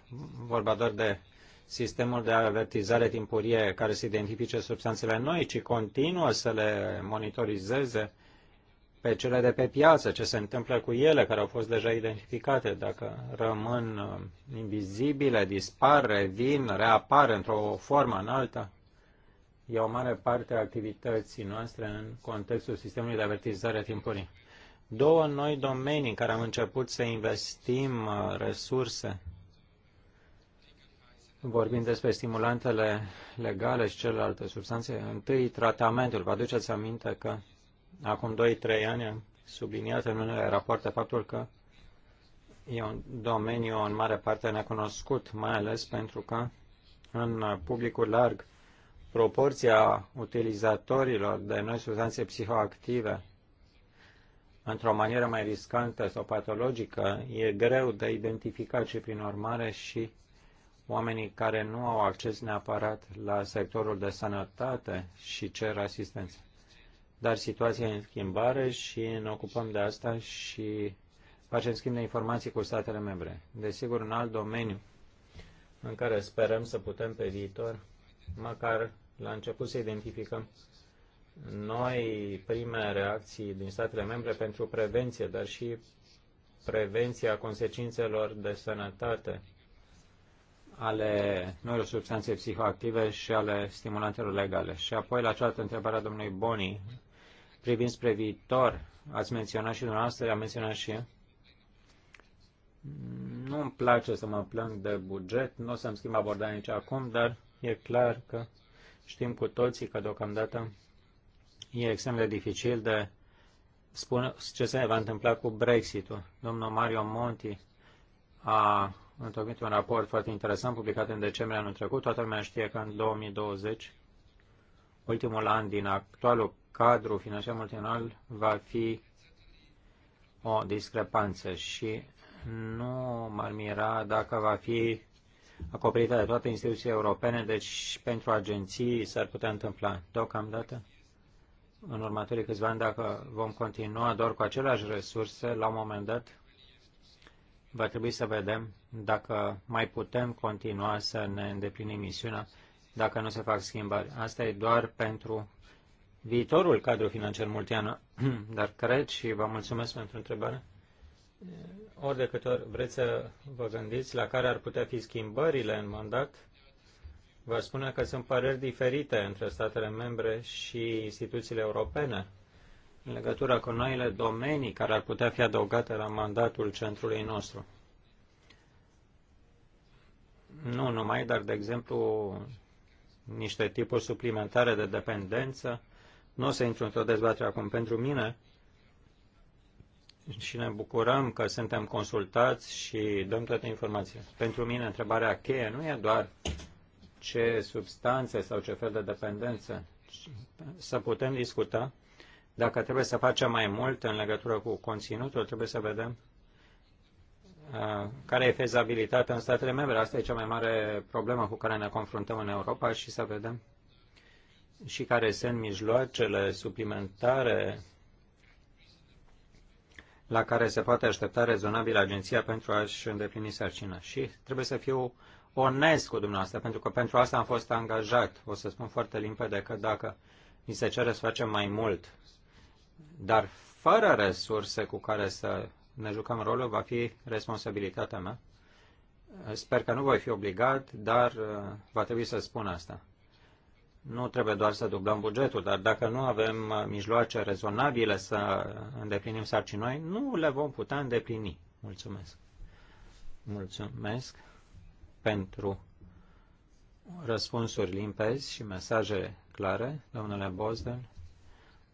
vorba doar de sistemul de avertizare timpurie care să identifice substanțele noi, ci continuă să le monitorizeze pe cele de pe piață, ce se întâmplă cu ele care au fost deja identificate, dacă rămân uh, invizibile, dispar, revin, reapar într-o formă în alta. E o mare parte a activității noastre în contextul sistemului de avertizare timpurie două noi domenii în care am început să investim uh, resurse. Vorbim despre stimulantele legale și celelalte substanțe. Întâi, tratamentul. Vă aduceți aminte că acum 2-3 ani am subliniat în unele rapoarte faptul că e un domeniu în mare parte necunoscut, mai ales pentru că în publicul larg proporția utilizatorilor de noi substanțe psihoactive într-o manieră mai riscantă sau patologică, e greu de identificat și, prin urmare, și oamenii care nu au acces neapărat la sectorul de sănătate și cer asistență. Dar situația e în schimbare și ne ocupăm de asta și facem schimb de informații cu statele membre. Desigur, un alt domeniu în care sperăm să putem pe viitor, măcar la început să identificăm noi prime reacții din statele membre pentru prevenție, dar și prevenția consecințelor de sănătate ale noilor substanțe psihoactive și ale stimulantelor legale. Și apoi la cealaltă întrebare a domnului Boni, privind spre viitor, ați menționat și dumneavoastră, am menționat și eu. Nu îmi place să mă plâng de buget, nu o să-mi schimb abordarea nici acum, dar e clar că știm cu toții că deocamdată e extrem de dificil de spune ce se va întâmpla cu Brexit-ul. Domnul Mario Monti a întocmit un raport foarte interesant publicat în decembrie anul trecut. Toată lumea știe că în 2020, ultimul an din actualul cadru financiar multinal, va fi o discrepanță și nu m-ar mira dacă va fi acoperită de toate instituțiile europene, deci pentru agenții s-ar putea întâmpla. Deocamdată în următorii câțiva ani, dacă vom continua doar cu aceleași resurse, la un moment dat va trebui să vedem dacă mai putem continua să ne îndeplinim misiunea dacă nu se fac schimbări. Asta e doar pentru viitorul cadru financiar multian, *clears throat* dar cred și vă mulțumesc pentru întrebare. Ori de câte ori vreți să vă gândiți la care ar putea fi schimbările în mandat, vă spune că sunt păreri diferite între statele membre și instituțiile europene în legătură cu noile domenii care ar putea fi adăugate la mandatul centrului nostru. Nu numai, dar, de exemplu, niște tipuri suplimentare de dependență. Nu o să intru într-o dezbatere acum pentru mine și ne bucurăm că suntem consultați și dăm toate informațiile. Pentru mine, întrebarea cheie nu e doar ce substanțe sau ce fel de dependență, să putem discuta dacă trebuie să facem mai mult în legătură cu conținutul, trebuie să vedem uh, care e fezabilitatea în statele membre. Asta e cea mai mare problemă cu care ne confruntăm în Europa și să vedem și care sunt mijloacele suplimentare la care se poate aștepta rezonabil agenția pentru a-și îndeplini sarcina. Și trebuie să fie onest cu dumneavoastră, pentru că pentru asta am fost angajat. O să spun foarte limpede că dacă mi se cere să facem mai mult, dar fără resurse cu care să ne jucăm rolul, va fi responsabilitatea mea. Sper că nu voi fi obligat, dar uh, va trebui să spun asta. Nu trebuie doar să dublăm bugetul, dar dacă nu avem uh, mijloace rezonabile să îndeplinim sarcini noi, nu le vom putea îndeplini. Mulțumesc. Mulțumesc pentru răspunsuri limpezi și mesaje clare. Domnule Bosden,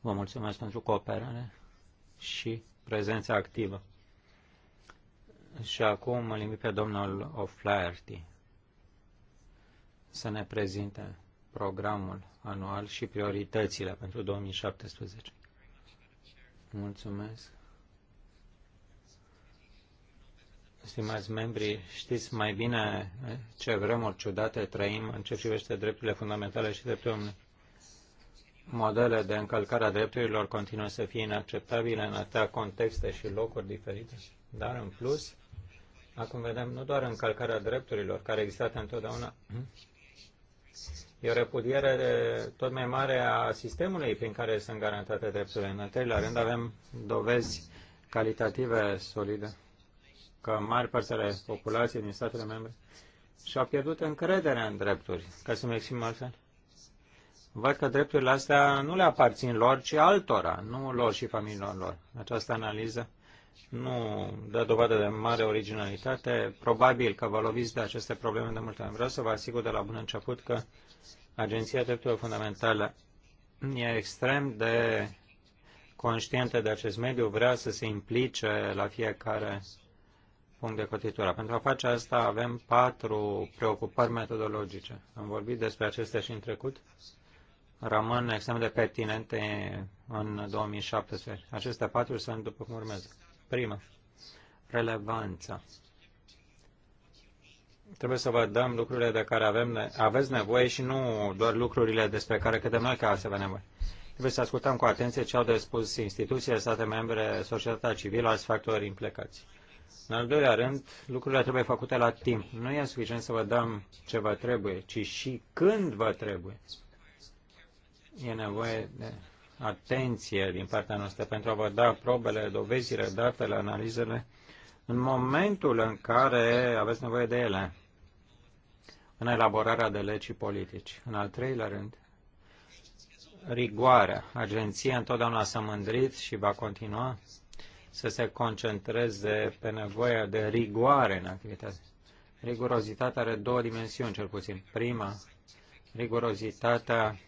vă mulțumesc pentru cooperare și prezența activă. Și acum îl invit pe domnul O'Flaherty să ne prezinte programul anual și prioritățile pentru 2017. Mulțumesc. stimați membri, știți mai bine ce vremuri ciudate trăim în ce privește drepturile fundamentale și drepturile omului. Modele de încălcare a drepturilor continuă să fie inacceptabile în atâtea contexte și locuri diferite, dar în plus, acum vedem nu doar încălcarea drepturilor care există întotdeauna, E o repudiere tot mai mare a sistemului prin care sunt garantate drepturile. În al treilea rând avem dovezi calitative solide că mari părți ale populației din statele membre și-au pierdut încrederea în drepturi, ca să-mi exprim altfel. Văd că drepturile astea nu le aparțin lor, ci altora, nu lor și familiilor lor. Această analiză nu dă dovadă de mare originalitate. Probabil că vă loviți de aceste probleme de multe ani. Vreau să vă asigur de la bun început că Agenția Drepturilor Fundamentale e extrem de conștientă de acest mediu, vrea să se implice la fiecare punct de cotitură. Pentru a face asta avem patru preocupări metodologice. Am vorbit despre acestea și în trecut. Rămân extrem de pertinente în 2017. Aceste patru sunt după cum urmează. Prima, relevanța. Trebuie să vă dăm lucrurile de care avem, aveți nevoie și nu doar lucrurile despre care credem noi că ați avea nevoie. Trebuie să ascultăm cu atenție ce au de spus instituțiile, state membre, societatea civilă, alți factori implicați. În al doilea rând, lucrurile trebuie făcute la timp. Nu e suficient să vă dăm ce vă trebuie, ci și când vă trebuie. E nevoie de atenție din partea noastră pentru a vă da probele, dovezile, datele, analizele în momentul în care aveți nevoie de ele în elaborarea de legi politici. În al treilea rând, rigoarea. Agenția întotdeauna s-a mândrit și va continua să se concentreze pe nevoia de rigoare în activitate. Rigurozitatea are două dimensiuni, cel puțin. Prima, rigurozitatea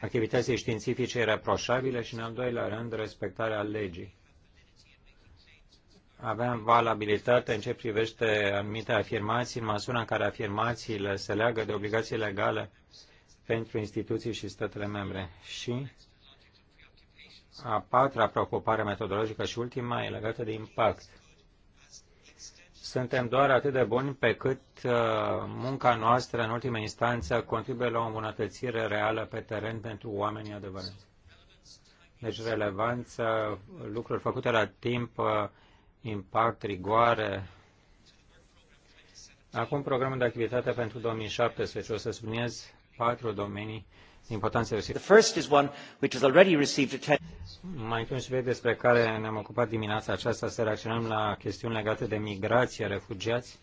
activității științifice reproșabile și, în al doilea rând, respectarea legii. Avem valabilitate în ce privește anumite afirmații, în măsura în care afirmațiile se leagă de obligații legale pentru instituții și statele membre. Și a patra preocupare metodologică și ultima e legată de impact. Suntem doar atât de buni pe cât uh, munca noastră, în ultima instanță, contribuie la o îmbunătățire reală pe teren pentru oamenii adevărați. Deci relevanță, lucruri făcute la timp, uh, impact, rigoare. Acum programul de activitate pentru 2017. O să subliniez patru domenii importanței Rusiei. The first is one which has already received Mai întâi un subiect despre care ne-am ocupat dimineața aceasta, să reacționăm la chestiuni legate de migrație, refugiați.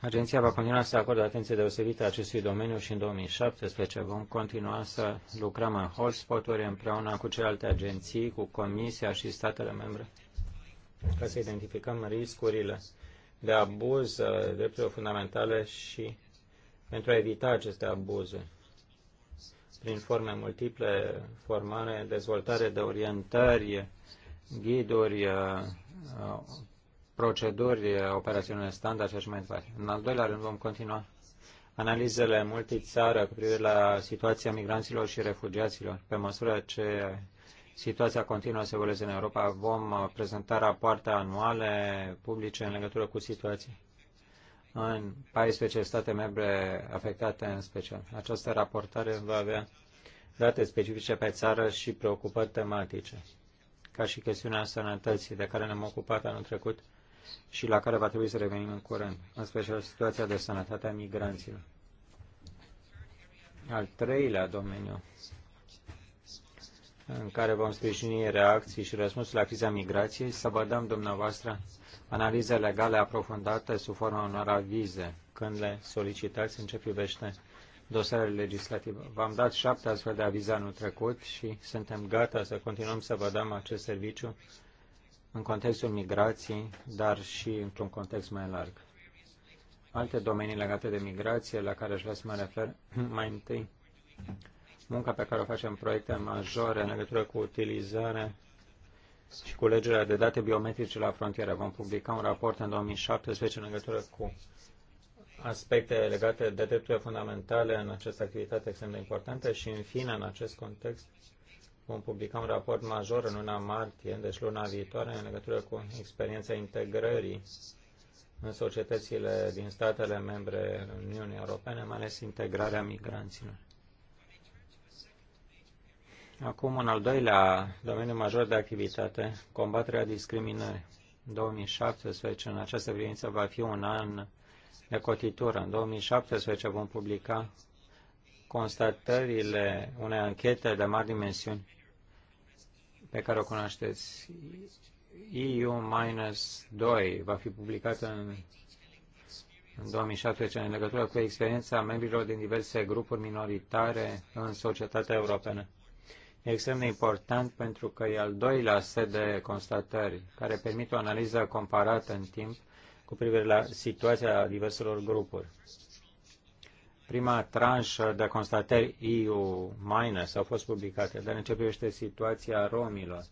Agenția va continua să acorde atenție deosebită acestui domeniu și în 2017 vom continua să lucrăm în hotspot-uri împreună cu celelalte agenții, cu Comisia și statele membre, ca să identificăm riscurile de abuz uh, drepturilor fundamentale și pentru a evita aceste abuze, prin forme multiple, formare, dezvoltare de orientări, ghiduri, uh, proceduri operațiunile standard și așa mai departe. În al doilea rând vom continua analizele multițară cu privire la situația migranților și refugiaților. Pe măsură ce situația continuă să evolueze în Europa, vom prezenta rapoarte anuale publice în legătură cu situația în 14 state membre afectate în special. Această raportare va avea date specifice pe țară și preocupări tematice, ca și chestiunea sănătății de care ne-am ocupat anul trecut și la care va trebui să revenim în curând, în special situația de sănătate a migranților. Al treilea domeniu în care vom sprijini reacții și răspunsul la criza migrației, să vă dăm dumneavoastră analize legale aprofundate sub forma unor avize când le solicitați în ce privește dosarele legislative. V-am dat șapte astfel de avize anul trecut și suntem gata să continuăm să vă dăm acest serviciu în contextul migrației, dar și într-un context mai larg. Alte domenii legate de migrație la care aș vrea să mă refer *clears throat* mai întâi, munca pe care o facem proiecte majore în legătură cu utilizarea și culegerea de date biometrice la frontieră. Vom publica un raport în 2017 în legătură cu aspecte legate de drepturile fundamentale în această activitate extrem de importantă și, în fine, în acest context, vom publica un raport major în luna martie, deci luna viitoare, în legătură cu experiența integrării în societățile din statele membre ale Uniunii Europene, mai ales integrarea migranților. Acum, un al doilea domeniu major de activitate, combaterea discriminării. 2017, în această privință, va fi un an de cotitură. În 2017 vom publica constatările unei anchete de mari dimensiuni pe care o cunoașteți. EU-2 va fi publicată în, în 2017 în legătură cu experiența membrilor din diverse grupuri minoritare în societatea europeană. E extrem de important pentru că e al doilea set de constatări care permit o analiză comparată în timp cu privire la situația diverselor grupuri. Prima tranșă de constatări EU minus au fost publicate, dar în ce privește situația romilor.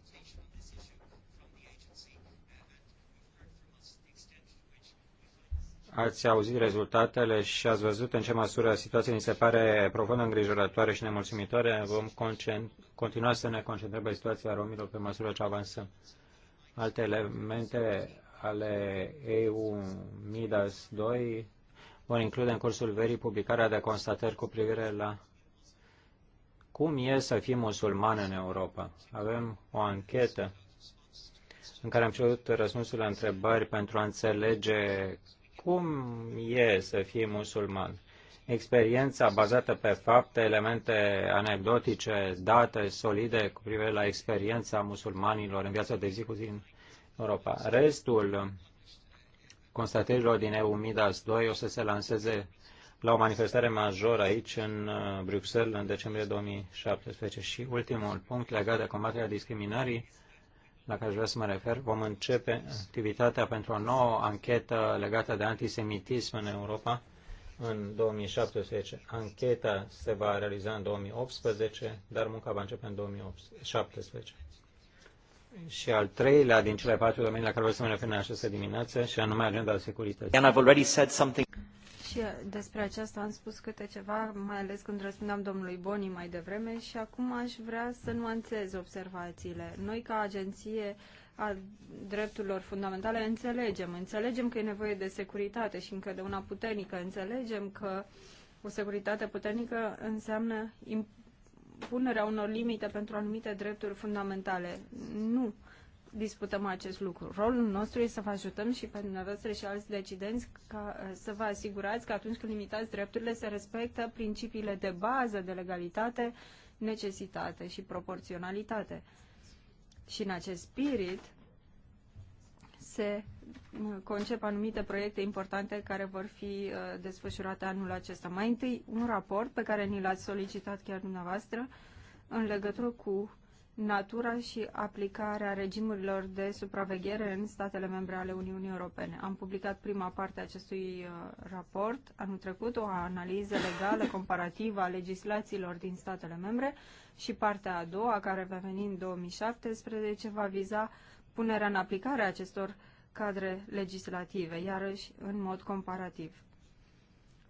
ați auzit rezultatele și ați văzut în ce măsură situația ni se pare profund îngrijorătoare și nemulțumitoare. Vom continua să ne concentrăm pe situația romilor pe măsură ce avansăm. Alte elemente ale EU Midas 2 vor include în cursul verii publicarea de constatări cu privire la cum e să fii musulman în Europa. Avem o anchetă în care am cerut răspunsul la întrebări pentru a înțelege cum e să fii musulman. Experiența bazată pe fapte, elemente anecdotice, date solide cu privire la experiența musulmanilor în viața de zi cu zi în Europa. Restul constatărilor din EU Midas 2 o să se lanseze la o manifestare majoră aici în uh, Bruxelles în decembrie 2017. Și ultimul punct legat de combaterea discriminării la care aș vrea să mă refer, vom începe activitatea pentru o nouă anchetă legată de antisemitism în Europa în 2017. Ancheta se va realiza în 2018, dar munca va începe în 2017. Și al treilea din cele patru domenii la care vreau să mă refer în această dimineață, și anume agenda securității și despre aceasta am spus câte ceva, mai ales când răspundeam domnului Boni mai devreme și acum aș vrea să nuanțez observațiile. Noi, ca agenție a drepturilor fundamentale, înțelegem. Înțelegem că e nevoie de securitate și încă de una puternică. Înțelegem că o securitate puternică înseamnă punerea unor limite pentru anumite drepturi fundamentale. Nu discutăm acest lucru. Rolul nostru este să vă ajutăm și pe dumneavoastră și alți decidenți ca, uh, să vă asigurați că atunci când limitați drepturile se respectă principiile de bază de legalitate, necesitate și proporționalitate. Și în acest spirit se uh, concep anumite proiecte importante care vor fi uh, desfășurate anul acesta. Mai întâi, un raport pe care ni l-ați solicitat chiar dumneavoastră în legătură cu natura și aplicarea regimurilor de supraveghere în statele membre ale Uniunii Europene. Am publicat prima parte a acestui uh, raport anul trecut, o analiză legală *coughs* comparativă a legislațiilor din statele membre și partea a doua, care va veni în 2017, va viza punerea în aplicare a acestor cadre legislative, iarăși în mod comparativ.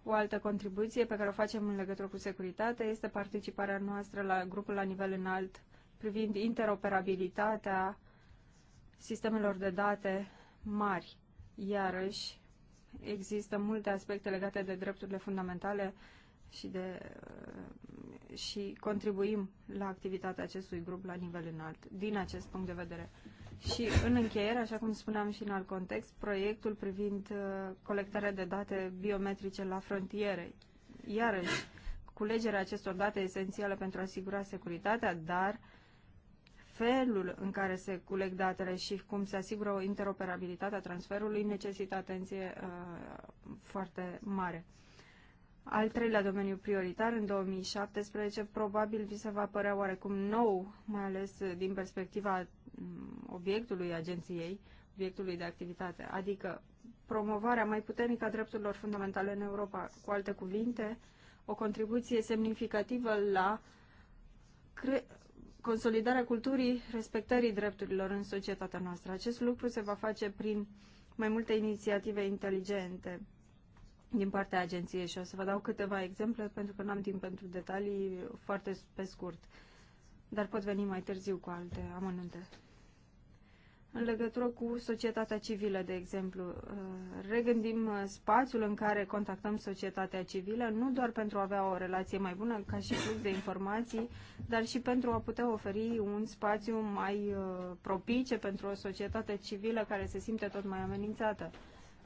O altă contribuție pe care o facem în legătură cu securitatea este participarea noastră la grupul la nivel înalt privind interoperabilitatea sistemelor de date mari. Iarăși, există multe aspecte legate de drepturile fundamentale și, de, uh, și contribuim la activitatea acestui grup la nivel înalt, din acest punct de vedere. Și în încheiere, așa cum spuneam și în alt context, proiectul privind uh, colectarea de date biometrice la frontiere. Iarăși, culegerea acestor date esențiale pentru a asigura securitatea, dar uh, felul în care se culeg datele și cum se asigură o interoperabilitate a transferului necesită atenție uh, foarte mare. Al treilea domeniu prioritar în 2017 probabil vi se va părea oarecum nou, mai ales din perspectiva mm, obiectului agenției, obiectului de activitate, adică promovarea mai puternică a drepturilor fundamentale în Europa. Cu alte cuvinte, o contribuție semnificativă la cre- consolidarea culturii respectării drepturilor în societatea noastră. Acest lucru se va face prin mai multe inițiative inteligente din partea agenției și o să vă dau câteva exemple pentru că n-am timp pentru detalii foarte pe scurt, dar pot veni mai târziu cu alte amănunte în legătură cu societatea civilă, de exemplu. Uh, regândim uh, spațiul în care contactăm societatea civilă, nu doar pentru a avea o relație mai bună ca și flux de informații, dar și pentru a putea oferi un spațiu mai uh, propice pentru o societate civilă care se simte tot mai amenințată.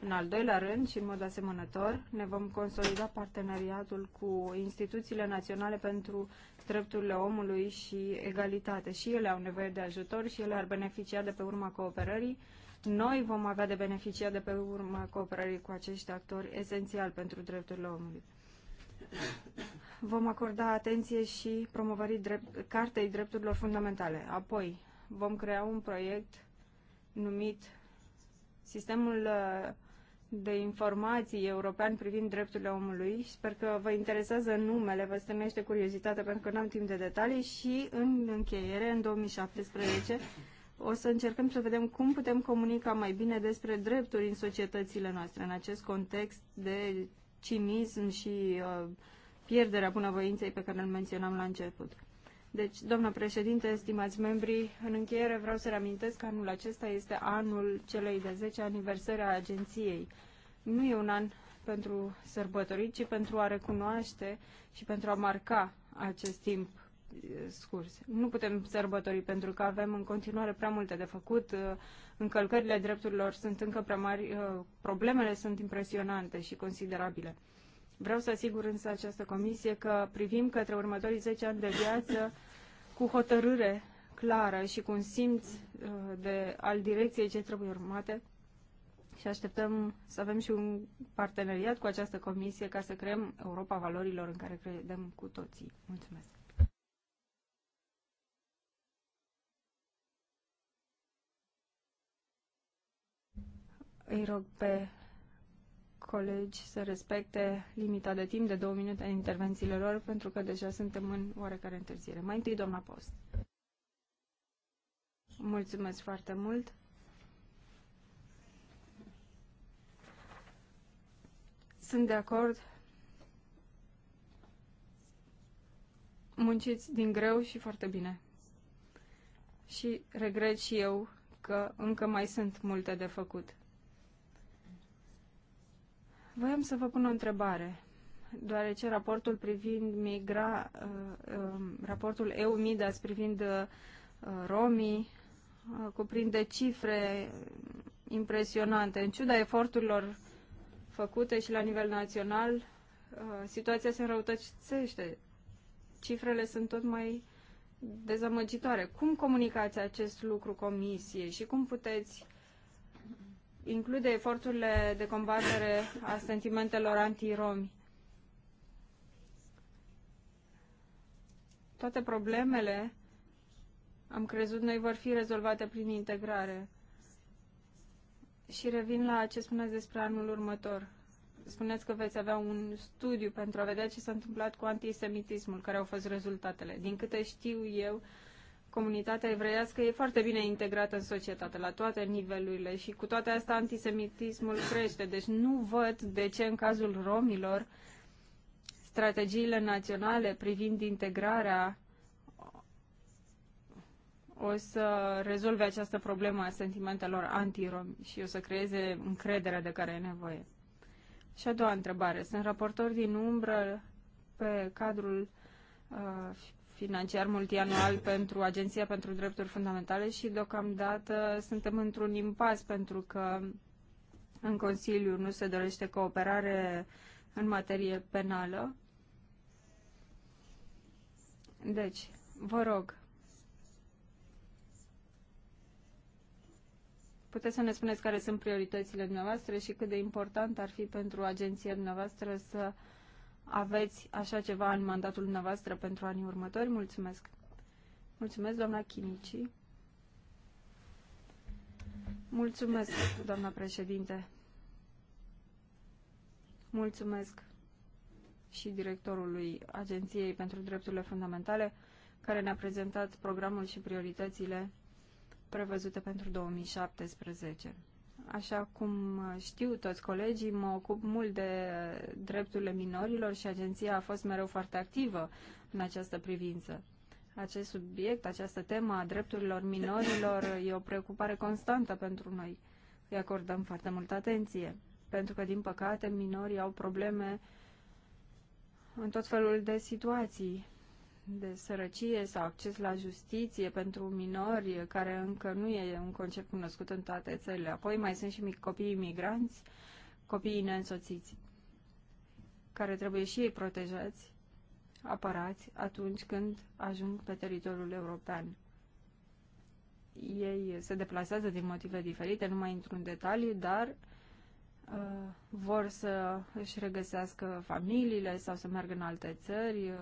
În al doilea rând și în mod asemănător, ne vom consolida parteneriatul cu instituțiile naționale pentru drepturile omului și egalitate. Și ele au nevoie de ajutor și ele ar beneficia de pe urma cooperării. Noi vom avea de beneficia de pe urma cooperării cu acești actori esențiali pentru drepturile omului. Vom acorda atenție și promovării drept, Cartei Drepturilor Fundamentale. Apoi vom crea un proiect numit Sistemul uh, de informații european privind drepturile omului. Sper că vă interesează numele, vă stămește curiozitatea pentru că nu am timp de detalii și în încheiere, în 2017, o să încercăm să vedem cum putem comunica mai bine despre drepturi în societățile noastre, în acest context de cinism și uh, pierderea bunăvoinței pe care îl menționam la început. Deci, doamnă președinte, stimați membri, în încheiere vreau să reamintesc că anul acesta este anul celei de 10 aniversări a agenției. Nu e un an pentru sărbătorit, ci pentru a recunoaște și pentru a marca acest timp eh, scurs. Nu putem sărbători pentru că avem în continuare prea multe de făcut, eh, încălcările drepturilor sunt încă prea mari, eh, problemele sunt impresionante și considerabile. Vreau să asigur însă această comisie că privim către următorii 10 ani de viață cu hotărâre clară și cu un simț uh, de, al direcției ce trebuie urmate și așteptăm să avem și un parteneriat cu această comisie ca să creăm Europa valorilor în care credem cu toții. Mulțumesc! Îi rog pe colegi să respecte limita de timp de două minute a intervențiilor lor, pentru că deja suntem în oarecare întârziere. Mai întâi, doamna Post. Mulțumesc foarte mult. Sunt de acord. Munciți din greu și foarte bine. Și regret și eu că încă mai sunt multe de făcut. Voiam să vă pun o întrebare, deoarece raportul privind migra, uh, um, raportul eu EU-MIDAS privind uh, romii uh, cuprinde cifre impresionante. În ciuda eforturilor făcute și la nivel național, situația se înrăutățește. Cifrele sunt tot mai dezamăgitoare. Cum comunicați acest lucru comisiei și cum puteți include eforturile de combatere a sentimentelor anti-romi. Toate problemele, am crezut noi, vor fi rezolvate prin integrare. Și revin la ce spuneți despre anul următor. Spuneți că veți avea un studiu pentru a vedea ce s-a întâmplat cu antisemitismul, care au fost rezultatele. Din câte știu eu, uh, comunitatea evreiască e foarte bine integrată în societate, la toate nivelurile și cu toate astea antisemitismul crește. Deci nu văd de ce în cazul romilor strategiile naționale privind integrarea o să rezolve această problemă a sentimentelor antiromi și o să creeze încrederea de care e nevoie. Și a doua întrebare. Sunt raportor din umbră pe cadrul uh, financiar multianual pentru Agenția pentru Drepturi Fundamentale și deocamdată suntem într-un impas pentru că în Consiliu nu se dorește cooperare în materie penală. Deci, vă rog, puteți să ne spuneți care sunt prioritățile dumneavoastră și cât de important ar fi pentru agenția dumneavoastră să aveți așa ceva în mandatul dumneavoastră pentru anii următori? Mulțumesc! Mulțumesc, doamna Chinici. Mulțumesc, doamna președinte. Mulțumesc și directorului Agenției pentru Drepturile Fundamentale, care ne-a prezentat programul și prioritățile prevăzute pentru 2017. Așa cum știu toți colegii, mă ocup mult de drepturile minorilor și agenția a fost mereu foarte activă în această privință. Acest subiect, această temă a drepturilor minorilor e o preocupare constantă pentru noi. Îi acordăm foarte multă atenție, pentru că, din păcate, minorii au probleme în tot felul de situații de sărăcie sau acces la justiție pentru minori, care încă nu e un concept cunoscut în toate țările. Apoi mai sunt și copiii migranți, copiii neînsoțiți, care trebuie și ei protejați, apărați atunci când ajung pe teritoriul european. Ei se deplasează din motive diferite, nu mai intru în detalii, dar Uh, vor să își regăsească familiile sau să meargă în alte țări uh,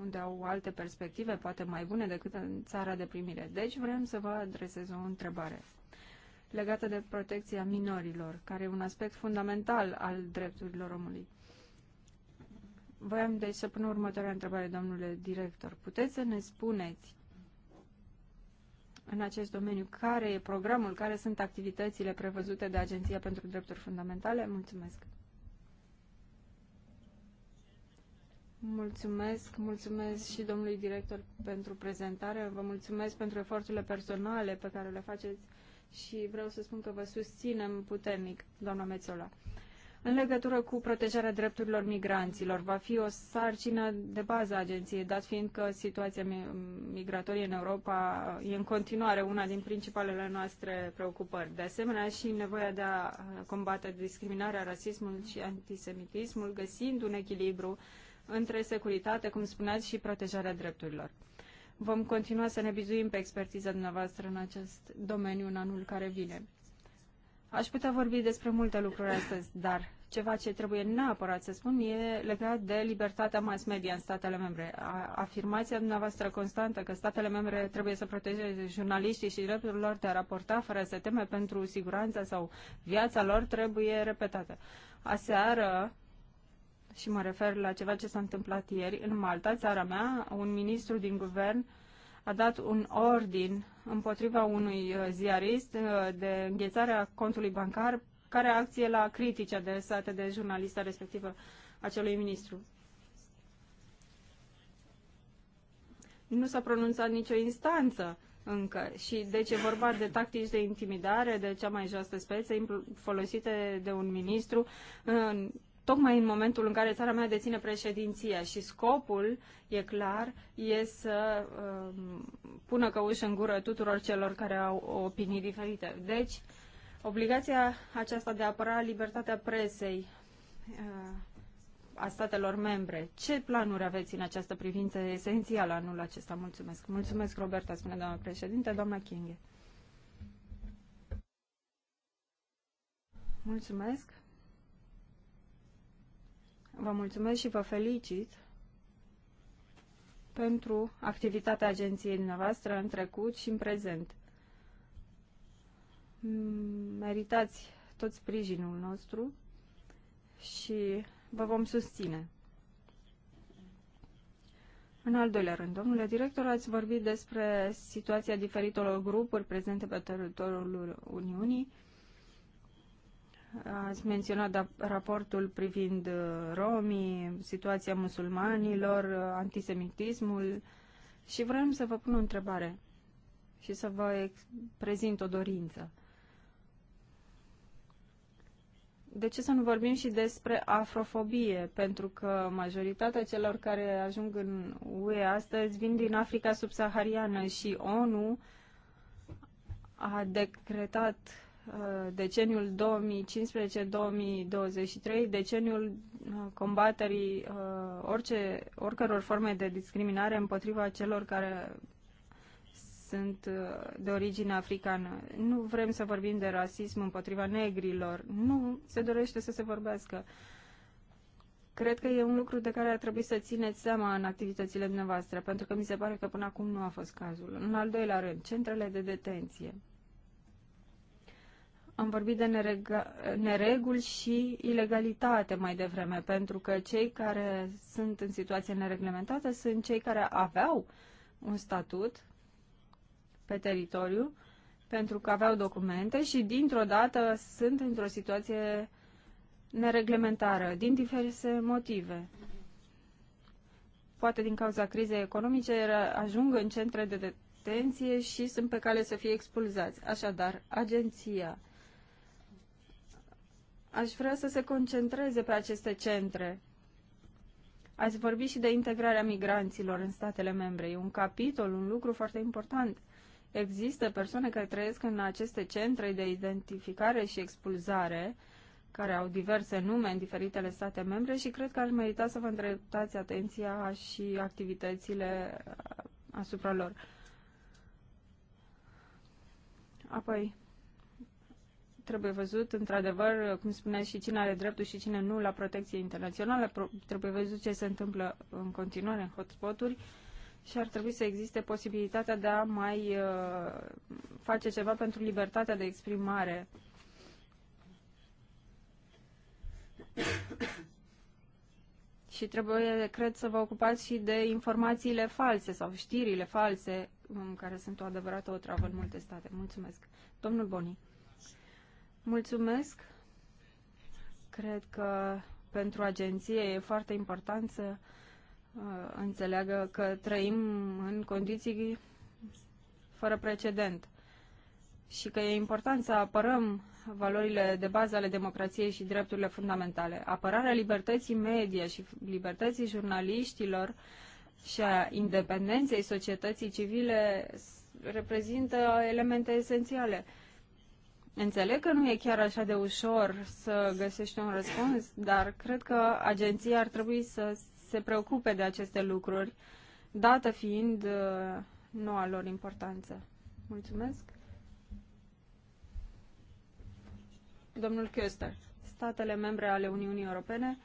unde au alte perspective, poate mai bune decât în țara de primire. Deci vrem să vă adresez o întrebare legată de protecția minorilor, care e un aspect fundamental al drepturilor omului. Voiam deci să pun următoarea întrebare, domnule director. Puteți să ne spuneți în acest domeniu. Care e programul? Care sunt activitățile prevăzute de Agenția pentru Drepturi Fundamentale? Mulțumesc! Mulțumesc, mulțumesc și domnului director pentru prezentare, vă mulțumesc pentru eforturile personale pe care le faceți și vreau să spun că vă susținem puternic, doamna Mețola. În legătură cu protejarea drepturilor migranților, va fi o sarcină de bază a agenției, dat fiind că situația migratorie în Europa e în continuare una din principalele noastre preocupări. De asemenea, și nevoia de a combate discriminarea, rasismul și antisemitismul, găsind un echilibru între securitate, cum spuneați, și protejarea drepturilor. Vom continua să ne bizuim pe expertiza dumneavoastră în acest domeniu în anul care vine. Aș putea vorbi despre multe lucruri astăzi, dar ceva ce trebuie neapărat să spun e legat de libertatea mass media în statele membre. Afirmația dumneavoastră constantă că statele membre trebuie să protejeze jurnaliștii și dreptul lor de a raporta fără să teme pentru siguranța sau viața lor trebuie repetată. Aseară, și mă refer la ceva ce s-a întâmplat ieri, în Malta, țara mea, un ministru din guvern a dat un ordin împotriva unui uh, ziarist uh, de înghețarea contului bancar care acție la critici adresate de jurnalista respectivă acelui ministru. Nu s-a pronunțat nicio instanță încă și deci e vorba de tactici de intimidare de cea mai joasă speță folosite de un ministru în tocmai în momentul în care țara mea deține președinția și scopul, e clar, e să uh, pună căuș în gură tuturor celor care au opinii diferite. Deci, obligația aceasta de a apăra libertatea presei uh, a statelor membre, ce planuri aveți în această privință esențială anul acesta? Mulțumesc. Mulțumesc, Roberta, spune doamna președinte, doamna Kinghe. Mulțumesc. Vă mulțumesc și vă felicit pentru activitatea agenției noastre în trecut și în prezent. Mm, meritați tot sprijinul nostru și vă vom susține. În al doilea rând, domnule director, ați vorbit despre situația diferitelor grupuri prezente pe teritoriul Uniunii Ați menționat da, raportul privind uh, romii, situația musulmanilor, uh, antisemitismul și vreau să vă pun o întrebare și să vă prezint o dorință. De ce să nu vorbim și despre afrofobie? Pentru că majoritatea celor care ajung în UE astăzi vin din Africa subsahariană și ONU a decretat Uh, deceniul 2015-2023, deceniul uh, combaterii uh, orice, oricăror forme de discriminare împotriva celor care sunt de origine africană. Nu vrem să vorbim de rasism împotriva negrilor. Nu se dorește să se vorbească. Cred că e un lucru de care ar trebui să țineți seama în activitățile dumneavoastră, pentru că mi se pare că până acum nu a fost cazul. În al doilea rând, centrele de detenție am vorbit de nereguli și ilegalitate mai devreme, pentru că cei care sunt în situație nereglementată sunt cei care aveau un statut pe teritoriu, pentru că aveau documente și dintr-o dată sunt într-o situație nereglementară, din diverse motive. Poate din cauza crizei economice ajung în centre de detenție și sunt pe cale să fie expulzați. Așadar, agenția aș vrea să se concentreze pe aceste centre. Ați vorbit și de integrarea migranților în statele membre. E un capitol, un lucru foarte important. Există persoane care trăiesc în aceste centre de identificare și expulzare, care au diverse nume în diferitele state membre și cred că ar merita să vă îndreptați atenția și activitățile uh, asupra lor. Apoi, trebuie văzut, într-adevăr, cum spunea și cine are dreptul și cine nu la protecție internațională, trebuie văzut ce se întâmplă în continuare în hotspoturi și ar trebui să existe posibilitatea de a mai uh, face ceva pentru libertatea de exprimare. și trebuie, cred, să vă ocupați și de informațiile false sau știrile false, care sunt o adevărată otravă în multe state. Mulțumesc. Domnul Boni. Mulțumesc. Cred că pentru agenție e foarte important să uh, înțeleagă că trăim în condiții fără precedent și că e important să apărăm valorile de bază ale democrației și drepturile fundamentale. Apărarea libertății media și libertății jurnaliștilor și a independenței societății civile reprezintă elemente esențiale. Înțeleg că nu e chiar așa de ușor să găsești un răspuns, dar cred că agenția ar trebui să se preocupe de aceste lucruri, dată fiind uh, noua lor importanță. Mulțumesc. Domnul Köster, statele membre ale Uniunii Europene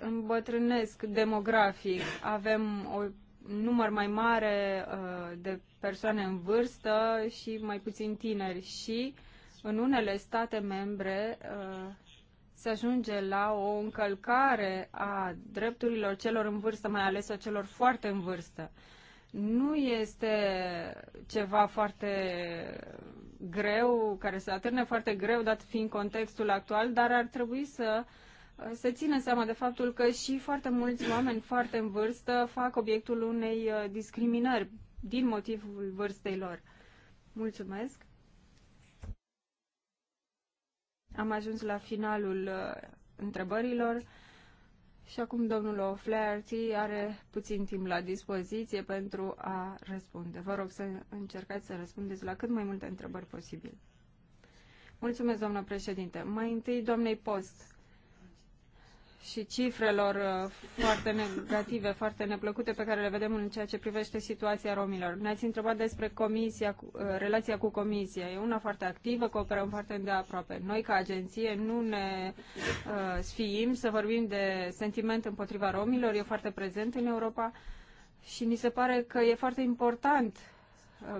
îmbătrânesc demografic. Avem o număr mai mare uh, de persoane în vârstă și mai puțin tineri și în unele state membre uh, se ajunge la o încălcare a drepturilor celor în vârstă, mai ales a celor foarte în vârstă. Nu este ceva foarte greu, care se atârne foarte greu, dat fiind contextul actual, dar ar trebui să uh, să ține seama de faptul că și foarte mulți oameni foarte în vârstă fac obiectul unei uh, discriminări din motivul vârstei lor. Mulțumesc! Am ajuns la finalul uh, întrebărilor și acum domnul O'Flaherty are puțin timp la dispoziție pentru a răspunde. Vă rog să încercați să răspundeți la cât mai multe întrebări posibil. Mulțumesc, doamnă președinte. Mai întâi, doamnei Post și cifrelor uh, foarte negative, foarte neplăcute pe care le vedem în ceea ce privește situația romilor. Ne-ați întrebat despre comisia, uh, relația cu comisia. E una foarte activă, cooperăm foarte îndeaproape. Noi, ca agenție, nu ne uh, sfiim să vorbim de sentiment împotriva romilor. E foarte prezent în Europa și ni se pare că e foarte important uh,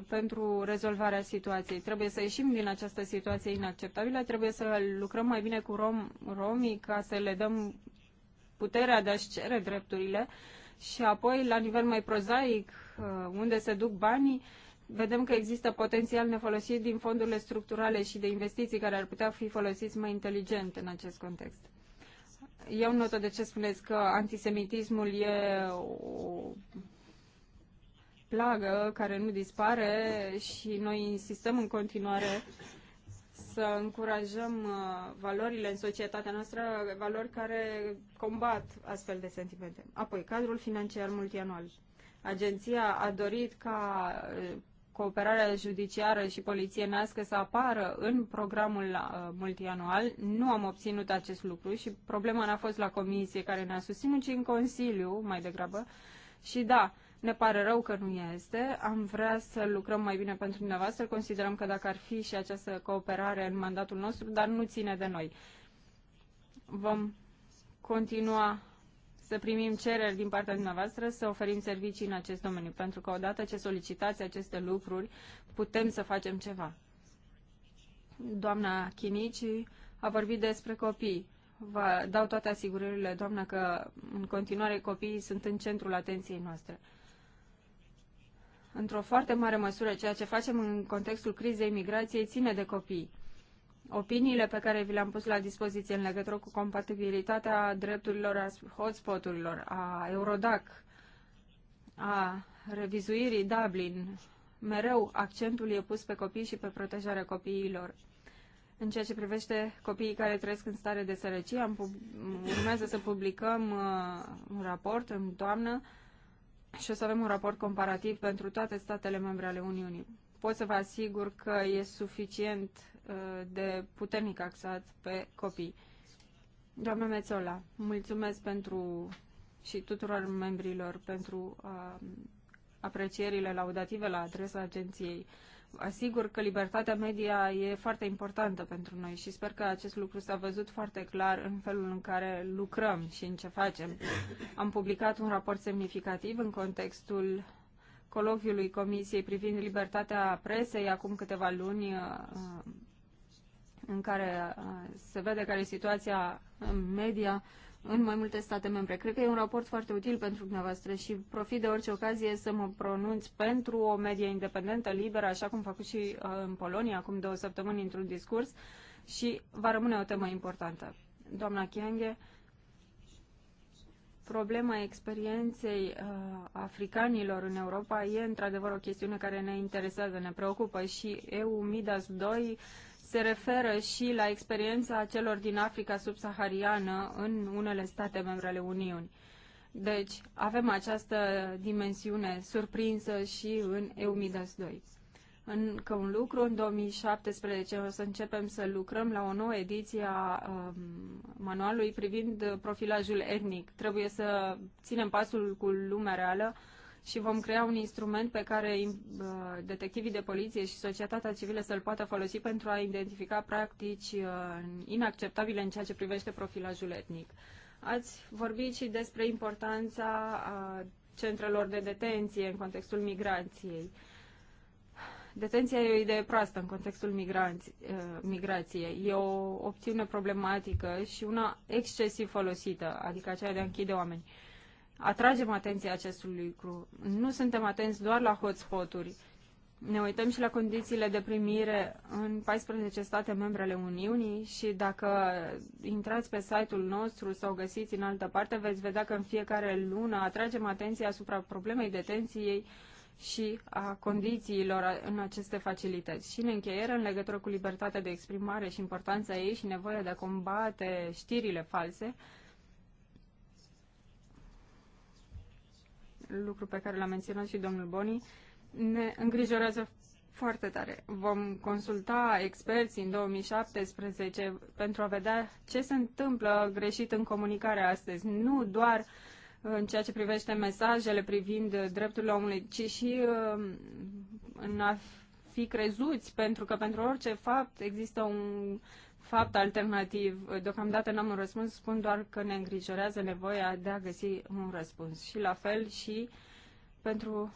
pentru rezolvarea situației. Trebuie să ieșim din această situație inacceptabilă, trebuie să lucrăm mai bine cu rom, romii ca să le dăm puterea de a-și cere drepturile și apoi, la nivel mai prozaic, uh, unde se duc banii, vedem că există potențial nefolosit din fondurile structurale și de investiții care ar putea fi folosiți mai inteligent în acest context. Iau notă de ce spuneți că antisemitismul e o plagă care nu dispare și noi insistăm în continuare să încurajăm uh, valorile în societatea noastră, valori care combat astfel de sentimente. Apoi, cadrul financiar multianual. Agenția a dorit ca uh, cooperarea judiciară și polițienească să apară în programul uh, multianual. Nu am obținut acest lucru și problema n-a fost la comisie care ne-a susținut, ci în Consiliu, mai degrabă. Și da, ne pare rău că nu este. Am vrea să lucrăm mai bine pentru dumneavoastră. Considerăm că dacă ar fi și această cooperare în mandatul nostru, dar nu ține de noi. Vom continua să primim cereri din partea dumneavoastră să oferim servicii în acest domeniu, pentru că odată ce solicitați aceste lucruri, putem să facem ceva. Doamna Chinici a vorbit despre copii. Vă dau toate asigurările, doamna, că în continuare copiii sunt în centrul atenției noastre într-o foarte mare măsură ceea ce facem în contextul crizei migrației ține de copii. Opiniile pe care vi le-am pus la dispoziție în legătură cu compatibilitatea drepturilor a hotspoturilor, a Eurodac, a revizuirii Dublin, mereu accentul e pus pe copii și pe protejarea copiilor. În ceea ce privește copiii care trăiesc în stare de sărăcie, am pub- urmează să publicăm uh, un raport în toamnă uh, și o să avem un raport comparativ pentru toate statele membre ale Uniunii. Pot să vă asigur că e suficient uh, de puternic axat pe copii. Doamna Mețola, mulțumesc pentru și tuturor membrilor pentru uh, aprecierile laudative la adresa agenției asigur că libertatea media e foarte importantă pentru noi și sper că acest lucru s-a văzut foarte clar în felul în care lucrăm și în ce facem. Am publicat un raport semnificativ în contextul colocviului Comisiei privind libertatea presei acum câteva luni uh, în care uh, se vede care e situația media în mai multe state membre. Cred că e un raport foarte util pentru dumneavoastră și profit de orice ocazie să mă pronunț pentru o medie independentă, liberă, așa cum făcut și uh, în Polonia acum două săptămâni într-un discurs și va rămâne o temă importantă. Doamna Chienghe, problema experienței uh, africanilor în Europa e într-adevăr o chestiune care ne interesează, ne preocupă și EU Midas 2 uh, se referă și la experiența celor din Africa subsahariană în unele state membre ale Uniunii. Deci avem această dimensiune surprinsă și în EUMIDAS 2. Încă un lucru, în 2017 o să începem să lucrăm la o nouă ediție a um, manualului privind profilajul etnic. Trebuie să ținem pasul cu lumea reală și vom crea un instrument pe care uh, detectivii de poliție și societatea civilă să-l poată folosi pentru a identifica practici uh, inacceptabile în ceea ce privește profilajul etnic. Ați vorbit și despre importanța uh, centrelor de detenție în contextul migrației. Detenția e o idee proastă în contextul migranți, migrației. E o opțiune problematică și una excesiv folosită, adică aceea de a închide oameni. Uh, atragem atenția acestui lucru. Nu suntem atenți doar la hotspoturi. Ne uităm și la condițiile de primire în 14 state membre ale Uniunii și dacă intrați pe site-ul nostru sau găsiți în altă parte, veți vedea că în fiecare lună atragem atenția asupra problemei detenției și a condițiilor în aceste facilități. Și în încheiere, în legătură cu libertatea de exprimare și importanța ei și nevoia de a combate știrile false, lucru pe care l-a menționat și domnul Boni, ne îngrijorează foarte tare. Vom consulta experți în 2017 pentru a vedea ce se întâmplă greșit în comunicarea astăzi. Nu doar în ceea ce privește mesajele privind drepturile omului, ci și um, în a fi crezuți, pentru că pentru orice fapt există un fapt alternativ, deocamdată n-am un răspuns, spun doar că ne îngrijorează nevoia de a găsi un răspuns. Și la fel și pentru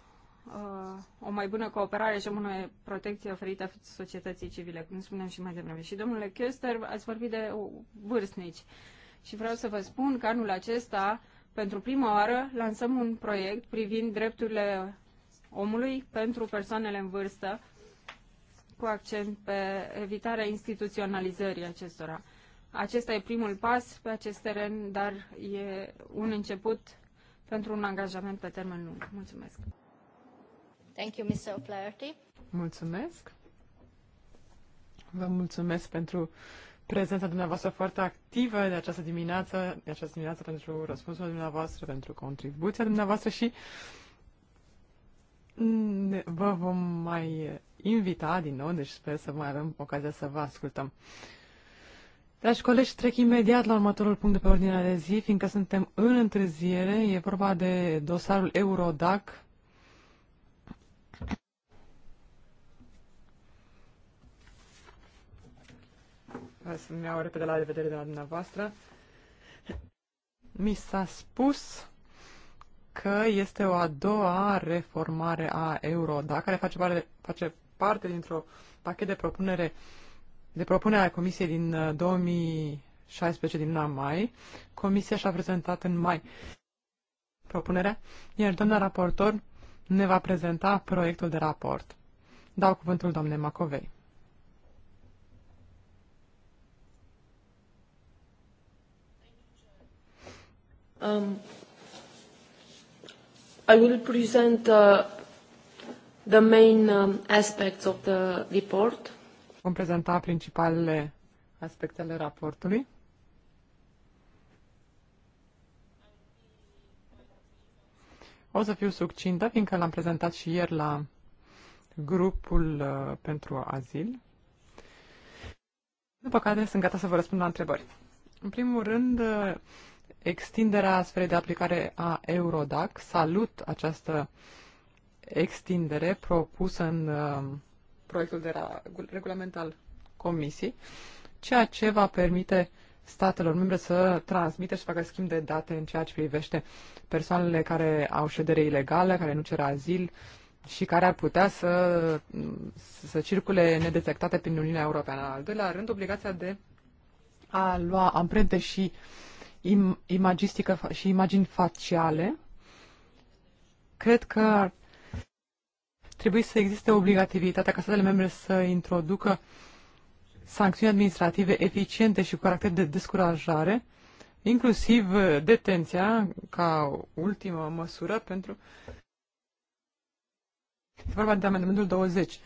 uh, o mai bună cooperare și o bună protecție oferită societății civile, cum spuneam și mai devreme. Și domnule Chester, ați vorbit de vârstnici. Și vreau să vă spun că anul acesta, pentru prima oară, lansăm un proiect privind drepturile omului pentru persoanele în vârstă, cu accent pe evitarea instituționalizării acestora. Acesta e primul pas pe acest teren, dar e un început pentru un angajament pe termen lung. Mulțumesc! Thank you, Mr. O'Flaherty. Mulțumesc! Vă mulțumesc pentru prezența dumneavoastră foarte activă de această dimineață, de această dimineață pentru răspunsul dumneavoastră, pentru contribuția dumneavoastră și vă vom mai invita din nou, deci sper să mai avem ocazia să vă ascultăm. Dragi colegi, trec imediat la următorul punct de pe ordinea de zi, fiindcă suntem în întârziere. E vorba de dosarul Eurodac. Hai să-mi iau repede la revedere de la dumneavoastră. Mi s-a spus că este o a doua reformare a Eurodac, care face parte, face parte dintr-o pachet de propunere de propunere a Comisiei din 2016 uh, din luna mai. Comisia și-a prezentat în mai propunerea, iar doamna raportor ne va prezenta proiectul de raport. Dau cuvântul doamnei Macovei. Um, I will present uh, the main um, aspects of the report. Vom prezenta principalele aspectele raportului. O să fiu succintă, fiindcă l-am prezentat și ieri la grupul uh, pentru azil. După care sunt gata să vă răspund la întrebări. În primul rând, uh, extinderea spre de aplicare a Eurodac. Salut această extindere propusă în um, proiectul de regulament al Comisiei, ceea ce va permite statelor membre să transmită și să facă schimb de date în ceea ce privește persoanele care au ședere ilegală, care nu cer azil și care ar putea să, să circule nedetectate prin Uniunea Europeană. Al doilea rând, obligația de a lua amprente și uh, im- imagistică și imagini faciale, cred că trebuie să existe obligativitatea ca statele membre să introducă sancțiuni administrative eficiente și cu caracter de descurajare, inclusiv detenția ca ultimă măsură pentru... Este vorba de amendamentul 20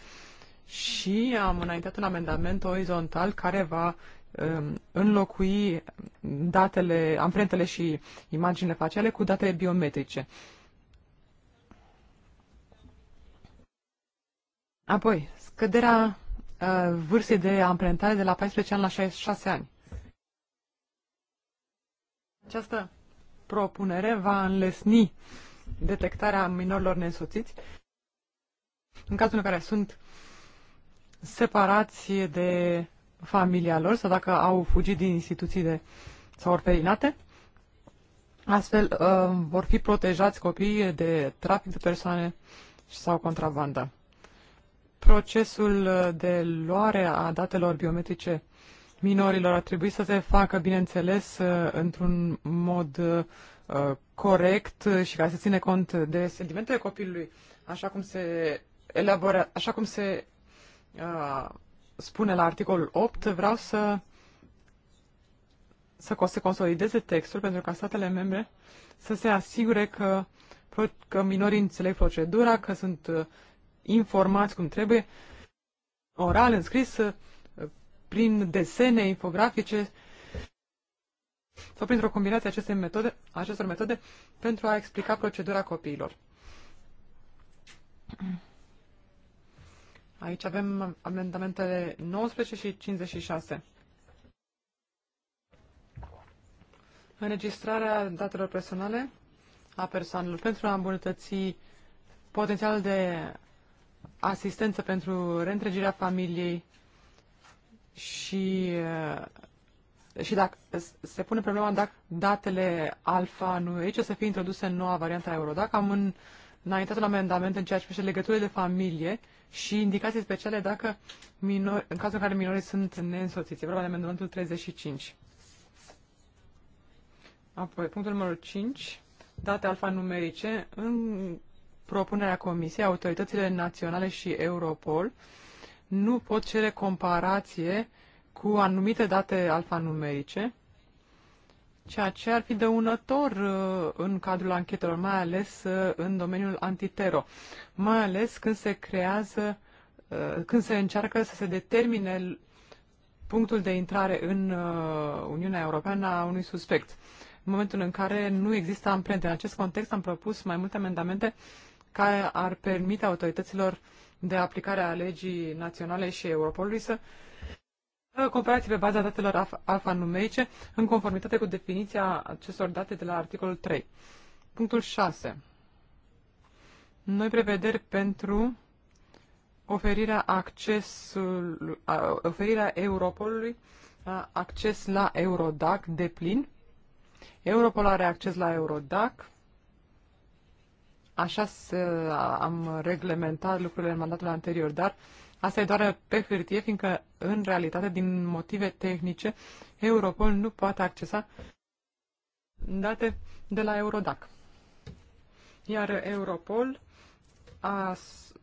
și am înaintat un amendament orizontal care va Um, înlocui datele, amprentele și imaginile faciale cu datele biometrice. Apoi, scăderea uh, vârstei de amprentare de la 14 ani la 66 ani. Această propunere va înlesni detectarea minorilor nesuțiți în cazul în care sunt separați de familia lor sau dacă au fugit din instituțiile sau orfelinate. Astfel uh, vor fi protejați copiii de trafic de persoane sau contrabandă. Procesul de luare a datelor biometrice minorilor ar trebui să se facă, bineînțeles, uh, într-un mod uh, corect și ca să ține cont de sentimentele copilului, așa cum se elaborează, așa cum se uh, spune la articolul 8, vreau să, să se consolideze textul pentru ca statele membre să se asigure că, că minorii înțeleg procedura, că sunt uh, informați cum trebuie, oral, înscris, uh, prin desene infografice sau printr-o combinație aceste metode, acestor metode pentru a explica procedura copiilor. Aici avem amendamentele 19 și 56. Înregistrarea datelor personale a persoanelor pentru a îmbunătăți potențial de asistență pentru reîntregirea familiei și, eh, și dacă se pune problema dacă datele alfa nu aici o să fie introduse în noua variantă a Eurodac. Am în, înaintat un amendament în ceea ce privește legăturile de familie și indicații speciale dacă minori, în cazul în care minorii sunt neînsoțiți. E vorba de amendamentul 35. Apoi, punctul numărul 5, date alfanumerice. În propunerea Comisiei, autoritățile naționale și Europol nu pot cere comparație cu anumite date alfanumerice ceea ce ar fi dăunător uh, în cadrul anchetelor, mai ales uh, în domeniul antitero, mai ales când se creează, uh, când se încearcă să se determine punctul de intrare în Uniunea Europeană a unui suspect. În momentul în care nu există amprente. În acest context am propus mai multe amendamente care ar permite autorităților de aplicare a legii naționale și Europolului să uh, Uh, comparații pe baza datelor alfanumerice în conformitate cu definiția acestor date de la articolul 3. Punctul 6. Noi prevederi pentru oferirea accesul, oferirea Europolului acces la Eurodac de plin. Europol are acces la Eurodac. Așa se, am reglementat lucrurile în mandatul anterior, dar Asta e doar pe hârtie, fiindcă, în realitate, din motive tehnice, Europol nu poate accesa date de la Eurodac. Iar Europol a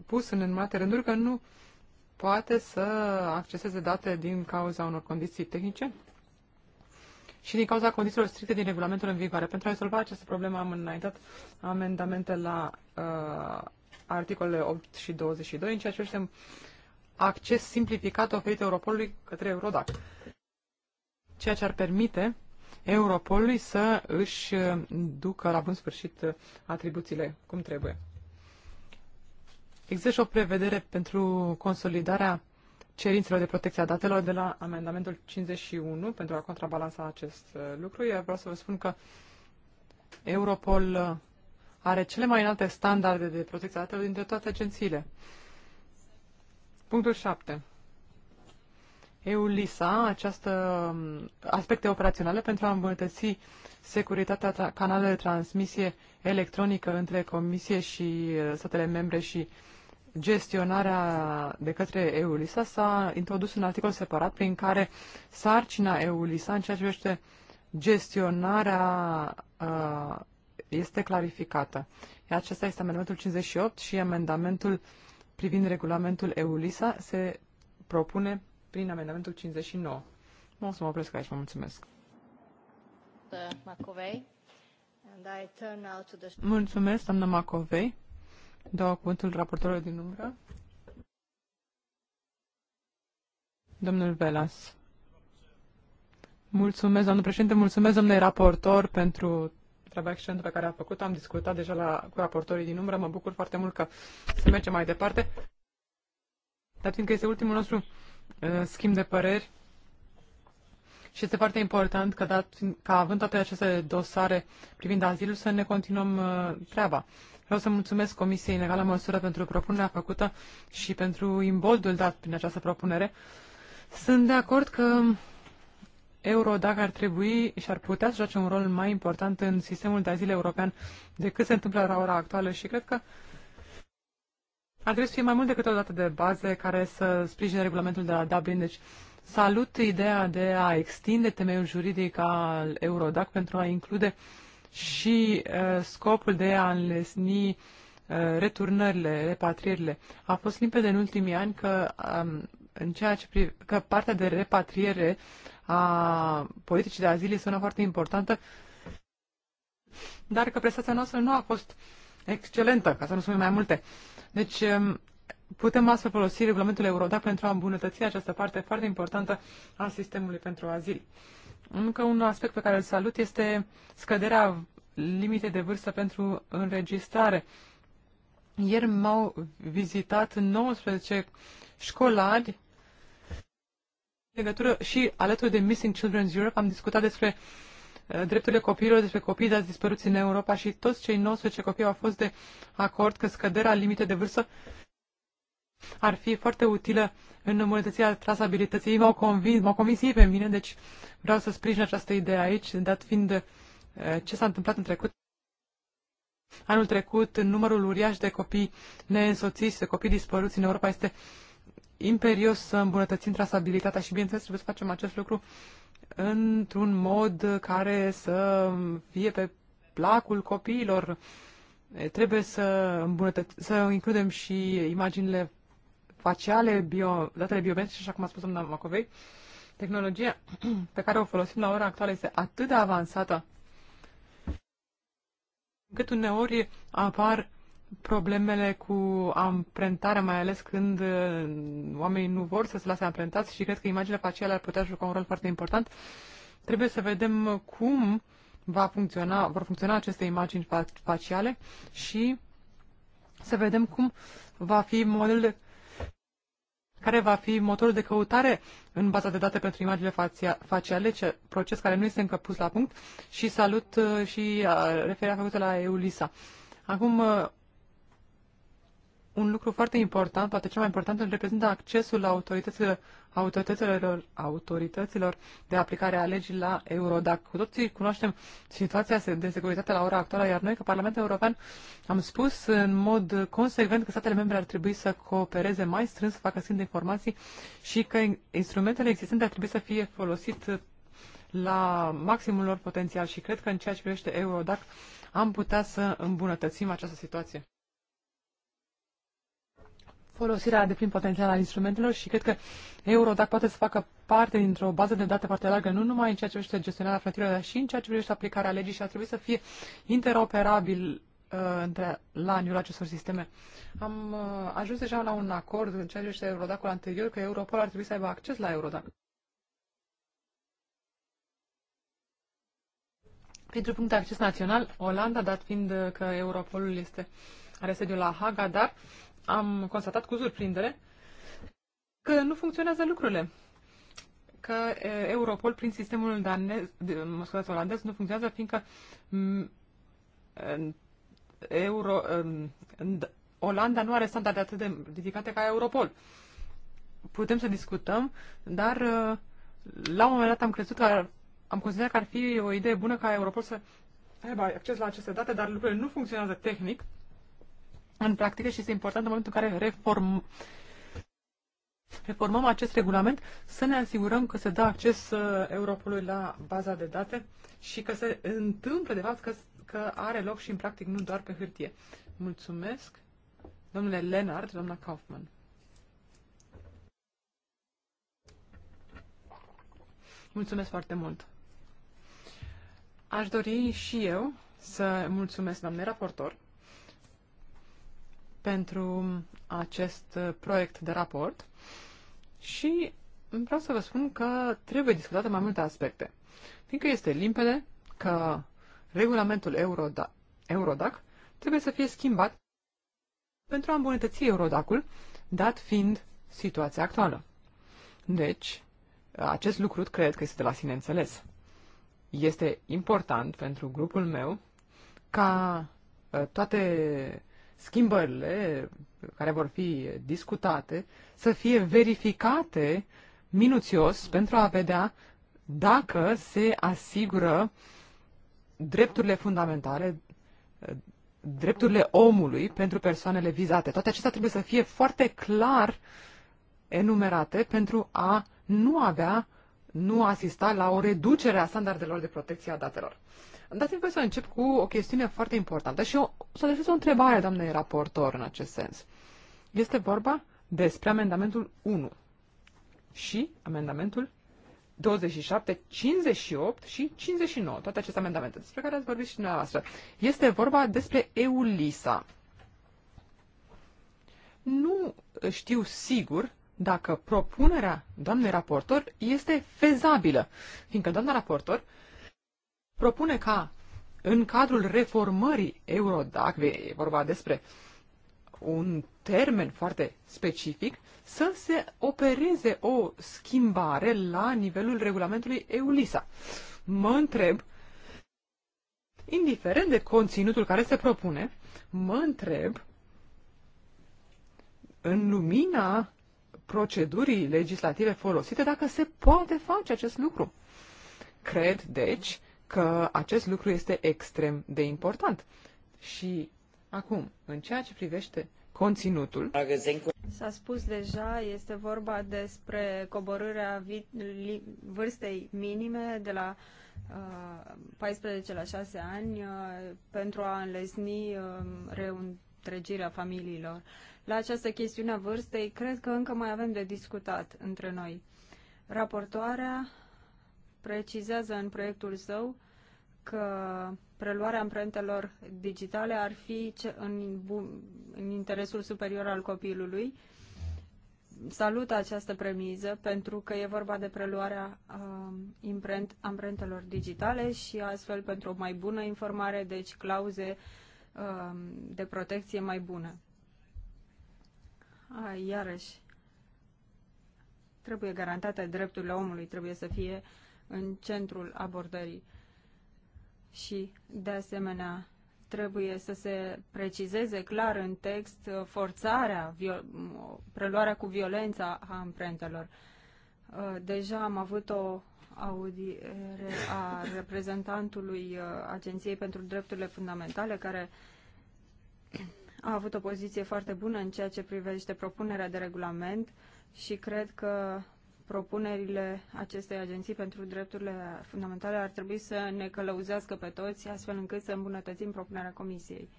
pus în înmate rânduri că nu poate să acceseze date din cauza unor condiții tehnice și din cauza condițiilor stricte din regulamentul în vigoare. Pentru a rezolva această problemă am înaintat amendamente la uh, articolele 8 și 22 în ceea ce este acces simplificat oferit Europolului către Eurodac, ceea ce ar permite Europolului să își uh, ducă la bun sfârșit uh, atribuțiile cum trebuie. Există și o prevedere pentru consolidarea cerințelor de protecție a datelor de la amendamentul 51 pentru a contrabalansa acest uh, lucru. Eu vreau să vă spun că Europol are cele mai înalte standarde de protecție a datelor dintre toate agențiile. Punctul 7. EULISA, această um, aspecte operaționale pentru a îmbunătăți securitatea canalelor de transmisie electronică între Comisie și uh, statele membre și gestionarea de către EULISA s-a introdus un articol separat prin care sarcina EULISA în ceea ce privește gestionarea uh, este clarificată. Acesta este amendamentul 58 și amendamentul privind regulamentul EULISA se propune prin amendamentul 59. Nu o să mă opresc aici, vă mulțumesc. Macovei. Mulțumesc, doamna Macovei. Dau cuvântul raportorului din umbră. Domnul Velas. Mulțumesc, doamnă președinte, mulțumesc, domnule raportor, pentru treaba excelentă pe care a făcut Am discutat deja la, cu raportorii din umbră. Mă bucur foarte mult că se merge mai departe. Dar fiindcă este ultimul nostru uh, schimb de păreri și este foarte important că, dat, ca având toate aceste dosare privind azilul, să ne continuăm uh, treaba. Vreau să mulțumesc Comisiei în egală măsură pentru propunerea făcută și pentru imboldul dat prin această propunere. Sunt de acord că euro dacă ar trebui și ar putea să joace un rol mai important în sistemul de azil european decât se întâmplă la ora actuală și cred că ar trebui să fie mai mult decât o dată de bază care să sprijine regulamentul de la Dublin. Deci salut ideea de a extinde temeiul juridic al Eurodac pentru a include și uh, scopul de a înlesni uh, returnările, repatrierile. A fost limpede în ultimii ani că, um, în ceea ce priv- că partea de repatriere a politicii de azil este una foarte importantă, dar că prestația noastră nu a fost excelentă, ca să nu spunem mai multe. Deci, um, putem astfel folosi regulamentul Eurodac pentru a îmbunătăți această parte foarte importantă a sistemului pentru azil. Încă un aspect pe care îl salut este scăderea limitei de vârstă pentru înregistrare. Ieri m-au vizitat 19 școlari legătură și alături de Missing Children's Europe am discutat despre uh, drepturile copiilor, despre copiii dați dispăruți în Europa și toți cei 19 copii au fost de acord că scăderea limite de vârstă ar fi foarte utilă în îmbunătățirea trasabilității. Ei m-au convins, m-au convins ei pe mine, deci vreau să sprijin această idee aici, dat fiind uh, ce s-a întâmplat în trecut. Anul trecut, numărul uriaș de copii neînsoțiți, de copii dispăruți în Europa este imperios să îmbunătățim trasabilitatea și, bineînțeles, trebuie să facem acest lucru într-un mod care să fie pe placul copiilor. Trebuie să, îmbunătăț- să includem și imaginile faciale, bio, datele biometrice, așa cum a spus doamna Macovei. Tehnologia *clears throat* pe care o folosim la ora actuală este atât de avansată încât uneori apar problemele cu amprentarea, mai ales când uh, oamenii nu vor să se lase amprentați și cred că imaginea facială ar putea juca un rol foarte important. Trebuie să vedem cum va funcționa, vor funcționa aceste imagini faciale și să vedem cum va fi modelul de care va fi motorul de căutare în baza de date pentru imaginile faciale, ce proces care nu este încă pus la punct, și salut uh, și uh, referirea făcută la EULISA. Acum, un lucru foarte important, poate cel mai important, îl reprezintă accesul la autorităților, autorităților, autorităților de aplicare a legii la Eurodac. Cu toții cunoaștem situația de securitate la ora actuală, iar noi, ca Parlamentul European, am spus în mod consecvent că statele membre ar trebui să coopereze mai strâns, să facă schimb de informații și că instrumentele existente ar trebui să fie folosit la maximul lor potențial și cred că în ceea ce privește Eurodac am putea să îmbunătățim această situație folosirea de plin potențial al instrumentelor și cred că Eurodac poate să facă parte dintr-o bază de date foarte largă, nu numai în ceea ce privește gestionarea frontierelor, dar și în ceea ce privește aplicarea legii și ar trebui să fie interoperabil uh, între laniul acestor sisteme. Am uh, ajuns deja la un acord în ceea ce privește Eurodacul anterior că Europol ar trebui să aibă acces la Eurodac. Pentru punct de acces național, Olanda, dat fiind uh, că Europolul este, are sediul la Haga, dar am constatat cu surprindere că nu funcționează lucrurile. Că Europol prin sistemul danez, mă scuzați, olandez nu funcționează fiindcă Euro, Olanda nu are standarde atât de ridicate ca Europol. Putem să discutăm, dar uh, la un moment dat am crezut că am considerat că ar fi o idee bună ca Europol să aibă acces la aceste date, dar lucrurile nu funcționează tehnic în practică și este important în momentul în care reform, reformăm acest regulament să ne asigurăm că se dă acces uh, Europolului la baza de date și că se întâmplă de fapt că, că are loc și în practic, nu doar pe hârtie. Mulțumesc, domnule Lenard, doamna Kaufman. Mulțumesc foarte mult. Aș dori și eu să mulțumesc, doamne raportor, pentru acest proiect de raport și vreau să vă spun că trebuie discutate mai multe aspecte. Fiindcă este limpede că regulamentul Eurodac trebuie să fie schimbat pentru a îmbunătăți Eurodacul, dat fiind situația actuală. Deci, acest lucru cred că este de la sine înțeles. Este important pentru grupul meu ca ă, toate schimbările care vor fi discutate să fie verificate minuțios pentru a vedea dacă se asigură drepturile fundamentale, drepturile omului pentru persoanele vizate. Toate acestea trebuie să fie foarte clar enumerate pentru a nu avea, nu asista la o reducere a standardelor de protecție a datelor. Dați-mi voi să încep cu o chestiune foarte importantă și o, să adresez o întrebare, doamne raportor, în acest sens. Este vorba despre amendamentul 1 și amendamentul 27, 58 și 59, toate aceste amendamente despre care ați vorbit și dumneavoastră. Este vorba despre EULISA. Nu știu sigur dacă propunerea doamnei raportor este fezabilă, fiindcă doamna raportor propune ca în cadrul reformării Eurodac, e vorba despre un termen foarte specific, să se opereze o schimbare la nivelul regulamentului EULISA. Mă întreb, indiferent de conținutul care se propune, mă întreb, în lumina procedurii legislative folosite, dacă se poate face acest lucru. Cred, deci, că acest lucru este extrem de important. Și acum, în ceea ce privește conținutul. S-a spus deja, este vorba despre coborârea vârstei minime de la uh, 14 la 6 ani uh, pentru a înlesni uh, reîntregirea familiilor. La această chestiune a vârstei, cred că încă mai avem de discutat între noi. Raportoarea precizează în proiectul său că preluarea amprentelor digitale ar fi în, în interesul superior al copilului. Salut această premiză pentru că e vorba de preluarea uh, um, amprentelor digitale și astfel pentru o mai bună informare, deci clauze uh, de protecție mai bună. A, iarăși, trebuie garantate drepturile omului, trebuie să fie uh, în centrul abordării. Și, de asemenea, trebuie să se precizeze clar în text uh, forțarea, preluarea cu violența a amprentelor. Uh, deja am avut o audiere a reprezentantului uh, Agenției pentru Drepturile Fundamentale, care a avut o poziție foarte bună în ceea ce privește propunerea de regulament și cred că propunerile acestei agenții pentru drepturile fundamentale ar trebui să ne călăuzească pe toți, astfel încât să îmbunătățim propunerea Comisiei.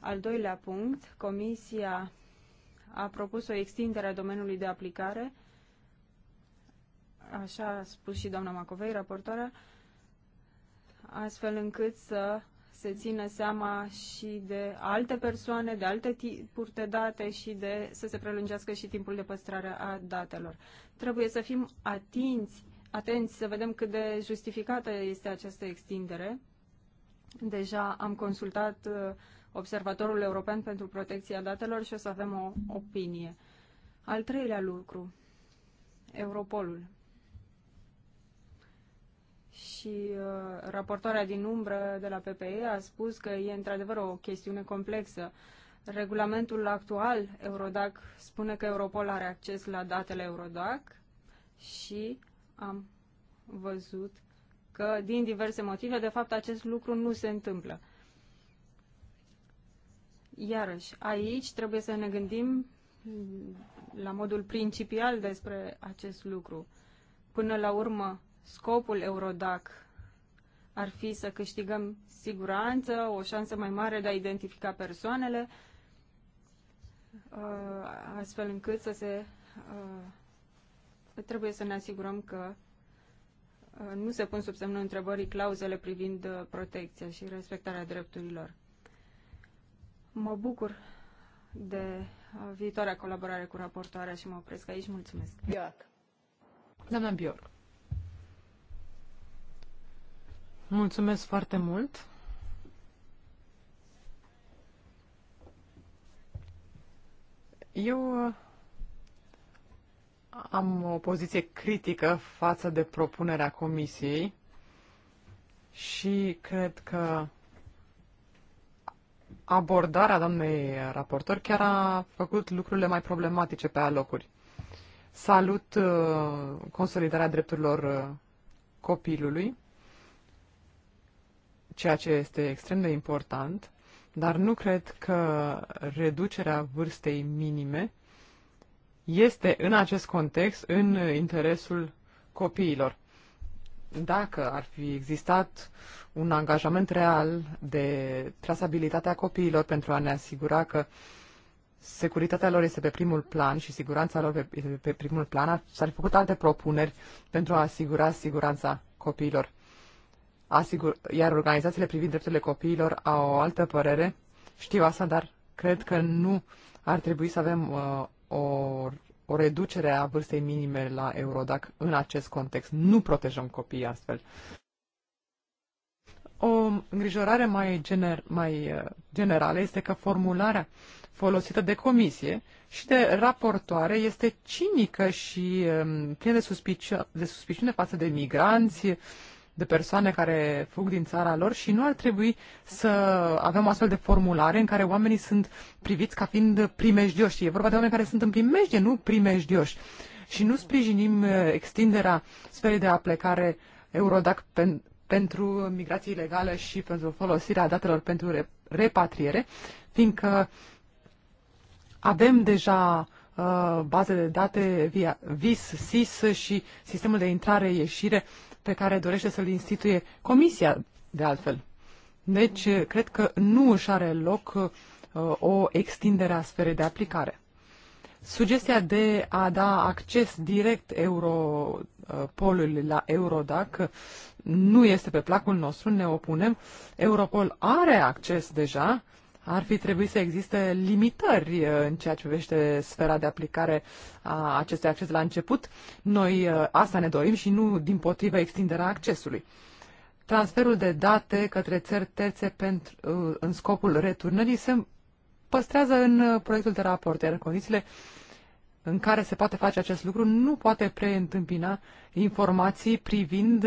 Al doilea punct, Comisia a propus o extindere a domeniului de aplicare, așa a spus și doamna Macovei, raportoarea, astfel încât să se țină seama și de alte persoane, de alte tipuri de date și de să se prelungească și timpul de păstrare a datelor. Trebuie să fim atinți, atenți să vedem cât de justificată este această extindere. Deja am consultat uh, Observatorul European pentru Protecția Datelor și o să avem o opinie. Al treilea lucru, Europolul și uh, raportoarea din umbră de la PPE a spus că e într-adevăr o chestiune complexă. Regulamentul actual Eurodac spune că Europol are acces la datele Eurodac și am văzut că din diverse motive, de fapt, acest lucru nu se întâmplă. Iarăși, aici trebuie să ne gândim la modul principal despre acest lucru. Până la urmă, scopul Eurodac ar fi să câștigăm siguranță, o șansă mai mare de a identifica persoanele, uh, astfel încât să se... Uh, trebuie să ne asigurăm că uh, nu se pun sub semnul întrebării clauzele privind protecția și respectarea drepturilor. Mă bucur de viitoarea colaborare cu raportoarea și mă opresc aici. Mulțumesc. Bioc. Doamna Bjork. Mulțumesc foarte mult. Eu uh, am o poziție critică față de propunerea comisiei și cred că abordarea doamnei raportor chiar a făcut lucrurile mai problematice pe alocuri. Salut uh, consolidarea drepturilor uh, copilului ceea ce este extrem de important, dar nu cred că reducerea vârstei minime este în acest context în interesul copiilor. Dacă ar fi existat un angajament real de trasabilitatea copiilor pentru a ne asigura că securitatea lor este pe primul plan și siguranța lor este pe primul plan, s-ar fi făcut alte propuneri pentru a asigura siguranța copiilor. Asigur, iar organizațiile privind drepturile copiilor au o altă părere. Știu asta, dar cred că nu ar trebui să avem uh, o, o reducere a vârstei minime la Eurodac în acest context. Nu protejăm copiii astfel. O îngrijorare mai, gener, mai uh, generală este că formularea folosită de comisie și de raportoare este cinică și um, plină de, suspici- de suspiciune față de migranți, de persoane care fug din țara lor și nu ar trebui să avem astfel de formulare în care oamenii sunt priviți ca fiind primejdioși. E vorba de oameni care sunt în primejdie, nu primejdioși. Și nu sprijinim extinderea sferii de aplicare Eurodac pen, pentru migrație ilegală și pentru folosirea datelor pentru repatriere, fiindcă avem deja uh, baze de date via VIS, SIS și sistemul de intrare-ieșire uh, pe care dorește să-l instituie Comisia, de altfel. Deci, cred că nu își are loc uh, o extindere a sferei de aplicare. Sugestia de a da acces direct Europolului uh, la Eurodac nu este pe placul nostru, ne opunem. Europol are acces deja, uh, ar fi trebuit să existe limitări uh, în ceea ce privește sfera de aplicare a acestui acces la început. Noi uh, asta ne dorim și nu, din potrivă, extinderea accesului. Transferul de date către țări terțe pentru, uh, în scopul returnării se păstrează în proiectul de raport, iar condițiile în care se poate face acest lucru nu poate preîntâmpina informații privind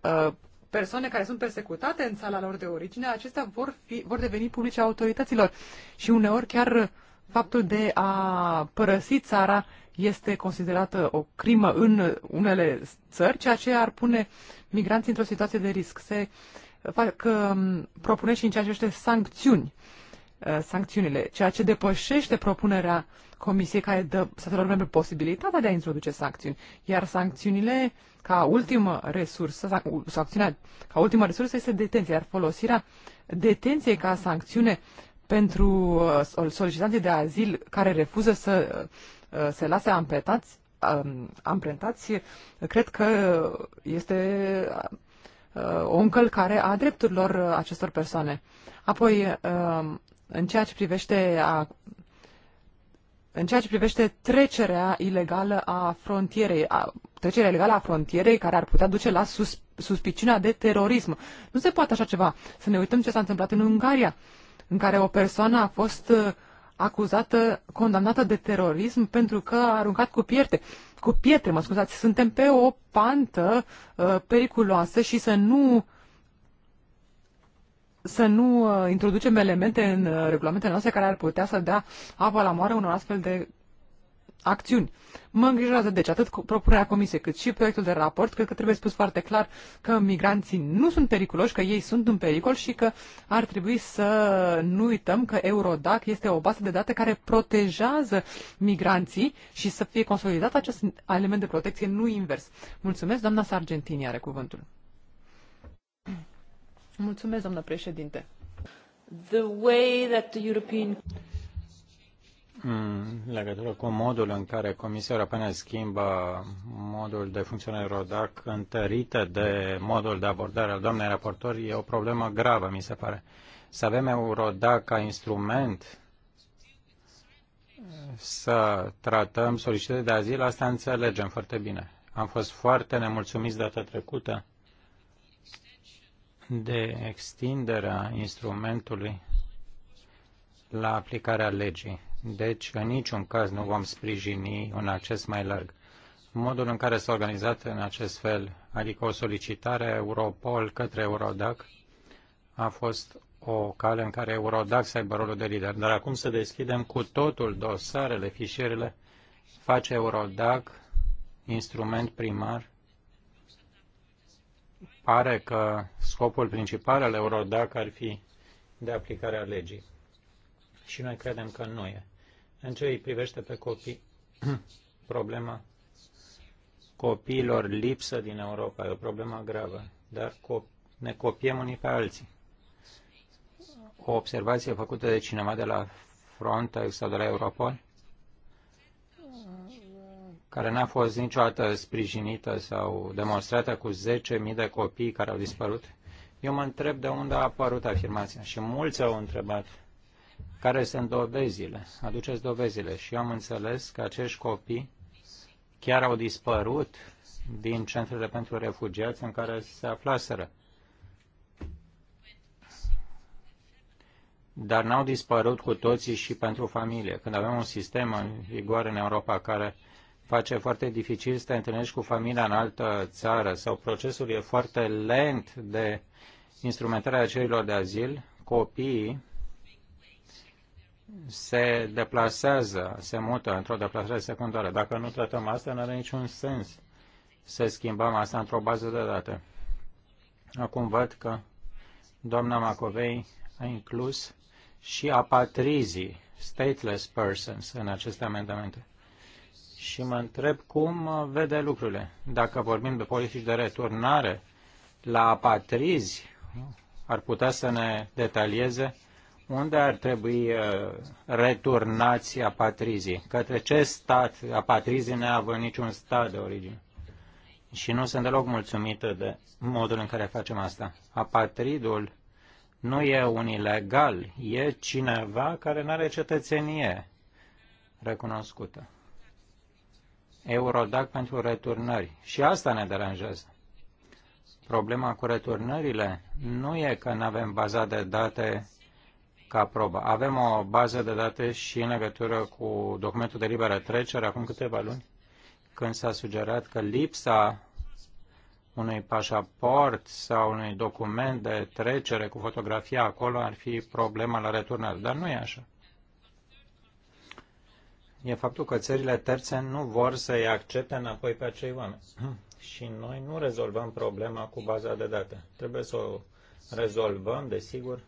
uh, persoane care sunt persecutate în țara lor de origine, acestea vor, fi, vor deveni publice autorităților. Și uneori chiar faptul de a părăsi țara este considerată o crimă în unele țări, ceea ce ar pune migranții într-o situație de risc. Se fac, propune și în ceea ce sancțiuni, uh, sancțiunile, ceea ce depășește propunerea uh, comisie care dă statelor membre posibilitatea de a introduce sancțiuni, iar sancțiunile ca ultimă resursă, sancțiunea ca ultimă resursă este detenția, iar folosirea detenției ca sancțiune pentru uh, solicitanții de azil care refuză să uh, se lase amprentați, um, amprentați cred că este uh, o încălcare a drepturilor acestor persoane. Apoi, în ceea ce privește a în ceea ce privește trecerea ilegală a frontierei, a, trecerea ilegală a frontierei care ar putea duce la sus, suspiciunea de terorism. Nu se poate așa ceva. Să ne uităm ce s-a întâmplat în Ungaria, în care o persoană a fost uh, acuzată, condamnată de terorism pentru că a aruncat cu pietre. Cu pietre, mă scuzați, suntem pe o pantă uh, periculoasă și să nu uh, să nu uh, introducem elemente în uh, regulamentele noastre care ar putea să dea apă la moare unor astfel de acțiuni. Mă îngrijorează deci atât propunerea comisiei cât și proiectul de raport. Cred că trebuie spus foarte clar că migranții nu sunt periculoși, că ei sunt în pericol și că ar trebui să nu uităm că Eurodac este o bază de date care protejează migranții și să fie consolidat acest element de protecție, nu invers. Mulțumesc, doamna Sargentini are cuvântul. Mulțumesc, președinte. The way that the European... Mm, în legătură cu modul în care Comisia Europeană schimbă modul de funcționare RODAC întărită de modul de abordare al doamnei raportor, e o problemă gravă, mi se pare. Să avem Eurodac ca instrument să tratăm solicitări de azil, asta înțelegem foarte bine. Am fost foarte nemulțumiți data trecută de extinderea instrumentului la aplicarea legii. Deci, în niciun caz nu vom sprijini un acces mai larg. Modul în care s-a organizat în acest fel, adică o solicitare Europol către Eurodac, a fost o cale în care Eurodac să aibă rolul de lider. Dar acum să deschidem cu totul dosarele, fișierele, face Eurodac instrument primar pare că scopul principal al Eurodac ar fi de aplicarea legii. Și noi credem că nu e. În ce îi privește pe copii, *clears throat* problema copiilor lipsă din Europa e o problemă gravă, dar ne copiem unii pe alții. O observație făcută de cineva de la Frontex sau de la Europol care n-a fost niciodată sprijinită sau demonstrată cu 10.000 de copii care au dispărut. Eu mă întreb de unde a apărut afirmația și mulți au întrebat care sunt dovezile, aduceți dovezile și eu am înțeles că acești copii chiar au dispărut din centrele pentru refugiați în care se aflaseră. Dar n-au dispărut cu toții și pentru familie. Când avem un sistem în vigoare în Europa care face foarte dificil să te întâlnești cu familia în altă țară sau procesul e foarte lent de instrumentarea cerilor de azil, copiii se deplasează, se mută într-o deplasare secundară. Dacă nu tratăm asta, nu are niciun sens să schimbăm asta într-o bază de date. Acum văd că doamna Macovei a inclus și apatrizii, stateless persons, în aceste amendamente și mă întreb cum vede lucrurile. Dacă vorbim de politici de returnare la apatrizi, ar putea să ne detalieze unde ar trebui uh, returnați apatrizii? Către ce stat apatrizii neavând niciun stat de origine? Și nu sunt deloc mulțumită de modul în care facem asta. Apatridul nu e un ilegal, e cineva care nu are cetățenie recunoscută. Eurodac pentru returnări. Și asta ne deranjează. Problema cu returnările nu e că nu avem baza de date ca probă. Avem o bază de date și în legătură cu documentul de liberă trecere acum câteva luni, când s-a sugerat că lipsa unui pașaport sau unui document de trecere cu fotografia acolo ar fi problema la returnare. Dar nu e așa e faptul că țările terțe nu vor să-i accepte înapoi pe acei oameni. *clears throat* Și noi nu rezolvăm problema cu baza de date. Trebuie să o rezolvăm, desigur.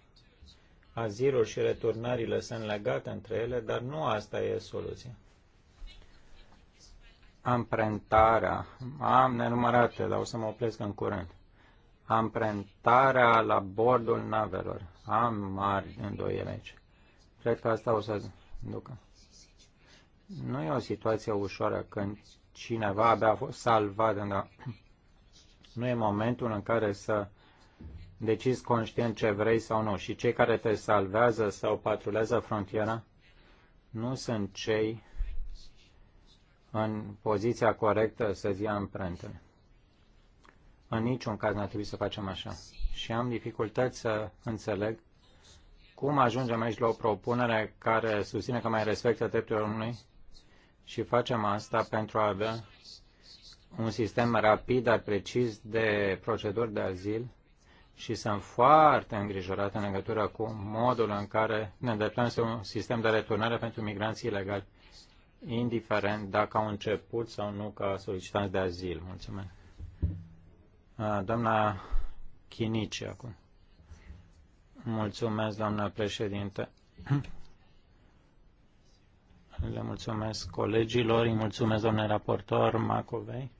Azilul și returnările sunt legate între ele, dar nu asta e soluția. Amprentarea. Am nenumărate, dar o să mă opresc în curând. Amprentarea la bordul navelor. Am mari îndoiele aici. Cred că asta o să ducă. Nu e o situație ușoară când cineva abia a fost salvat, dar *clears throat* nu e momentul în care să decizi conștient ce vrei sau nu. Și cei care te salvează sau patrulează frontiera nu sunt cei în poziția corectă să ia amprentele. În niciun caz n-ar trebui să facem așa. Și am dificultăți să înțeleg cum ajungem aici la o propunere care susține că mai respectă drepturile omului și facem asta pentru a avea un sistem rapid, dar precis de proceduri de azil și sunt foarte îngrijorat în legătură cu modul în care ne îndreptăm să un sistem de returnare pentru migranții ilegali, indiferent dacă au început sau nu ca solicitanți de azil. Mulțumesc. Doamna Chinici acum. Mulțumesc, doamna președinte. *clears throat* Le mulțumesc colegilor, îi mulțumesc domnule raportor Macovei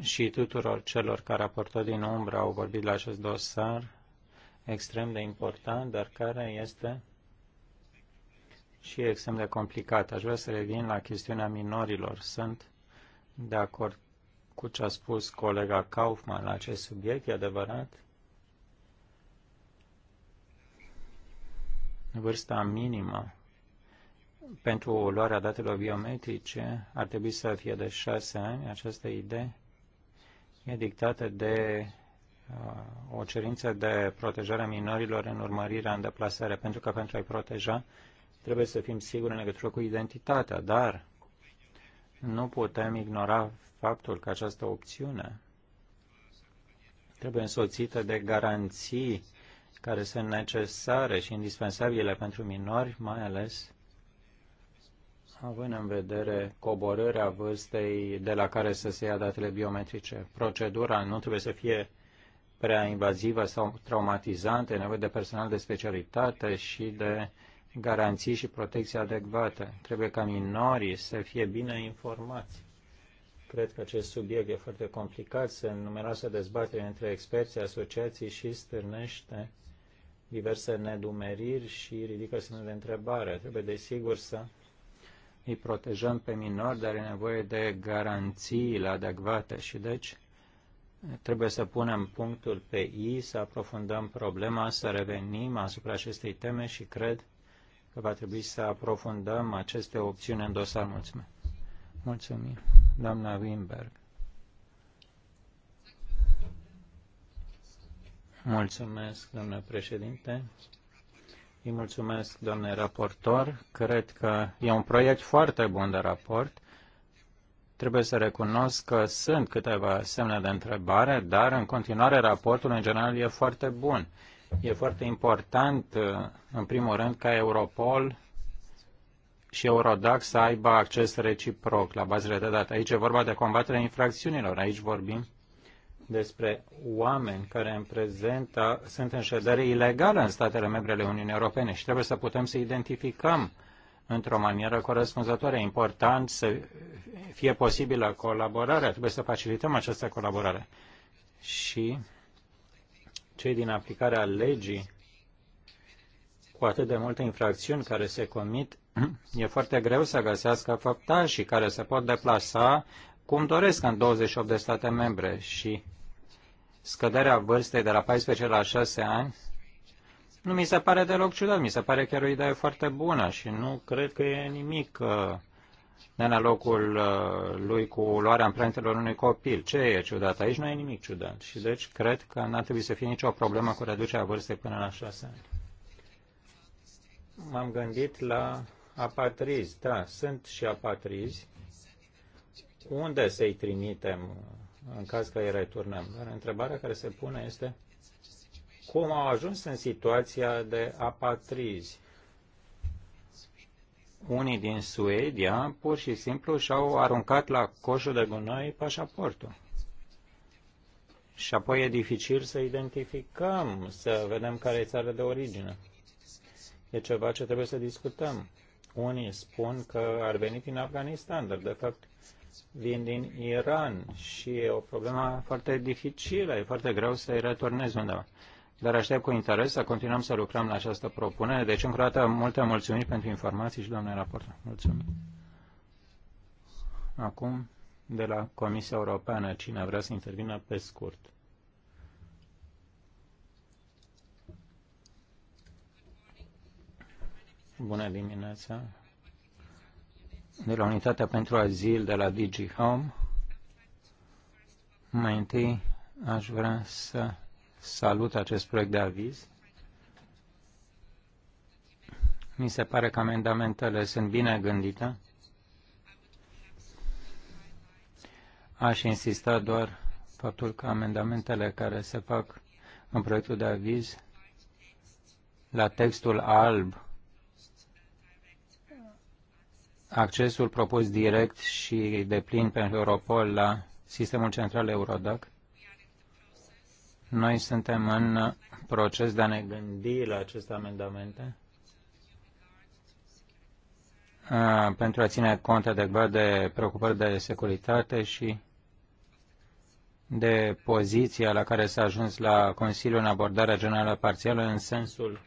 și tuturor celor care raportor din umbră au vorbit la acest dosar extrem de important, dar care este și extrem de complicat. Aș vrea să revin la chestiunea minorilor. Sunt de acord cu ce a spus colega Kaufman la acest subiect, e adevărat? Vârsta minimă pentru luarea datelor biometrice ar trebui să fie de șase ani. Această idee e dictată de uh, o cerință de protejare a minorilor în urmărirea în deplasare, pentru că pentru a-i proteja trebuie să fim siguri în legătură cu identitatea, dar nu putem ignora faptul că această opțiune trebuie însoțită de garanții care sunt necesare și indispensabile pentru minori, mai ales având în vedere coborârea vârstei de la care să se ia datele biometrice. Procedura nu trebuie să fie prea invazivă sau traumatizantă, e nevoie de personal de specialitate și de garanții și protecție adecvate. Trebuie ca minorii să fie bine informați. Cred că acest subiect e foarte complicat, se numeroase dezbatere între experți, asociații și stârnește diverse nedumeriri și ridică semne de întrebare. Trebuie, desigur, să îi protejăm pe minori, dar e nevoie de garanțiile adecvate și deci trebuie să punem punctul pe I, să aprofundăm problema, să revenim asupra acestei teme și cred că va trebui să aprofundăm aceste opțiuni în dosar. Mulțumesc. Mulțumim. Doamna Wimberg. Mulțumesc, doamnă președinte. Îi mulțumesc, domnule raportor. Cred că e un proiect foarte bun de raport. Trebuie să recunosc că sunt câteva semne de întrebare, dar în continuare raportul în general e foarte bun. E foarte important, în primul rând, ca Europol și Eurodac să aibă acces reciproc la bazele de date. Aici e vorba de combaterea infracțiunilor. Aici vorbim despre oameni care în prezent sunt în ședere ilegală în statele membre ale Uniunii Europene și trebuie să putem să identificăm într-o manieră corespunzătoare. E important să fie posibilă colaborarea, trebuie să facilităm această colaborare. Și cei din aplicarea legii cu atât de multe infracțiuni care se comit, *clears throat* e foarte greu să găsească făptașii care se pot deplasa cum doresc în 28 de state membre și scăderea vârstei de la 14 la 6 ani nu mi se pare deloc ciudat, mi se pare chiar o idee foarte bună și nu cred că e nimic în uh, la locul uh, lui cu luarea amprentelor unui copil. Ce e ciudat? Aici nu e nimic ciudat și deci cred că n-ar trebui să fie nicio problemă cu reducerea vârstei până la 6 ani. M-am gândit la apatrizi. Da, sunt și apatrizi. Unde să-i trimitem în caz că îi returnăm. Dar întrebarea care se pune este cum au ajuns în situația de apatrizi. Unii din Suedia pur și simplu și-au aruncat la coșul de gunoi pașaportul. Și apoi e dificil să identificăm, să vedem care e țara de origine. E ceva ce trebuie să discutăm. Unii spun că ar veni din Afganistan, dar de fapt vin din Iran și e o problemă foarte dificilă, e foarte greu să-i returnezi undeva. Dar aștept cu interes să continuăm să lucrăm la această propunere. Deci, încă o dată, multe mulțumiri pentru informații și, doamne raportor, mulțumim. Acum, de la Comisia Europeană, cine vrea să intervină pe scurt. Bună dimineața! de la Unitatea pentru Azil de la DG Home. Mai întâi aș vrea să salut acest proiect de aviz. Mi se pare că amendamentele sunt bine gândite. Aș insista doar faptul că amendamentele care se fac în proiectul de aviz la textul alb accesul propus direct și de plin pentru Europol la sistemul central Eurodac. Noi suntem în proces de a ne gândi la aceste amendamente pentru a ține cont adecvat de preocupări de securitate și de poziția la care s-a ajuns la Consiliu în abordarea generală parțială în sensul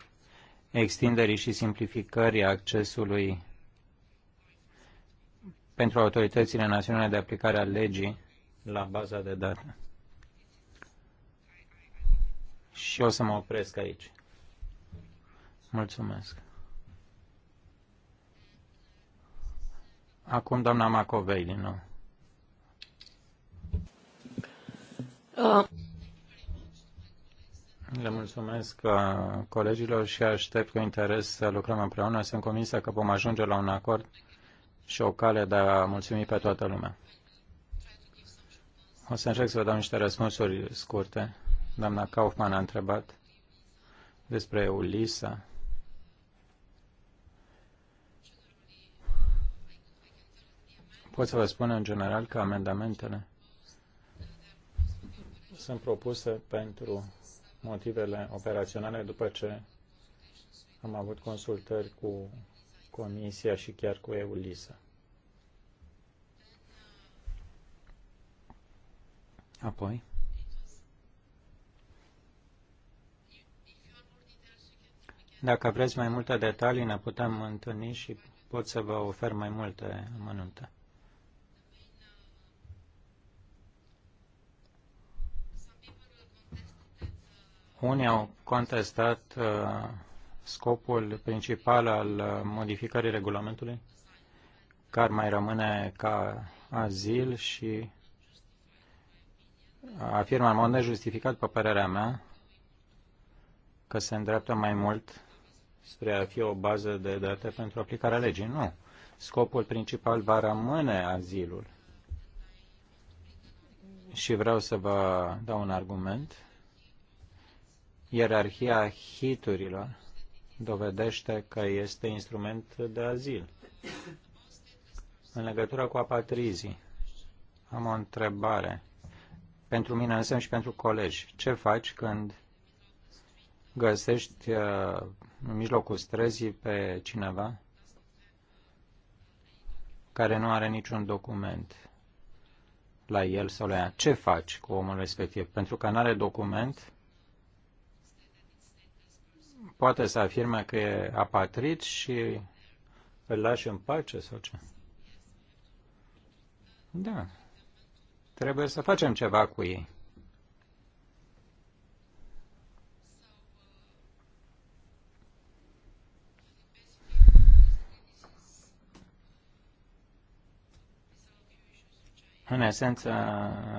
extinderii și simplificării accesului pentru autoritățile naționale de aplicare a legii la baza de date. Și o să mă opresc aici. Mulțumesc. Acum doamna Macovei din nou. Uh. Le mulțumesc uh, colegilor și aștept cu interes să lucrăm împreună. Sunt convinsă că vom ajunge la un acord și o cale de a mulțumi pe toată lumea. O să încerc să vă dau niște răspunsuri scurte. Doamna Kaufman a întrebat despre Ulisa. Pot să vă spun în general că amendamentele sunt propuse pentru motivele operaționale după ce am avut consultări cu Comisia și chiar cu EULISA. Apoi, dacă vreți mai multe detalii, ne putem întâlni și pot să vă ofer mai multe amănunte. Unii au contestat uh, scopul principal al modificării regulamentului, care mai rămâne ca azil și afirmă în mod nejustificat, pe părerea mea, că se îndreaptă mai mult spre a fi o bază de date pentru aplicarea legii. Nu. Scopul principal va rămâne azilul. Și vreau să vă dau un argument. Ierarhia hiturilor dovedește că este instrument de azil. În legătură cu apatrizii, am o întrebare. Pentru mine însemn și pentru colegi. Ce faci când găsești uh, în mijlocul străzii pe cineva care nu are niciun document la el sau la ea. Ce faci cu omul respectiv? Pentru că nu are document, poate să afirme că e apatrit și îl lași în pace sau ce? Da. Trebuie să facem ceva cu ei. În esență,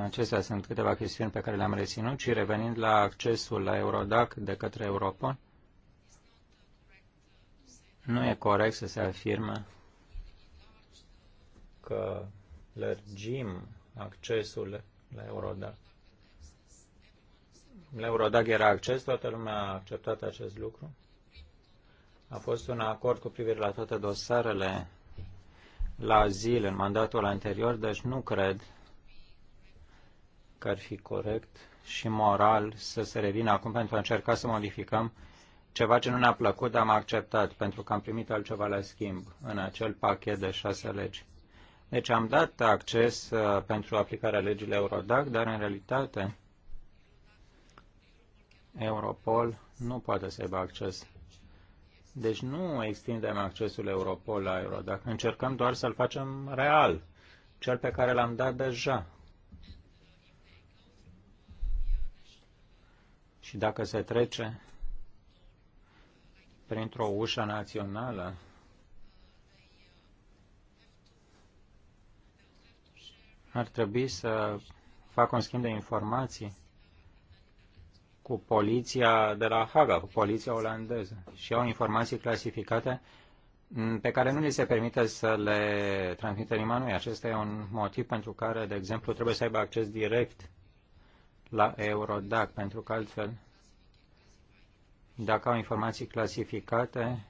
acestea sunt câteva chestiuni pe care le-am reținut și revenind la accesul la Eurodac de către Europol, nu e corect să se afirme că lărgim accesul la Eurodac. La Eurodac era acces, toată lumea a acceptat acest lucru. A fost un acord cu privire la toate dosarele la zil în mandatul anterior, deci nu cred că ar fi corect și moral să se revină acum pentru a încerca să modificăm ceva ce nu ne-a plăcut, dar am acceptat, pentru că am primit altceva la schimb în acel pachet de șase legi. Deci am dat acces uh, pentru aplicarea legii Eurodac, dar în realitate Europol nu poate să aibă acces. Deci nu extindem accesul Europol la Eurodac, încercăm doar să-l facem real, cel pe care l-am dat deja. Și dacă se trece printr-o ușă națională ar trebui să fac un schimb de informații cu poliția de la Haga, cu poliția olandeză și au informații clasificate mm, pe care nu li se permite să le transmită nimănui. Acesta e un motiv pentru care, de exemplu, trebuie să aibă acces direct la Eurodac, pentru că altfel dacă au informații clasificate,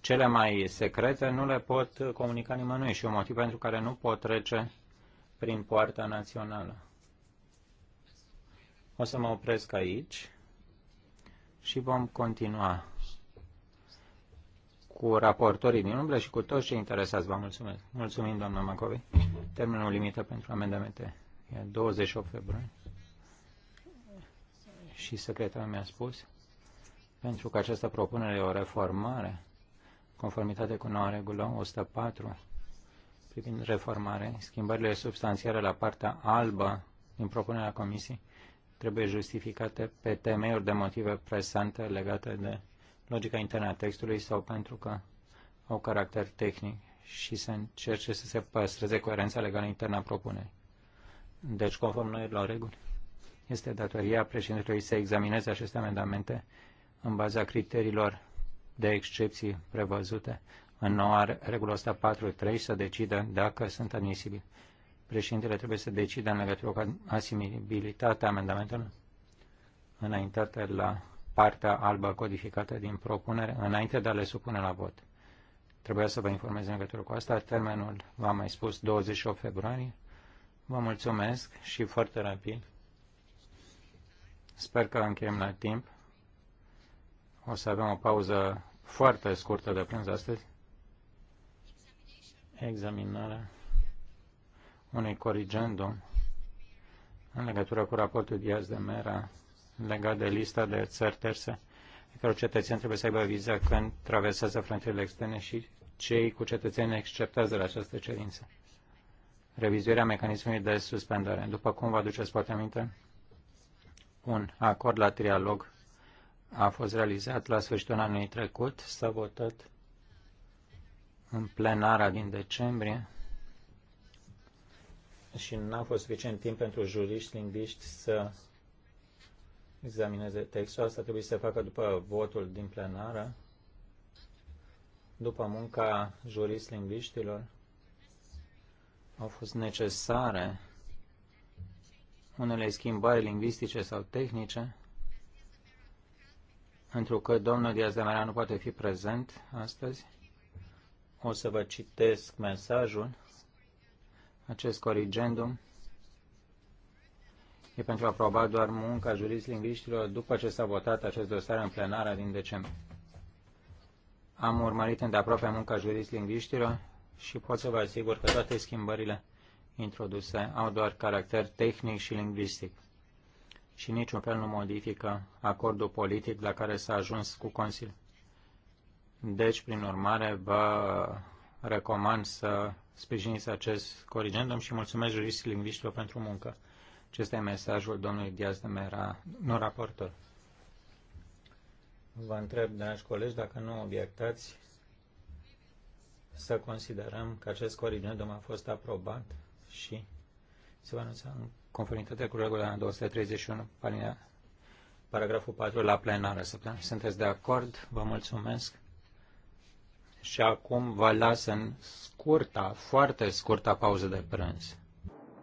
cele mai secrete nu le pot comunica nimănui și un motiv pentru care nu pot trece prin poarta națională. O să mă opresc aici și vom continua cu raportorii din umbră și cu toți cei interesați. Vă mulțumesc. Mulțumim, doamna Macovei. Termenul limită pentru amendamente e 28 februarie. Și secretarul mi-a spus pentru că această propunere e o reformare, conformitate cu noua regulă 104, privind reformare, schimbările substanțiale la partea albă din propunerea Comisiei trebuie justificate pe temeiuri de motive presante legate de logica internă a textului sau pentru că au caracter tehnic și să încerce să se păstreze coerența legală internă a propunerii. Deci, conform noilor reguli, este datoria președintelui să examineze aceste amendamente în baza criteriilor de excepții prevăzute în noua regulă 104.3 să decidă dacă sunt admisibili. Președintele trebuie să decidă în legătură cu asimilabilitatea amendamentelor înaintate la partea albă codificată din propunere, înainte de a le supune la vot. Trebuia să vă informez în legătură cu asta. Termenul, v-am mai spus, 28 februarie. Vă mulțumesc și foarte rapid. Sper că încheiem la timp. O să avem o pauză foarte scurtă de prânz astăzi. Examinarea unui corrigendum în legătură cu raportul Diaz de Mera legat de lista de țări terse pe care cetățeni trebuie să aibă viza când traversează frontierele externe și cei cu cetățeni exceptați de la această cerință. Revizuirea mecanismului de suspendare. După cum vă aduceți poate aminte, un acord la trialog a fost realizat la sfârșitul anului trecut, s-a votat în plenara din decembrie și n-a fost suficient timp pentru juriști lingviști să examineze textul. Asta trebuie să se facă după votul din plenară, după munca juriști, lingviștilor. Au fost necesare unele schimbări lingvistice sau tehnice Întrucă domnul Diaz de Mera nu poate fi prezent astăzi, o să vă citesc mesajul. Acest corigendum e pentru a aproba doar munca lingviștilor după ce s-a votat acest dosar în plenară din decembrie. Am urmărit îndeaproape munca lingviștilor și pot să vă asigur că toate schimbările introduse au doar caracter tehnic și lingvistic și niciun fel nu modifică acordul politic la care s-a ajuns cu Consiliul. Deci, prin urmare, vă recomand să sprijiniți acest corigendum și mulțumesc juristii lingviștilor pentru muncă. Acesta e mesajul domnului Diaz de Mera, nu raportor. Vă întreb, dragi colegi, dacă nu obiectați, să considerăm că acest corigendum a fost aprobat și se va anunța în conformitate cu regula 231, paragraful 4 la plenară săptămână. Sunteți de acord? Vă mulțumesc. Și acum vă las în scurta, foarte scurta pauză de prânz.